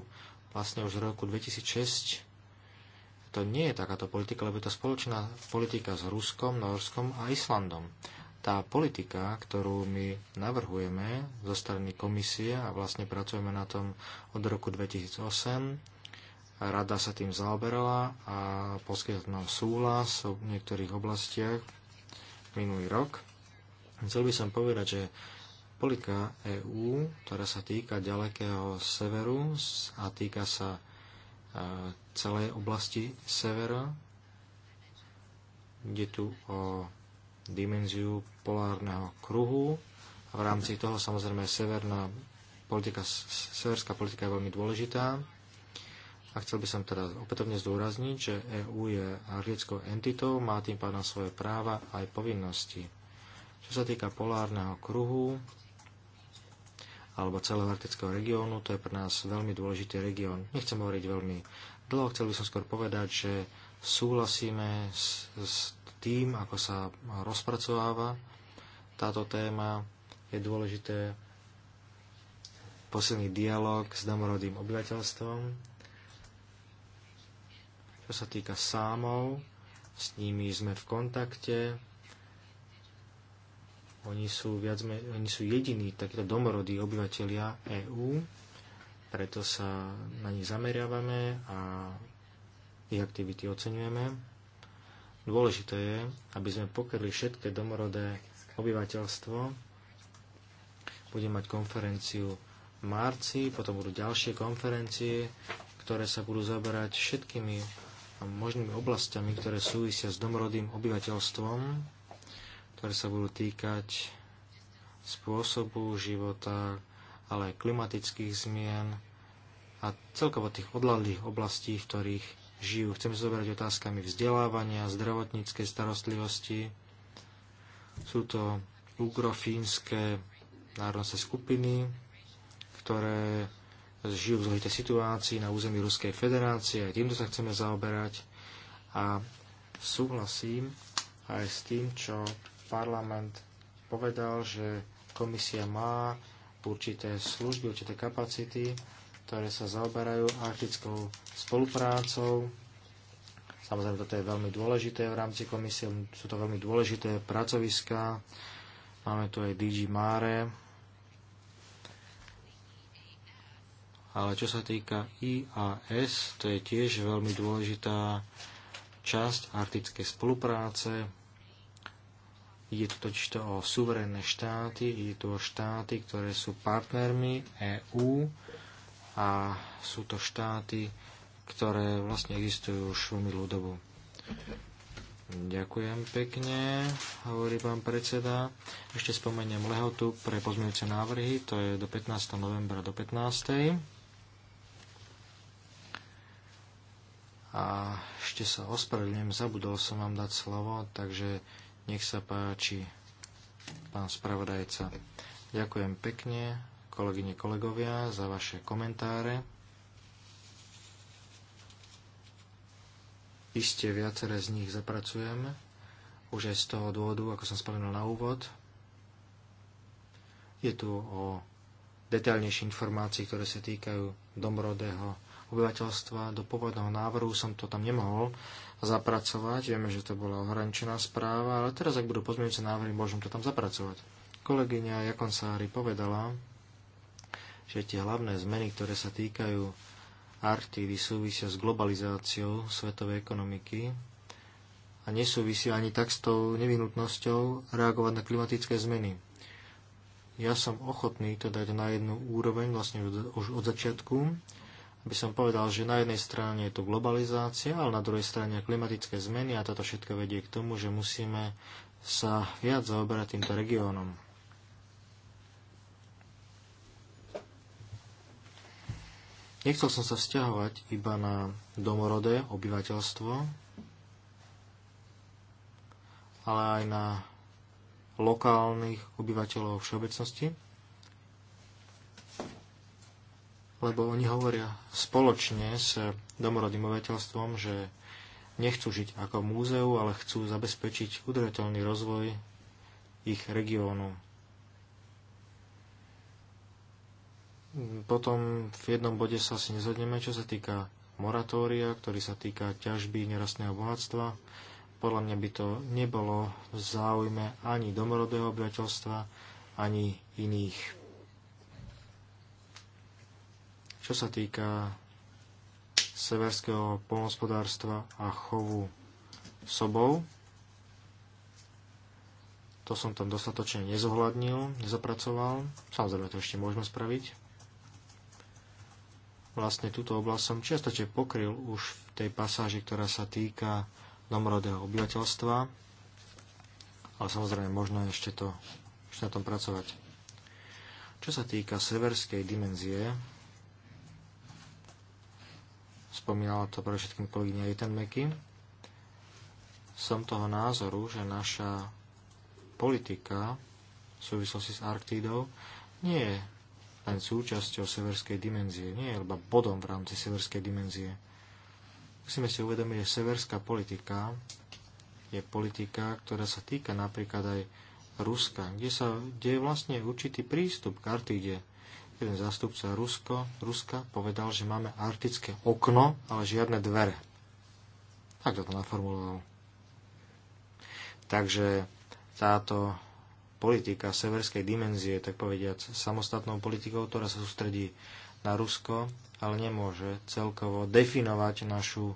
Vlastne už v roku 2006 to nie je takáto politika, lebo je to spoločná politika s Ruskom, Norskom a Islandom. Tá politika, ktorú my navrhujeme zo strany komisie a vlastne pracujeme na tom od roku 2008, Rada sa tým zaoberala a poskytla nám súhlas v niektorých oblastiach minulý rok. Chcel by som povedať, že politika EÚ, ktorá sa týka ďalekého severu a týka sa e, Celé oblasti severa. Ide tu o dimenziu polárneho kruhu a v rámci toho samozrejme severná politika, severská politika je veľmi dôležitá. A chcel by som teda opätovne zdôrazniť, že EU je anglickou entitou, má tým pádom svoje práva aj povinnosti. Čo sa týka polárneho kruhu, alebo celého arktického regiónu. To je pre nás veľmi dôležitý región. Nechcem hovoriť veľmi dlho, chcel by som skôr povedať, že súhlasíme s, s tým, ako sa rozpracováva táto téma. Je dôležité posilný dialog s domorodým obyvateľstvom. Čo sa týka sámov, s nimi sme v kontakte, oni sú, viac, oni sú jediní takíto domorodí obyvateľia EÚ, preto sa na nich zameriavame a ich aktivity oceňujeme. Dôležité je, aby sme pokryli všetké domorodé obyvateľstvo. Budem mať konferenciu v marci, potom budú ďalšie konferencie, ktoré sa budú zaberať všetkými možnými oblastiami, ktoré súvisia s domorodým obyvateľstvom ktoré sa budú týkať spôsobu života, ale aj klimatických zmien a celkovo tých odladlých oblastí, v ktorých žijú. Chceme sa zoberať otázkami vzdelávania, zdravotníckej starostlivosti. Sú to ugrofínske národnostné skupiny, ktoré žijú v zložitej situácii na území Ruskej federácie. Aj týmto sa chceme zaoberať a súhlasím aj s tým, čo parlament povedal, že komisia má určité služby, určité kapacity, ktoré sa zaoberajú arktickou spoluprácou. Samozrejme, toto je veľmi dôležité v rámci komisie, sú to veľmi dôležité pracoviská. Máme tu aj DG Mare. Ale čo sa týka IAS, to je tiež veľmi dôležitá časť arktickej spolupráce. Ide tu to o suverénne štáty, ide tu o štáty, ktoré sú partnermi EÚ a sú to štáty, ktoré vlastne existujú už minulú dobu. Ďakujem pekne, hovorí pán predseda. Ešte spomeniem lehotu pre pozmeňujúce návrhy, to je do 15. novembra do 15. A ešte sa ospravedlňujem, zabudol som vám dať slovo, takže nech sa páči, pán spravodajca. Ďakujem pekne, kolegyne, kolegovia, za vaše komentáre. Iste viaceré z nich zapracujeme, už aj z toho dôvodu, ako som spomenul na úvod. Je tu o detailnejšie informácie, ktoré sa týkajú domorodého obyvateľstva. Do pôvodného návrhu som to tam nemohol zapracovať. Vieme, že to bola ohraničená správa, ale teraz, ak budú pozmeňujúce návrhy, môžem to tam zapracovať. Kolegyňa Jakonsári povedala, že tie hlavné zmeny, ktoré sa týkajú artívy, súvisia s globalizáciou svetovej ekonomiky a nesúvisia ani tak s tou nevinutnosťou reagovať na klimatické zmeny ja som ochotný to dať na jednu úroveň vlastne už od začiatku by som povedal, že na jednej strane je tu globalizácia, ale na druhej strane klimatické zmeny a toto všetko vedie k tomu, že musíme sa viac zaoberať týmto regiónom. Nechcel som sa vzťahovať iba na domorodé obyvateľstvo, ale aj na lokálnych obyvateľov všeobecnosti. lebo oni hovoria spoločne s domorodým obyvateľstvom, že nechcú žiť ako múzeu, ale chcú zabezpečiť udržateľný rozvoj ich regiónu. Potom v jednom bode sa si nezhodneme, čo sa týka moratória, ktorý sa týka ťažby nerastného bohatstva. Podľa mňa by to nebolo v záujme ani domorodého obyvateľstva, ani iných čo sa týka severského polnospodárstva a chovu sobov. To som tam dostatočne nezohľadnil, nezapracoval. Samozrejme, to ešte môžeme spraviť. Vlastne túto oblasť som čiastočne pokryl už v tej pasáži, ktorá sa týka domorodého obyvateľstva. Ale samozrejme, možno ešte, to, ešte na tom pracovať. Čo sa týka severskej dimenzie, spomínala to pre všetkým kolegyňa Meky. som toho názoru, že naša politika v súvislosti s Arktídou nie je len súčasťou severskej dimenzie, nie je iba bodom v rámci severskej dimenzie. Musíme si uvedomiť, že severská politika je politika, ktorá sa týka napríklad aj Ruska, kde, sa, kde je vlastne určitý prístup k Artíde jeden zástupca Rusko, Ruska povedal, že máme arktické okno, ale žiadne dvere. Tak to naformuloval. Takže táto politika severskej dimenzie, tak povediať, samostatnou politikou, ktorá sa sústredí na Rusko, ale nemôže celkovo definovať našu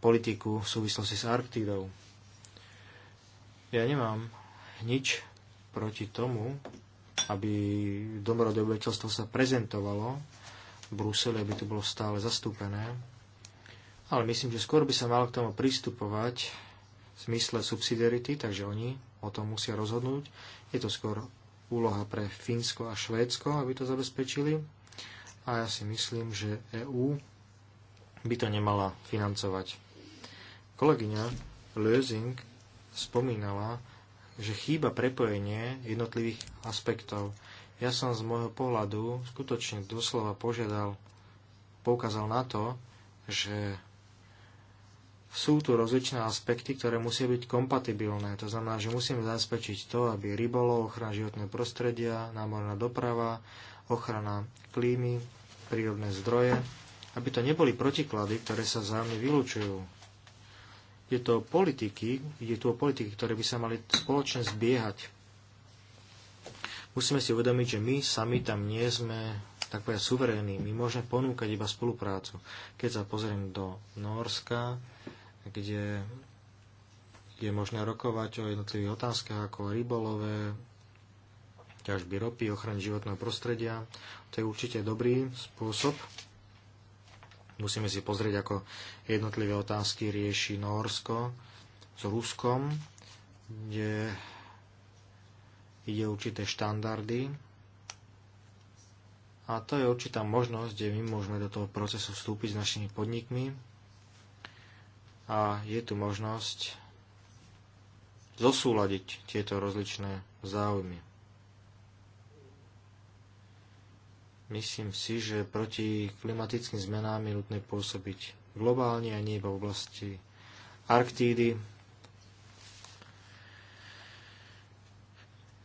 politiku v súvislosti s Arktidou. Ja nemám nič proti tomu, aby domorodé obyvateľstvo sa prezentovalo v Bruseli, aby to bolo stále zastúpené. Ale myslím, že skôr by sa malo k tomu pristupovať v zmysle subsidiarity, takže oni o tom musia rozhodnúť. Je to skôr úloha pre Fínsko a Švédsko, aby to zabezpečili. A ja si myslím, že EÚ by to nemala financovať. Kolegyňa Lösing spomínala že chýba prepojenie jednotlivých aspektov. Ja som z môjho pohľadu skutočne doslova požiadal, poukázal na to, že sú tu rozličné aspekty, ktoré musia byť kompatibilné. To znamená, že musíme zabezpečiť to, aby rybolov, ochrana životného prostredia, námorná doprava, ochrana klímy, prírodné zdroje, aby to neboli protiklady, ktoré sa vzájomne vylúčujú je to politiky, je tu o politiky, ktoré by sa mali spoločne zbiehať. Musíme si uvedomiť, že my sami tam nie sme tak povedať suverénni. My môžeme ponúkať iba spoluprácu. Keď sa pozriem do Norska, kde je možné rokovať o jednotlivých otázkach ako rybolové, ťažby ropy, ochrany životného prostredia. To je určite dobrý spôsob, Musíme si pozrieť, ako jednotlivé otázky rieši Norsko s Ruskom, kde ide určité štandardy. A to je určitá možnosť, kde my môžeme do toho procesu vstúpiť s našimi podnikmi. A je tu možnosť zosúľadiť tieto rozličné záujmy. Myslím si, že proti klimatickým zmenám je nutné pôsobiť globálne a nie iba v oblasti Arktídy.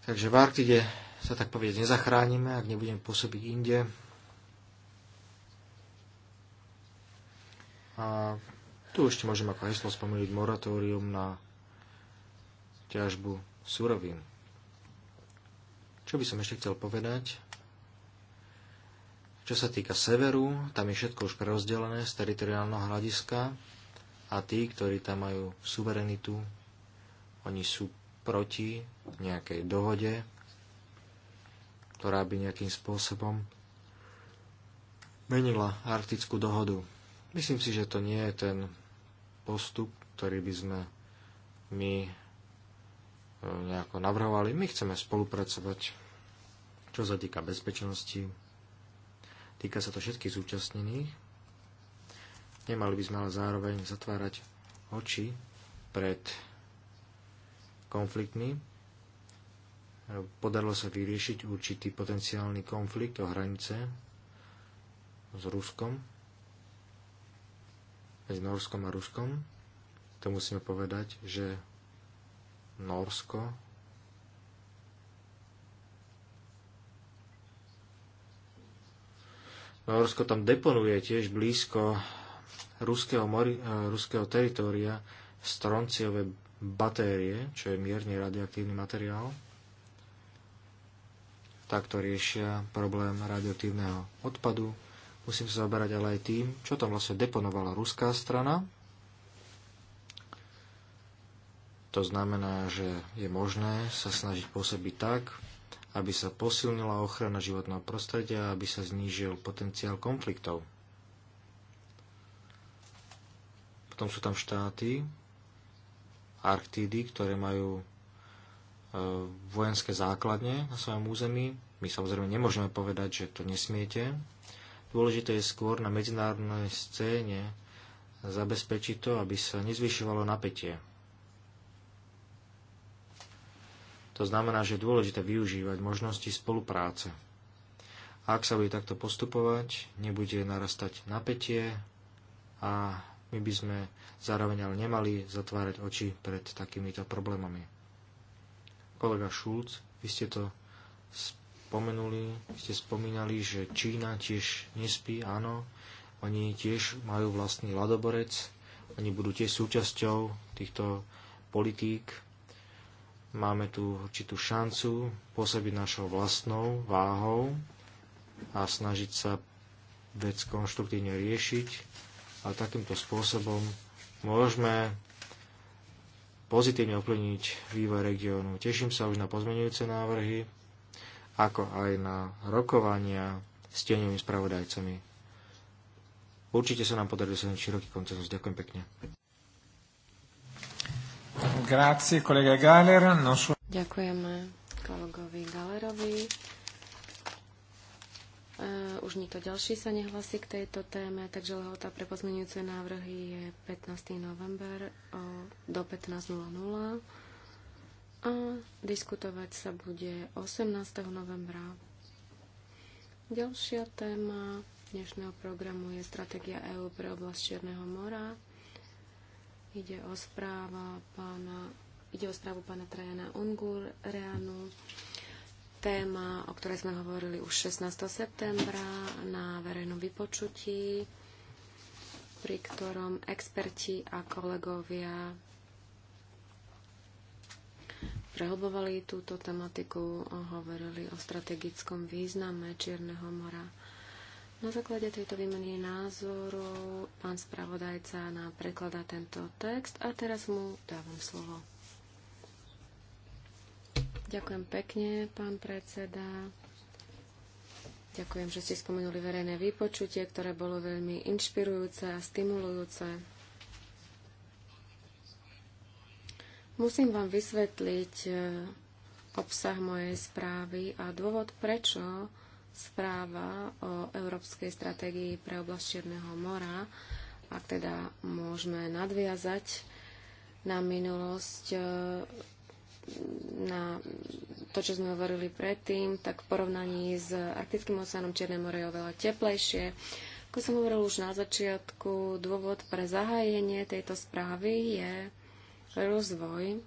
Takže v Arktíde sa tak povedať nezachránime, ak nebudeme pôsobiť inde. A tu ešte môžem ako heslo spomenúť moratórium na ťažbu surovín. Čo by som ešte chcel povedať? Čo sa týka severu, tam je všetko už prerozdelené z teritoriálneho hľadiska a tí, ktorí tam majú suverenitu, oni sú proti nejakej dohode, ktorá by nejakým spôsobom menila arktickú dohodu. Myslím si, že to nie je ten postup, ktorý by sme my e, nejako navrhovali. My chceme spolupracovať, čo sa týka bezpečnosti, týka sa to všetkých zúčastnených. Nemali by sme ale zároveň zatvárať oči pred konfliktmi. Podarilo sa vyriešiť určitý potenciálny konflikt o hranice s Ruskom, medzi Norskom a Ruskom. To musíme povedať, že Norsko Rusko tam deponuje tiež blízko ruského, mori, eh, ruského teritória stronciové batérie, čo je mierne radioaktívny materiál. Takto riešia problém radioaktívneho odpadu. Musím sa zaberať ale aj tým, čo tam vlastne deponovala ruská strana. To znamená, že je možné sa snažiť pôsobiť tak, aby sa posilnila ochrana životného prostredia a aby sa znížil potenciál konfliktov. Potom sú tam štáty Arktídy, ktoré majú e, vojenské základne na svojom území. My samozrejme nemôžeme povedať, že to nesmiete. Dôležité je skôr na medzinárodnej scéne zabezpečiť to, aby sa nezvyšovalo napätie To znamená, že je dôležité využívať možnosti spolupráce. Ak sa bude takto postupovať, nebude narastať napätie a my by sme zároveň ale nemali zatvárať oči pred takýmito problémami. Kolega Šulc, vy ste to spomenuli, ste spomínali, že Čína tiež nespí, áno, oni tiež majú vlastný ladoborec, oni budú tiež súčasťou týchto politík Máme tu určitú šancu pôsobiť našou vlastnou váhou a snažiť sa vec konštruktívne riešiť a takýmto spôsobom môžeme pozitívne ovplyvniť vývoj regiónu. Teším sa už na pozmenujúce návrhy, ako aj na rokovania s tieňovými spravodajcami. Určite sa nám podarí dosiahnuť široký koncenzus. Ďakujem pekne. Grazie, Ďakujeme kolegovi Galerovi. Uh, e, už nikto ďalší sa nehlasí k tejto téme, takže lehota pre pozmeňujúce návrhy je 15. november o, do 15.00 a diskutovať sa bude 18. novembra. Ďalšia téma dnešného programu je stratégia EÚ pre oblasť Čierneho mora. Ide o, správa pána, ide o správu pána Trajana Ungureanu. Téma, o ktorej sme hovorili už 16. septembra na verejnom vypočutí, pri ktorom experti a kolegovia prehlbovali túto tematiku, hovorili o strategickom význame Čierneho mora na základe tejto výmeny názorov pán spravodajca nám prekladá tento text a teraz mu dávam slovo. Ďakujem pekne, pán predseda. Ďakujem, že ste spomenuli verejné výpočutie, ktoré bolo veľmi inšpirujúce a stimulujúce. Musím vám vysvetliť eh, obsah mojej správy a dôvod, prečo správa o Európskej stratégii pre oblasť Čierneho mora, ak teda môžeme nadviazať na minulosť, e, na to, čo sme hovorili predtým, tak v porovnaní s Arktickým oceánom Čierne more je oveľa teplejšie. Ako som hovoril už na začiatku, dôvod pre zahájenie tejto správy je rozvoj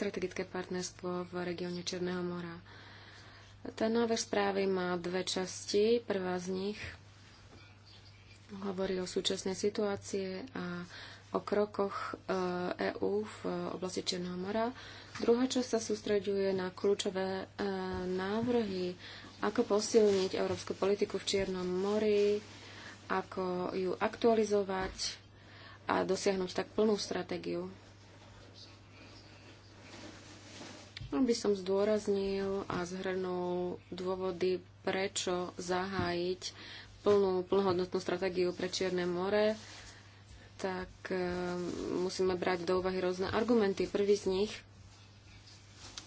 strategické partnerstvo v regióne Černého mora. Ten návrh správy má dve časti. Prvá z nich hovorí o súčasnej situácie a o krokoch EÚ eh, e v oblasti Černého mora. Druhá časť sa sústreďuje na kľúčové eh, návrhy, ako posilniť európsku politiku v Čiernom mori, ako ju aktualizovať a dosiahnuť tak plnú stratégiu. Aby som zdôraznil a zhrnul dôvody, prečo zahájiť plnú, plnohodnotnú stratégiu pre Čierne more, tak e, musíme brať do úvahy rôzne argumenty. Prvý z nich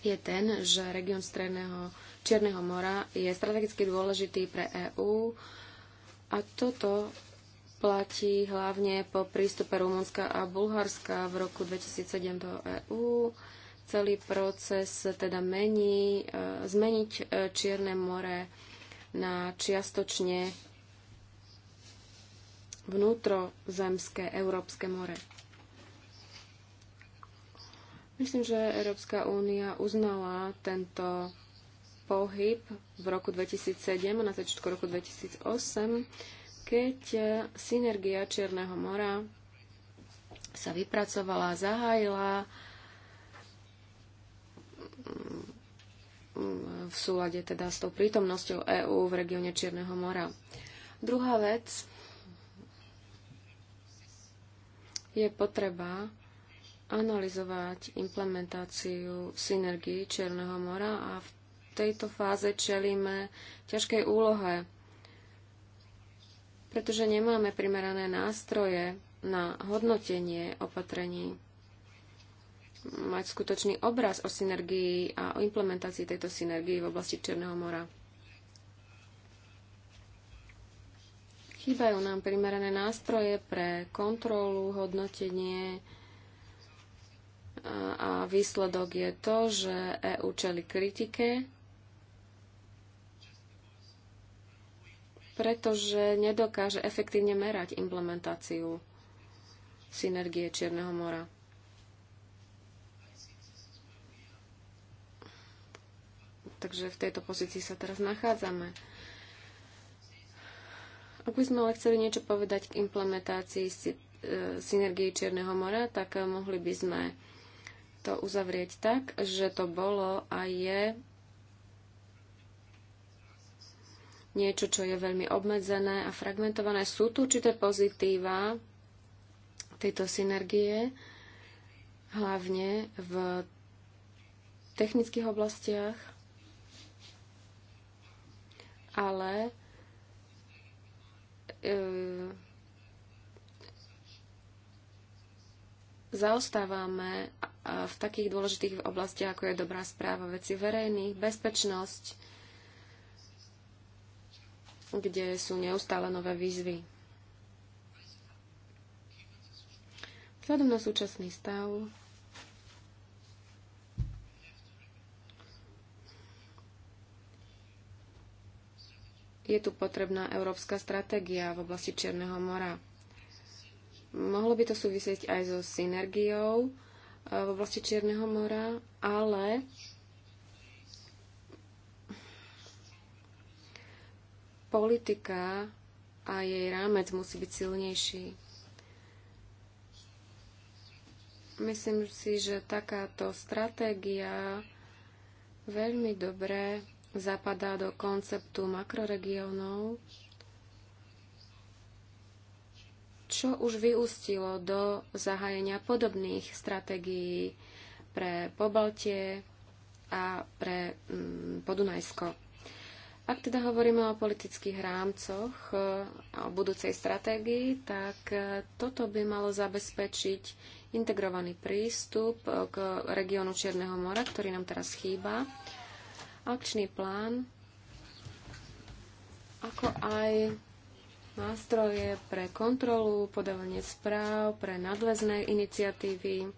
je ten, že región Stredného Čierneho mora je strategicky dôležitý pre EÚ a toto platí hlavne po prístupe Rumunska a Bulharska v roku 2007 do EÚ celý proces teda mení, e, zmeniť e, Čierne more na čiastočne vnútrozemské Európske more. Myslím, že Európska únia uznala tento pohyb v roku 2007 a na začiatku roku 2008, keď e, synergia Čierneho mora sa vypracovala, zahájila v súlade teda s tou prítomnosťou EÚ v regióne Čierneho mora. Druhá vec je potreba analyzovať implementáciu synergii Čierneho mora a v tejto fáze čelíme ťažkej úlohe, pretože nemáme primerané nástroje na hodnotenie opatrení mať skutočný obraz o synergii a o implementácii tejto synergii v oblasti Černého mora. Chýbajú nám primerané nástroje pre kontrolu, hodnotenie a výsledok je to, že EU čeli kritike, pretože nedokáže efektívne merať implementáciu synergie Čierneho mora. Takže v tejto pozícii sa teraz nachádzame. Ak by sme ale chceli niečo povedať k implementácii e, synergie Čierneho mora, tak e, mohli by sme to uzavrieť tak, že to bolo a je niečo, čo je veľmi obmedzené a fragmentované. Sú tu určité pozitíva tejto synergie, hlavne v technických oblastiach, ale e, zaostávame e, v takých dôležitých oblastiach, ako je dobrá správa veci verejných, bezpečnosť, kde sú neustále nové výzvy. Vzhľadom na súčasný stav je tu potrebná európska stratégia v oblasti Černého mora. Mohlo by to súvisieť aj so synergiou e, v oblasti Čierneho mora, ale politika a jej rámec musí byť silnejší. Myslím si, že takáto stratégia veľmi dobre zapadá do konceptu makroregiónov, čo už vyústilo do zahájenia podobných stratégií pre Pobaltie a pre mm, Podunajsko. Ak teda hovoríme o politických rámcoch e, a o budúcej stratégii, tak e, toto by malo zabezpečiť integrovaný prístup k regiónu Čierneho mora, ktorý nám teraz chýba akčný plán, ako aj nástroje pre kontrolu, podávanie správ, pre nadväzné iniciatívy,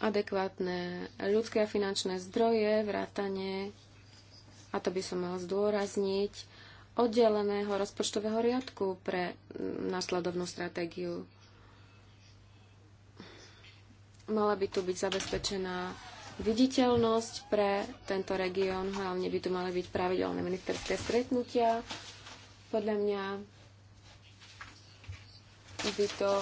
adekvátne ľudské a finančné zdroje, vrátanie, a to by som mal zdôrazniť, oddeleného rozpočtového riadku pre následovnú stratégiu. Mala by tu byť zabezpečená viditeľnosť pre tento región. Hlavne by tu mali byť pravidelné ministerské stretnutia. Podľa mňa by to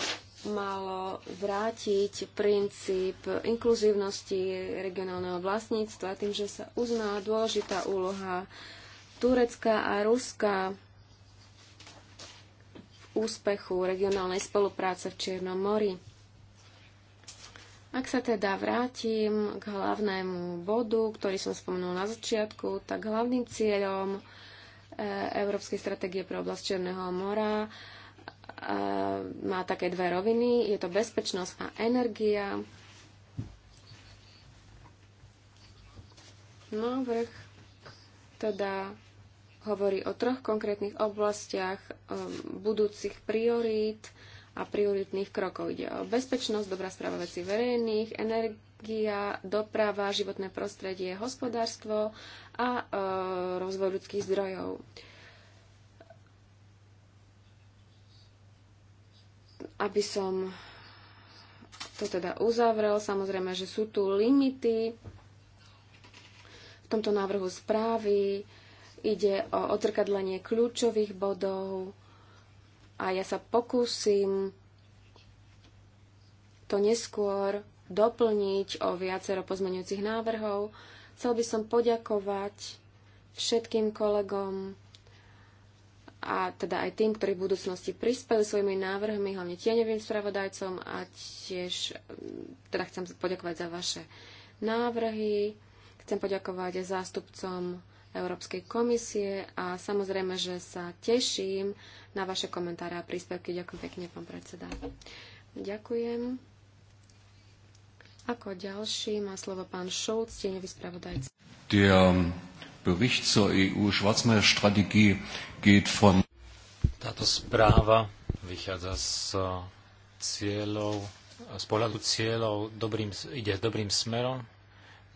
malo vrátiť princíp inkluzívnosti regionálneho vlastníctva tým, že sa uzná dôležitá úloha Turecka a Ruska v úspechu regionálnej spolupráce v Čiernom mori. Ak sa teda vrátim k hlavnému bodu, ktorý som spomenul na začiatku, tak hlavným cieľom e, Európskej stratégie pre oblasť Černého mora e, má také dve roviny. Je to bezpečnosť a energia. Návrh teda hovorí o troch konkrétnych oblastiach e, budúcich priorít – a prioritných krokov. Ide o bezpečnosť, dobrá správa vecí verejných, energia, doprava, životné prostredie, hospodárstvo a e, rozvoj ľudských zdrojov. Aby som to teda uzavrel, samozrejme, že sú tu limity v tomto návrhu správy. Ide o odzrkadlenie kľúčových bodov a ja sa pokúsim to neskôr doplniť o viacero pozmeňujúcich návrhov. Chcel by som poďakovať všetkým kolegom a teda aj tým, ktorí v budúcnosti prispeli svojimi návrhmi, hlavne tieňovým spravodajcom a tiež mm, teda chcem poďakovať za vaše návrhy. Chcem poďakovať aj zástupcom Európskej komisie a samozrejme, že sa teším na vaše komentáre a príspevky. Ďakujem pekne, pán predseda. Ďakujem. Ako ďalší má slovo pán Šulc, tieňový spravodajca. Der ähm, Bericht zur EU-Schwarzmeerstrategie geht von... Táto správa vychádza z cieľov, z pohľadu cieľov dobrým, ide dobrým smerom,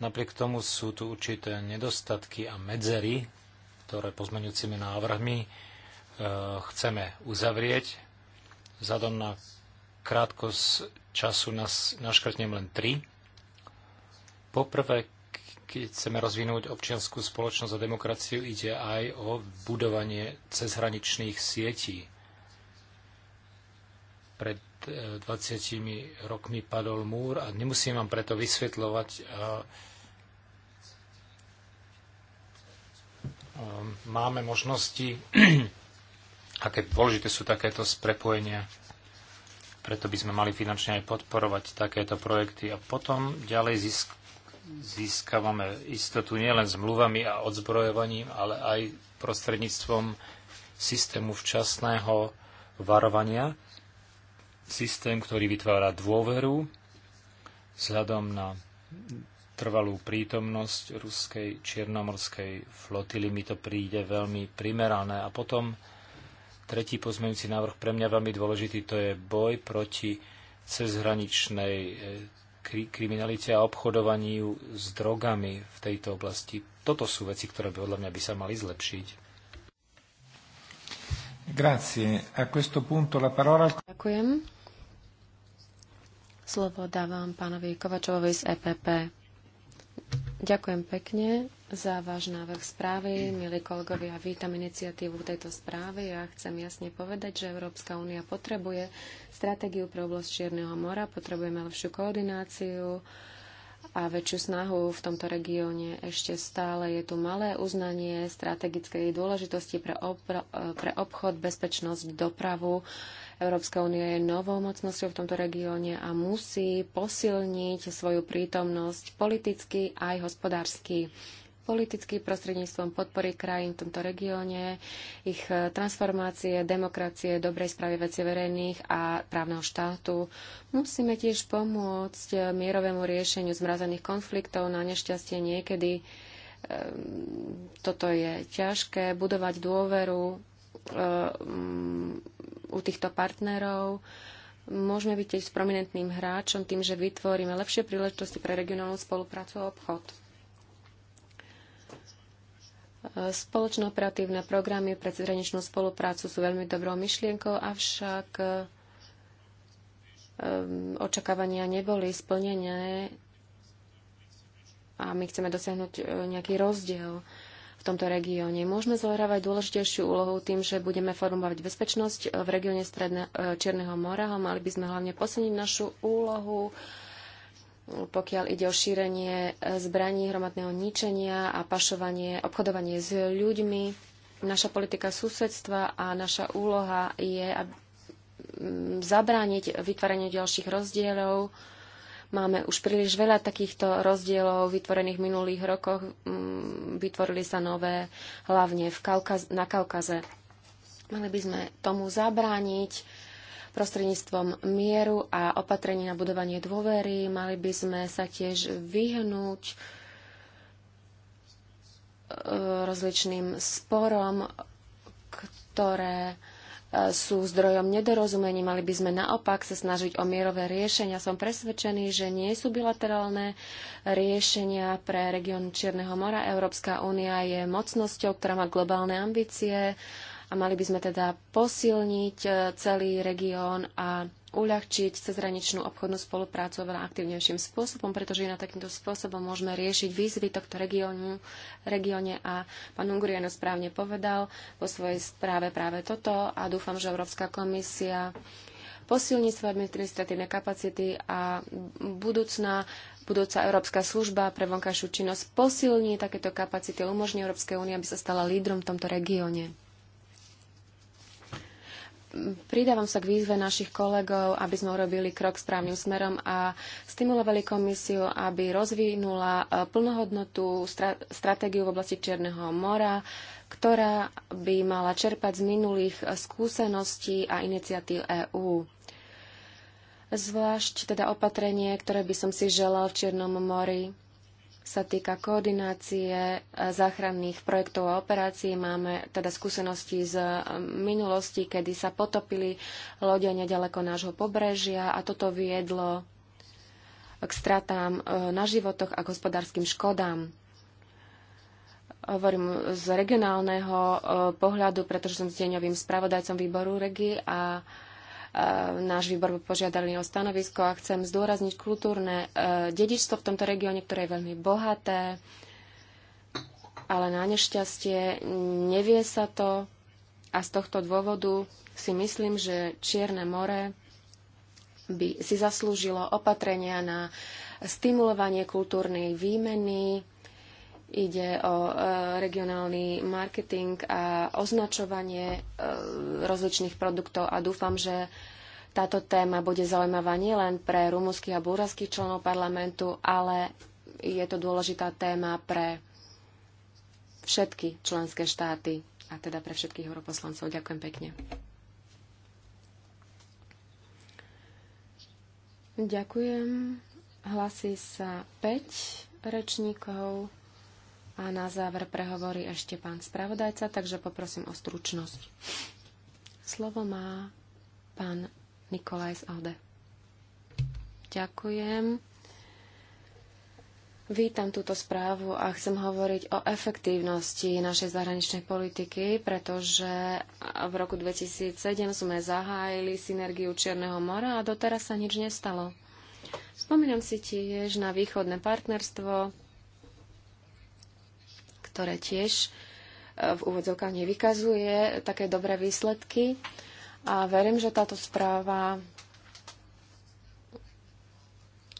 Napriek tomu sú tu určité nedostatky a medzery, ktoré pozmeňujúcimi návrhmi e, chceme uzavrieť. Vzhľadom na krátkosť času nás naškrtnem len tri. Poprvé, keď chceme rozvinúť občianskú spoločnosť a demokraciu, ide aj o budovanie cezhraničných sietí. Pred 20 e, rokmi padol múr a nemusím vám preto vysvetľovať, e, Ehm, máme možnosti, <clears throat> aké dôležité sú takéto sprepojenia. Preto by sme mali finančne aj podporovať takéto projekty. A potom ďalej zisk- získavame istotu nielen s mluvami a odzbrojovaním, ale aj prostredníctvom systému včasného varovania. Systém, ktorý vytvára dôveru vzhľadom na trvalú prítomnosť ruskej čiernomorskej flotily. Mi to príde veľmi primerané. A potom tretí pozmeňujúci návrh pre mňa veľmi dôležitý, to je boj proti cezhraničnej eh, kriminalite a obchodovaniu s drogami v tejto oblasti. Toto sú veci, ktoré by podľa mňa by sa mali zlepšiť. Grazie. A questo punto la parola... Ďakujem. Slovo dávam pánovi Kovačovovi z EPP. Ďakujem pekne za váš návrh správy. Milí kolegovia, vítam iniciatívu tejto správy a ja chcem jasne povedať, že Európska únia potrebuje stratégiu pre oblasť Čierneho mora, potrebujeme lepšiu koordináciu a väčšiu snahu v tomto regióne. Ešte stále je tu malé uznanie strategickej dôležitosti pre, pre obchod, bezpečnosť, dopravu Európska únia je novou mocnosťou v tomto regióne a musí posilniť svoju prítomnosť politicky aj hospodársky politicky prostredníctvom podpory krajín v tomto regióne, ich transformácie, demokracie, dobrej správy veci verejných a právneho štátu. Musíme tiež pomôcť mierovému riešeniu zmrazených konfliktov. Na nešťastie niekedy e, toto je ťažké, budovať dôveru E, mm, u týchto partnerov. Môžeme byť tiež s prominentným hráčom tým, že vytvoríme lepšie príležitosti pre regionálnu spoluprácu a obchod. E, Spoločné operatívne programy pre cezhraničnú spoluprácu sú veľmi dobrou myšlienkou, avšak e, očakávania neboli splnené a my chceme dosiahnuť nejaký rozdiel v tomto regióne. Môžeme zohrávať dôležitejšiu úlohu tým, že budeme formovať bezpečnosť v regióne Stredne, e, Čierneho mora mali by sme hlavne posilniť našu úlohu pokiaľ ide o šírenie e, zbraní hromadného ničenia a pašovanie, obchodovanie s ľuďmi. Naša politika susedstva a naša úloha je zabrániť vytváranie ďalších rozdielov, Máme už príliš veľa takýchto rozdielov vytvorených v minulých rokoch. Mm, vytvorili sa nové hlavne v Kaukaz- na Kaukaze. Mali by sme tomu zabrániť prostredníctvom mieru a opatrení na budovanie dôvery. Mali by sme sa tiež vyhnúť e, rozličným sporom, ktoré sú zdrojom nedorozumení. Mali by sme naopak sa snažiť o mierové riešenia. Som presvedčený, že nie sú bilaterálne riešenia pre región Čierneho mora. Európska únia je mocnosťou, ktorá má globálne ambície a mali by sme teda posilniť eh, celý región a uľahčiť cezhraničnú obchodnú spoluprácu oveľa aktívnejším spôsobom, pretože na takýmto spôsobom môžeme riešiť výzvy tohto regiónu, regióne a pán Unguriano správne povedal vo svojej správe práve toto a dúfam, že Európska komisia posilní svoje administratívne kapacity a budúcná budúca Európska služba pre vonkajšiu činnosť posilní takéto kapacity, umožní Európskej únie, aby sa stala lídrom v tomto regióne pridávam sa k výzve našich kolegov, aby sme urobili krok správnym smerom a stimulovali komisiu, aby rozvinula e, plnohodnotú stratégiu v oblasti Čierneho mora, ktorá by mala čerpať z minulých e, skúseností a iniciatív EÚ. Zvlášť teda opatrenie, ktoré by som si želal v Čiernom mori, sa týka koordinácie e, záchranných projektov a operácií. Máme teda skúsenosti z e, minulosti, kedy sa potopili lode nedaleko nášho pobrežia a toto viedlo k stratám e, na životoch a hospodárskym škodám. Hovorím z regionálneho pohľadu, pretože som s deňovým spravodajcom výboru regi a E, náš výbor požiadali o stanovisko a chcem zdôrazniť kultúrne e, dedičstvo v tomto regióne, ktoré je veľmi bohaté, ale na nešťastie nevie sa to a z tohto dôvodu si myslím, že Čierne more by si zaslúžilo opatrenia na stimulovanie kultúrnej výmeny, Ide o e, regionálny marketing a označovanie e, rozličných produktov a dúfam, že táto téma bude zaujímavá nielen pre rumúnskych a búrských členov parlamentu, ale je to dôležitá téma pre všetky členské štáty a teda pre všetkých europoslancov. Ďakujem pekne. Ďakujem. Hlasí sa 5 rečníkov. A na záver prehovorí ešte pán spravodajca, takže poprosím o stručnosť. Slovo má pán Nikolaj z Ode. Ďakujem. Vítam túto správu a chcem hovoriť o efektívnosti našej zahraničnej politiky, pretože v roku 2007 sme zahájili synergiu Čierneho mora a doteraz sa nič nestalo. Spomínam si tiež na východné partnerstvo, ktoré tiež e, v úvodzovkách nevykazuje také dobré výsledky. A verím, že táto správa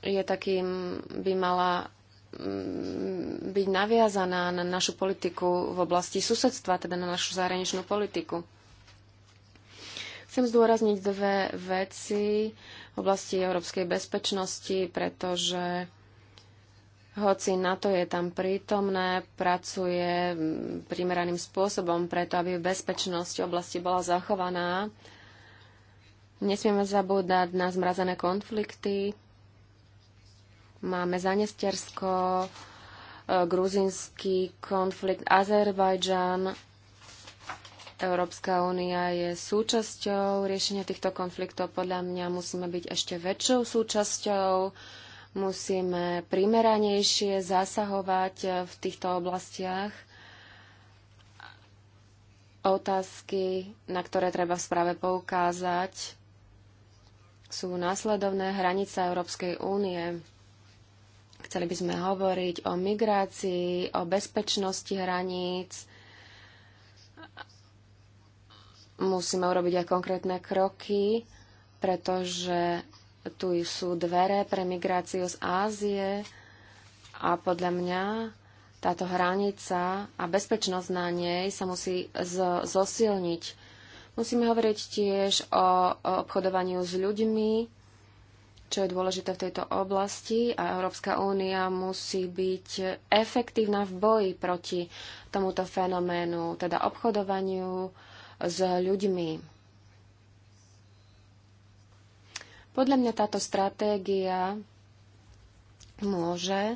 je takým, by mala mm, byť naviazaná na našu politiku v oblasti susedstva, teda na našu zahraničnú politiku. Chcem zdôrazniť dve veci v oblasti európskej bezpečnosti, pretože hoci NATO je tam prítomné, pracuje mm, primeraným spôsobom preto, aby bezpečnosť oblasti bola zachovaná. Nesmieme zabúdať na zmrazené konflikty. Máme Zanestiersko, e, gruzinský konflikt, Azerbajdžan. Európska únia je súčasťou riešenia týchto konfliktov. Podľa mňa musíme byť ešte väčšou súčasťou Musíme primeranejšie zasahovať eh, v týchto oblastiach. Otázky, na ktoré treba v správe poukázať, sú následovné hranice Európskej únie. Chceli by sme hovoriť o migrácii, o bezpečnosti hraníc. Musíme urobiť aj konkrétne kroky, pretože tu sú dvere pre migráciu z Ázie a podľa mňa táto hranica a bezpečnosť na nej sa musí zosilniť. Musíme hovoriť tiež o, o obchodovaniu s ľuďmi, čo je dôležité v tejto oblasti a Európska únia musí byť efektívna v boji proti tomuto fenoménu, teda obchodovaniu s ľuďmi. Podľa mňa táto stratégia môže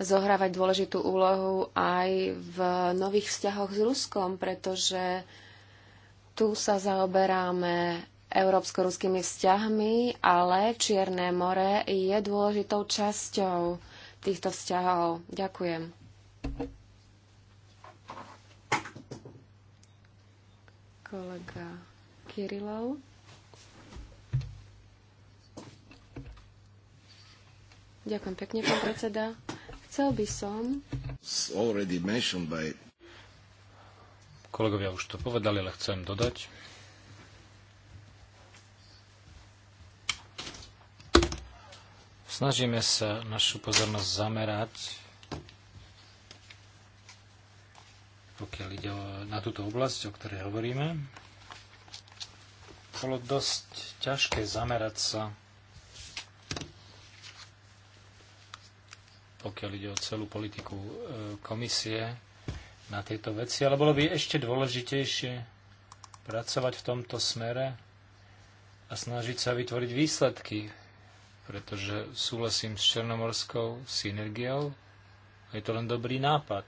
zohrávať dôležitú úlohu aj v nových vzťahoch s Ruskom, pretože tu sa zaoberáme európsko-ruskými vzťahmi, ale Čierne more je dôležitou časťou týchto vzťahov. Ďakujem. Kolega Kirilov. Ďakujem pekne, pán predseda. Chcel by som... Kolegovia už to povedali, ale chcem dodať. Snažíme sa našu pozornosť zamerať pokiaľ ide na túto oblasť, o ktorej hovoríme. Bolo dosť ťažké zamerať sa pokiaľ ide o celú politiku e, komisie na tieto veci, ale bolo by ešte dôležitejšie pracovať v tomto smere a snažiť sa vytvoriť výsledky, pretože súhlasím s černomorskou synergiou a je to len dobrý nápad.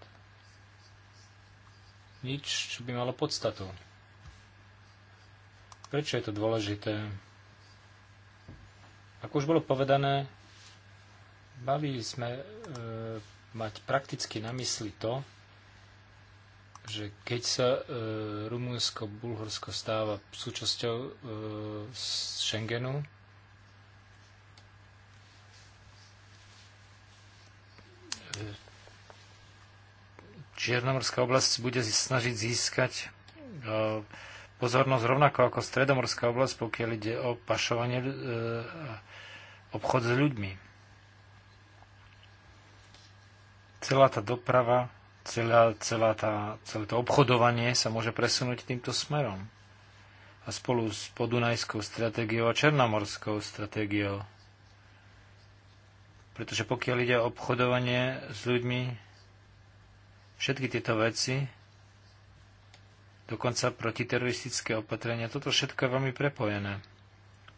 Nič, čo by malo podstatu. Prečo je to dôležité? Ako už bolo povedané, Mali sme e, mať prakticky na mysli to, že keď sa e, Rumunsko, Bulhorsko stáva súčasťou e, Schengenu, e, Čiernomorská oblasť bude snažiť získať e, pozornosť rovnako ako Stredomorská oblasť, pokiaľ ide o pašovanie e, obchod s ľuďmi. celá tá doprava, celá, celá tá, celé to obchodovanie sa môže presunúť týmto smerom. A spolu s podunajskou stratégiou a černomorskou stratégiou. Pretože pokiaľ ide o obchodovanie s ľuďmi, všetky tieto veci, dokonca protiteroristické opatrenia, toto všetko je veľmi prepojené.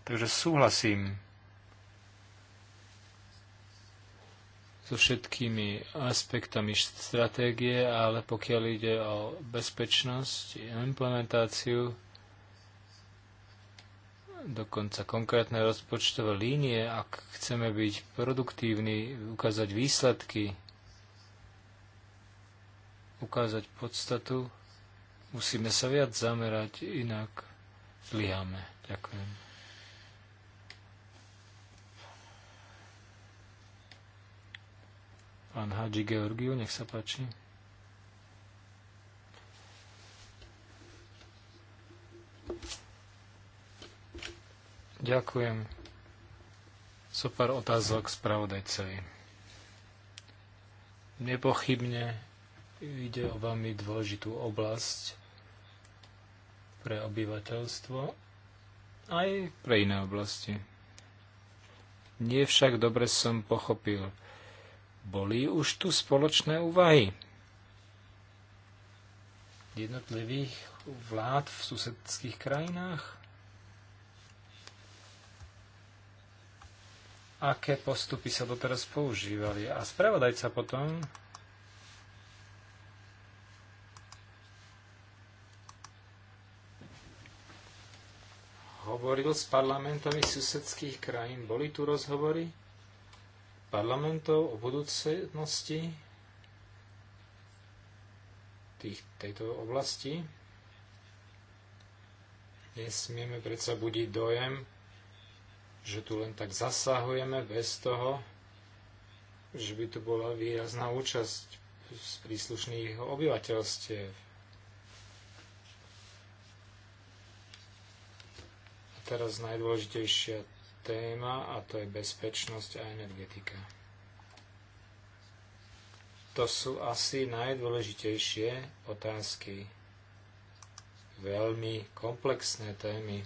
Takže súhlasím so všetkými aspektami stratégie, ale pokiaľ ide o bezpečnosť a implementáciu, dokonca konkrétne rozpočtové línie, ak chceme byť produktívni, ukázať výsledky, ukázať podstatu, musíme sa viac zamerať, inak zlyháme. Ďakujem. Pán Hadži Georgiu, nech sa páči. Ďakujem. So pár otázok spravodajcovi. Nepochybne ide o veľmi dôležitú oblasť pre obyvateľstvo aj pre iné oblasti. Nie však dobre som pochopil, boli už tu spoločné úvahy jednotlivých vlád v susedských krajinách? Aké postupy sa doteraz používali? A spravodajca potom hovoril s parlamentami susedských krajín. Boli tu rozhovory? parlamentov o budúcnosti tých, tejto oblasti. Nesmieme predsa budiť dojem, že tu len tak zasahujeme bez toho, že by tu bola výrazná účasť z príslušných obyvateľstiev. A teraz najdôležitejšia téma a to je bezpečnosť a energetika. To sú asi najdôležitejšie otázky. Veľmi komplexné témy.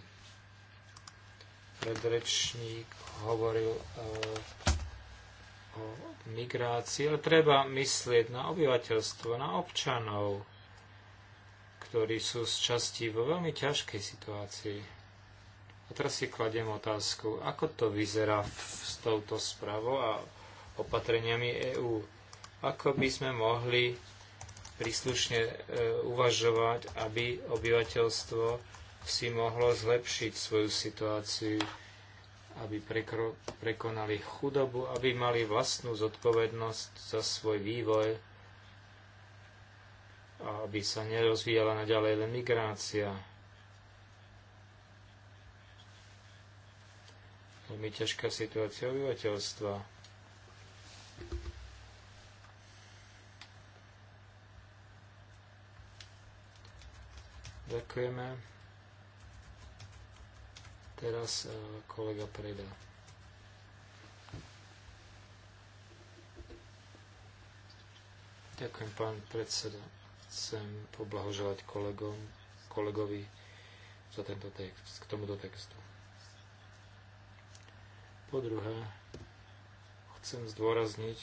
Predrečník hovoril o, e, o migrácii, ale treba myslieť na obyvateľstvo, na občanov, ktorí sú z časti vo veľmi ťažkej situácii a teraz si kladiem otázku, ako to vyzerá s touto správou a opatreniami EÚ. Ako by sme mohli príslušne e, uvažovať, aby obyvateľstvo si mohlo zlepšiť svoju situáciu, aby prekro, prekonali chudobu, aby mali vlastnú zodpovednosť za svoj vývoj a aby sa nerozvíjala naďalej len migrácia. veľmi ťažká situácia obyvateľstva. Ďakujeme. Teraz e, kolega Preda. Ďakujem, pán predseda. Chcem poblahoželať kolegom, kolegovi za tento text, k tomuto textu. Po druhé, chcem zdôrazniť,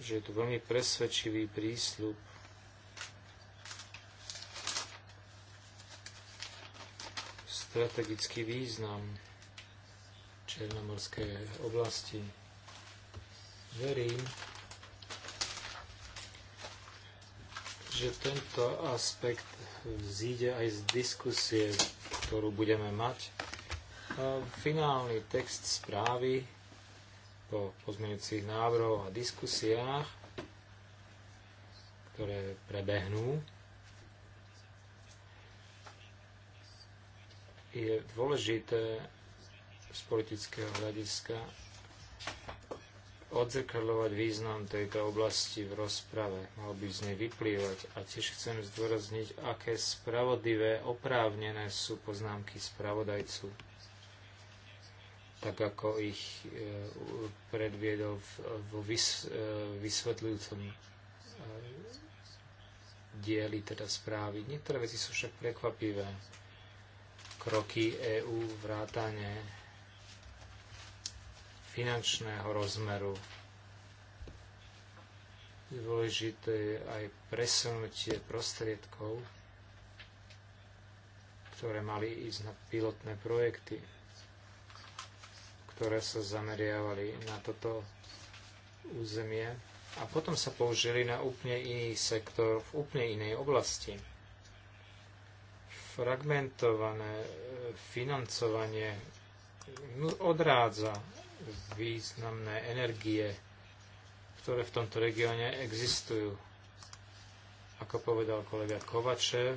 že je tu veľmi presvedčivý prísľub strategický význam Černomorskej oblasti. Verím, že tento aspekt vzíde aj z diskusie ktorú budeme mať. Finálny text správy po pozmeňujúcich návrhoch a diskusiách, ktoré prebehnú, je dôležité z politického hľadiska odzrkadľovať význam tejto oblasti v rozprave. Mal by z nej vyplývať a tiež chcem zdôrazniť, aké spravodlivé, oprávnené sú poznámky spravodajcu, tak ako ich e, predviedol vo e, vysvetľujúcom e, dieli teda správy. Niektoré veci sú však prekvapivé. Kroky EÚ, vrátanie finančného rozmeru. Dôležité je aj presunutie prostriedkov, ktoré mali ísť na pilotné projekty, ktoré sa zameriavali na toto územie a potom sa použili na úplne iný sektor v úplne inej oblasti. Fragmentované e, financovanie odrádza významné energie, ktoré v tomto regióne existujú. Ako povedal kolega Kovačev,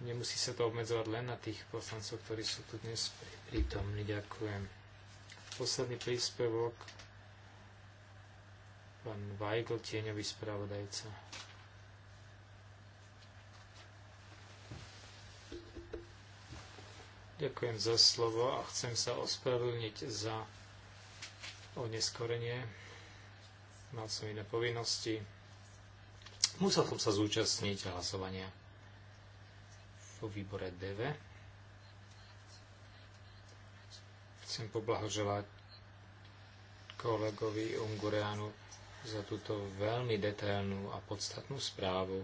nemusí sa to obmedzovať len na tých poslancov, ktorí sú tu dnes prítomní. Ďakujem. Posledný príspevok, pán Weigl, tieňový spravodajca. Ďakujem za slovo a chcem sa ospravedlniť za oneskorenie. Mal som iné povinnosti. Musel som sa zúčastniť hlasovania vo výbore DV. Chcem poblahoželať kolegovi Ungureanu za túto veľmi detailnú a podstatnú správu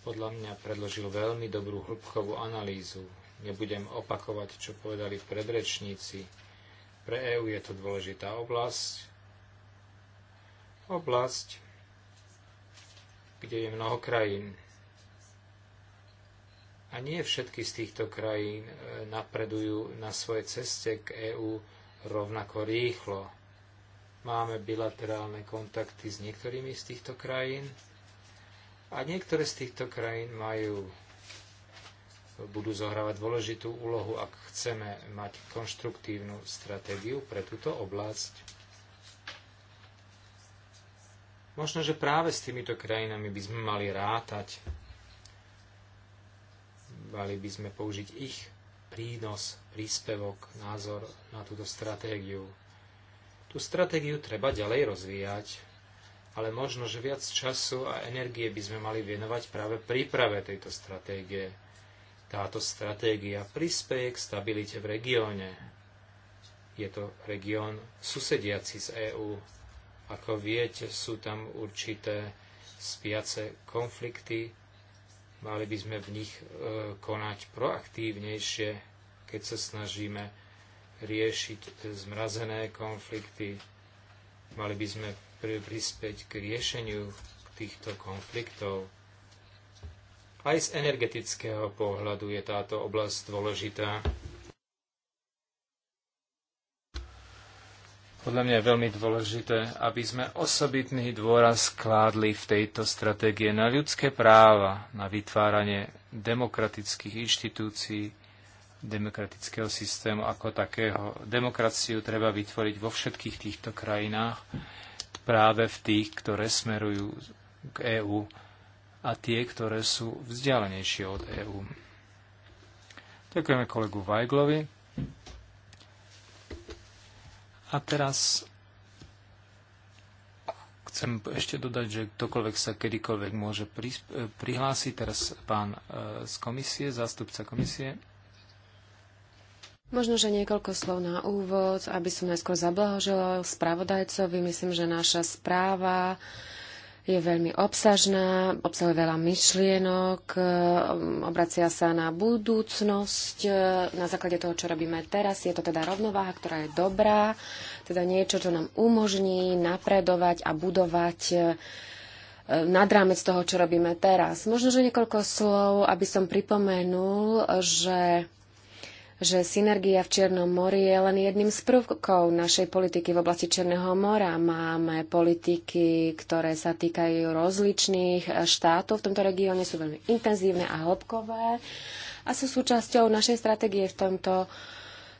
podľa mňa predložil veľmi dobrú hĺbkovú analýzu. Nebudem opakovať, čo povedali predrečníci. Pre EÚ je to dôležitá oblasť. Oblasť, kde je mnoho krajín. A nie všetky z týchto krajín e, napredujú na svojej ceste k EÚ rovnako rýchlo. Máme bilaterálne kontakty s niektorými z týchto krajín, a niektoré z týchto krajín majú, budú zohrávať dôležitú úlohu, ak chceme mať konštruktívnu stratégiu pre túto oblasť. Možno, že práve s týmito krajinami by sme mali rátať. Mali by sme použiť ich prínos, príspevok, názor na túto stratégiu. Tú stratégiu treba ďalej rozvíjať ale možno, že viac času a energie by sme mali venovať práve príprave tejto stratégie. Táto stratégia prispieje k stabilite v regióne. Je to región susediaci z EÚ. Ako viete, sú tam určité spiace konflikty. Mali by sme v nich e, konať proaktívnejšie, keď sa snažíme riešiť zmrazené konflikty. Mali by sme prispieť k riešeniu týchto konfliktov. Aj z energetického pohľadu je táto oblasť dôležitá. Podľa mňa je veľmi dôležité, aby sme osobitný dôraz kládli v tejto stratégie na ľudské práva, na vytváranie demokratických inštitúcií, demokratického systému ako takého. Demokraciu treba vytvoriť vo všetkých týchto krajinách práve v tých, ktoré smerujú k EÚ a tie, ktoré sú vzdialenejšie od EÚ. Ďakujeme kolegu Vajglovi. A teraz chcem ešte dodať, že ktokoľvek sa kedykoľvek môže eh, prihlásiť. Teraz pán eh, z komisie, zástupca komisie. Možno, že niekoľko slov na úvod, aby som najskôr zablahoželal spravodajcovi. Myslím, že naša správa je veľmi obsažná, obsahuje veľa myšlienok, mm, obracia sa na budúcnosť e, na základe toho, čo robíme teraz. Je to teda rovnováha, ktorá je dobrá, teda niečo, čo nám umožní napredovať a budovať e, nad rámec toho, čo robíme teraz. Možno, že niekoľko slov, aby som pripomenul, že že synergia v Černom mori je len jedným z prvkov našej politiky v oblasti Černého mora. Máme politiky, ktoré sa týkajú rozličných štátov v tomto regióne, sú veľmi intenzívne a hĺbkové a sú súčasťou našej stratégie v tomto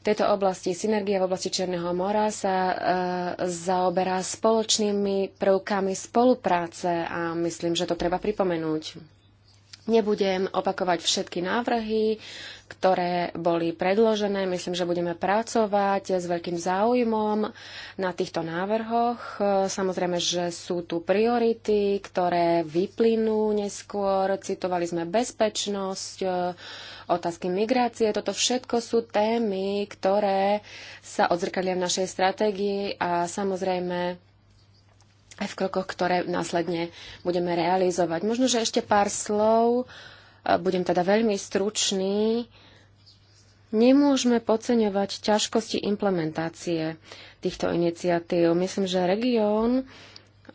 tejto oblasti synergia v oblasti Černého mora sa e, zaoberá spoločnými prvkami spolupráce a myslím, že to treba pripomenúť. Nebudem opakovať všetky návrhy, ktoré boli predložené. Myslím, že budeme pracovať s veľkým záujmom na týchto návrhoch. Samozrejme, že sú tu priority, ktoré vyplynú neskôr. Citovali sme bezpečnosť, e, otázky migrácie. Toto všetko sú témy, ktoré sa odzrkadlia v našej stratégii a samozrejme aj v krokoch, ktoré následne budeme realizovať. Možno, že ešte pár slov budem teda veľmi stručný, nemôžeme podceňovať ťažkosti implementácie týchto iniciatív. Myslím, že región,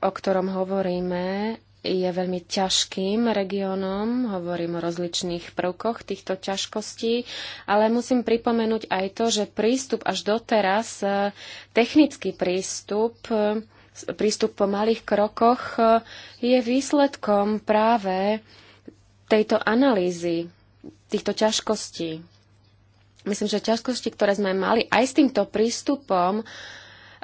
o ktorom hovoríme, je veľmi ťažkým regiónom, hovorím o rozličných prvkoch týchto ťažkostí, ale musím pripomenúť aj to, že prístup až doteraz, e, technický prístup, e, prístup po malých krokoch e, je výsledkom práve tejto analýzy, týchto ťažkostí. Myslím, že ťažkosti, ktoré sme mali aj s týmto prístupom,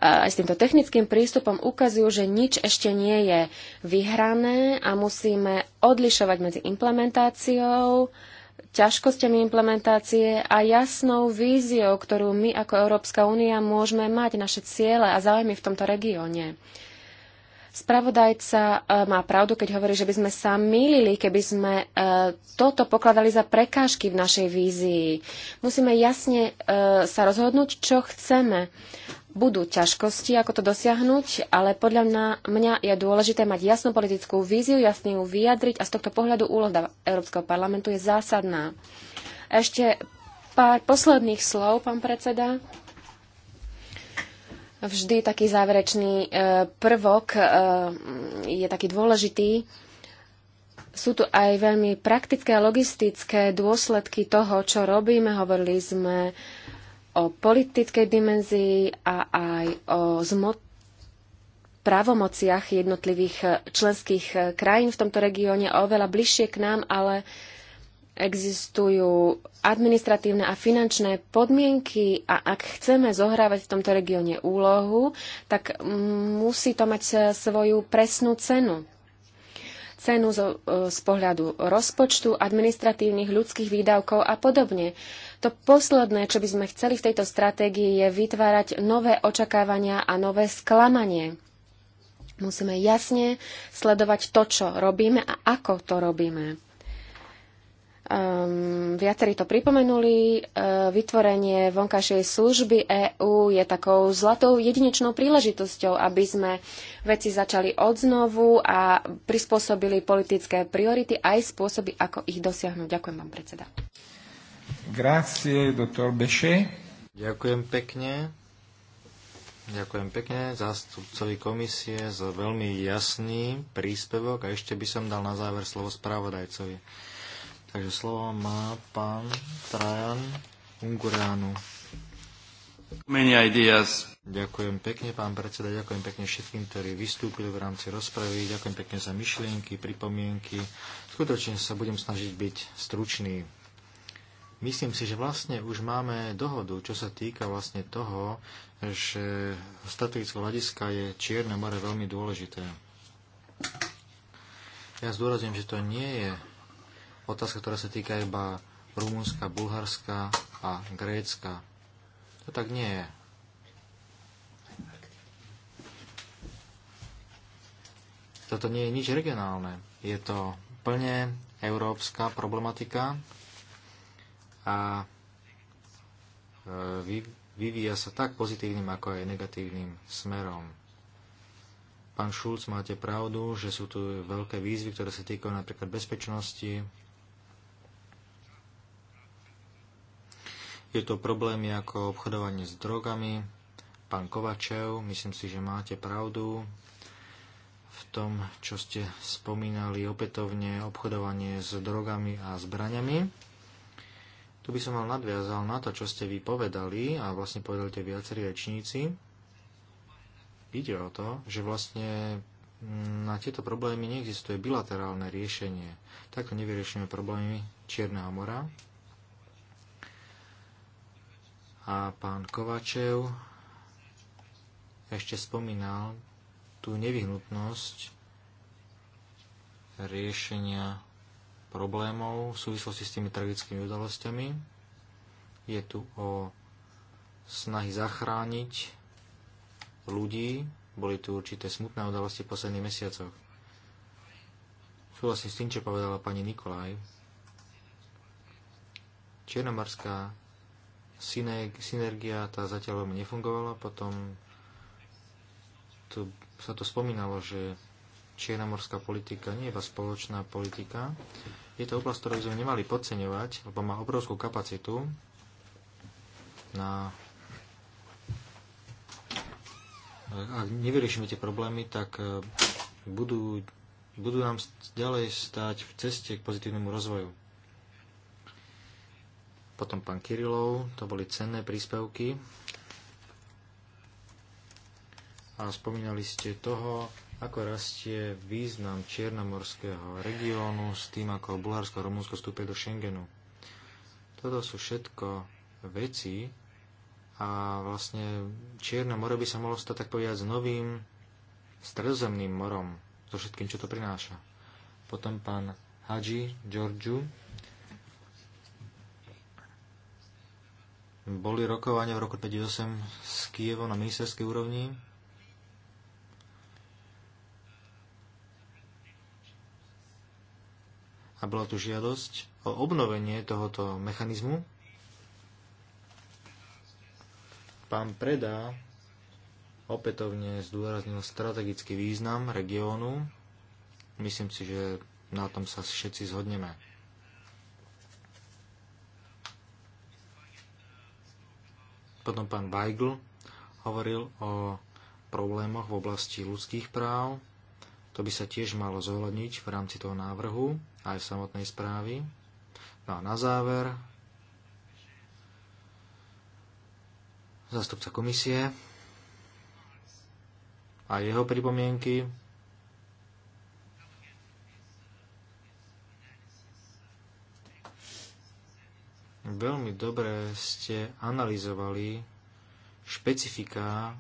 eh, aj s týmto technickým prístupom ukazujú, že nič ešte nie je vyhrané a musíme odlišovať medzi implementáciou, ťažkosťami implementácie a jasnou víziou, ktorú my ako Európska únia môžeme mať, naše ciele a záujmy v tomto regióne. Spravodajca e, má pravdu, keď hovorí, že by sme sa mýlili, keby sme e, toto pokladali za prekážky v našej vízii. Musíme jasne e, sa rozhodnúť, čo chceme. Budú ťažkosti, ako to dosiahnuť, ale podľa mňa, mňa je dôležité mať jasnú politickú víziu, jasne ju vyjadriť a z tohto pohľadu úloha Európskeho parlamentu je zásadná. Ešte pár posledných slov, pán predseda. Vždy taký záverečný e, prvok e, je taký dôležitý. Sú tu aj veľmi praktické a logistické dôsledky toho, čo robíme. Hovorili sme o politickej dimenzii a aj o právomociach jednotlivých členských e, krajín v tomto regióne oveľa bližšie k nám, ale uh, existujú administratívne a finančné podmienky a ak chceme zohrávať v tomto regióne úlohu, tak musí to mať svoju presnú cenu. Cenu z, e, z pohľadu rozpočtu, administratívnych, ľudských výdavkov a podobne. To posledné, čo by sme chceli v tejto stratégii, je vytvárať nové očakávania a nové sklamanie. Musíme jasne sledovať to, čo robíme a ako to robíme. Um, viacerí to pripomenuli, uh, vytvorenie vonkajšej služby EÚ je takou zlatou jedinečnou príležitosťou, aby sme veci začali odznovu a prispôsobili politické priority aj spôsoby, ako ich dosiahnuť. Ďakujem vám, predseda. Grazie, doktor Beše. Ďakujem pekne. Ďakujem pekne zástupcovi komisie za veľmi jasný príspevok a ešte by som dal na záver slovo spravodajcovi. Takže slovo má pán Trajan Unguránu. Many ideas. Ďakujem pekne, pán predseda, ďakujem pekne všetkým, ktorí vystúpili v rámci rozpravy, ďakujem pekne za myšlienky, pripomienky. Skutočne sa budem snažiť byť stručný. Myslím si, že vlastne už máme dohodu, čo sa týka vlastne toho, že z strategického hľadiska je Čierne more veľmi dôležité. Ja zdôrazňujem, že to nie je otázka, ktorá sa týka iba Rumunska, Bulharska a Grécka. To tak nie je. Toto nie je nič regionálne. Je to plne európska problematika a e, vyvíja sa tak pozitívnym, ako aj negatívnym smerom. Pán Šulc, máte pravdu, že sú tu veľké výzvy, ktoré sa týkajú napríklad bezpečnosti, Je to problémy ako obchodovanie s drogami. Pán Kovačev, myslím si, že máte pravdu v tom, čo ste spomínali opätovne obchodovanie s drogami a zbraňami. Tu by som mal nadviazal na to, čo ste vy povedali a vlastne povedali tie viacerí rečníci. Ide o to, že vlastne na tieto problémy neexistuje bilaterálne riešenie. Takto nevyriešime problémy Čierneho mora, a pán Kovačev ešte spomínal tú nevyhnutnosť riešenia problémov v súvislosti s tými tragickými udalosťami. Je tu o snahy zachrániť ľudí. Boli tu určité smutné udalosti v posledných mesiacoch. Súhlasím s tým, čo povedala pani Nikolaj. Černomorská synergia tá zatiaľ veľmi nefungovala, potom tu sa to spomínalo, že čiernomorská politika nie je iba spoločná politika. Je to oblasť, ktorú by sme nemali podceňovať, lebo má obrovskú kapacitu na ak nevyriešime tie problémy, tak eh, budú, budú nám ďalej stať v ceste k pozitívnemu rozvoju potom pán Kirilov, to boli cenné príspevky. A spomínali ste toho, ako rastie význam Čiernomorského regiónu s tým, ako Bulharsko a Rumunsko vstúpia do Schengenu. Toto sú všetko veci a vlastne Čierne more by sa mohlo stať tak povedať s novým stredozemným morom, so všetkým, čo to prináša. Potom pán Haji Georgiou Boli rokovania v roku 58 s Kievom na ministerskej úrovni. A bola tu žiadosť o obnovenie tohoto mechanizmu. Pán Preda opätovne zdôraznil strategický význam regiónu. Myslím si, že na tom sa všetci zhodneme. Potom pán Weigl hovoril o problémoch v oblasti ľudských práv. To by sa tiež malo zohľadniť v rámci toho návrhu, aj v samotnej správy. No a na záver zastupca komisie a jeho pripomienky Veľmi dobre ste analyzovali špecifika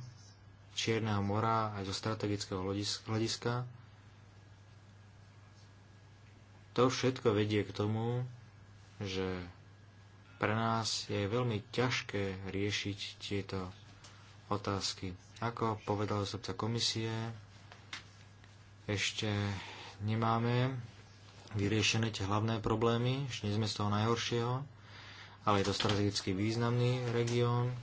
Čierneho mora aj zo strategického hľadiska. To všetko vedie k tomu, že pre nás je veľmi ťažké riešiť tieto otázky. Ako povedala zastupca komisie, ešte nemáme vyriešené tie hlavné problémy, ešte nie sme z toho najhoršieho, ale je to strategicky významný región.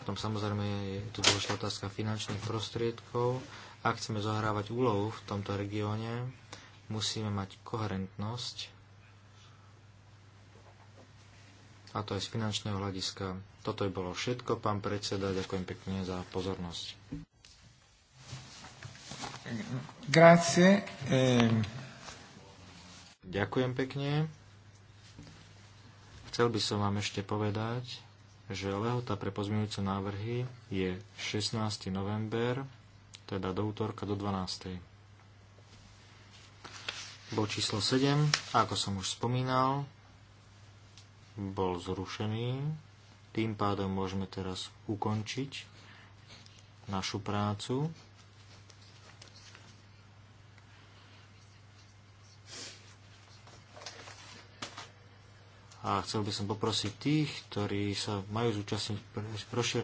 Potom samozrejme je tu dôležitá otázka finančných prostriedkov. Ak chceme zohrávať úlohu v tomto regióne, musíme mať koherentnosť a to aj z finančného hľadiska. Toto je bolo všetko, pán predseda, ďakujem pekne za pozornosť. Grazie. Ehm. Ďakujem pekne. Chcel by som vám ešte povedať, že lehota pre pozmeňujúce návrhy je 16. november, teda do útorka do 12. Bol číslo 7, ako som už spomínal, bol zrušený. Tým pádom môžeme teraz ukončiť našu prácu. a chcel by som poprosiť tých, ktorí sa majú zúčastniť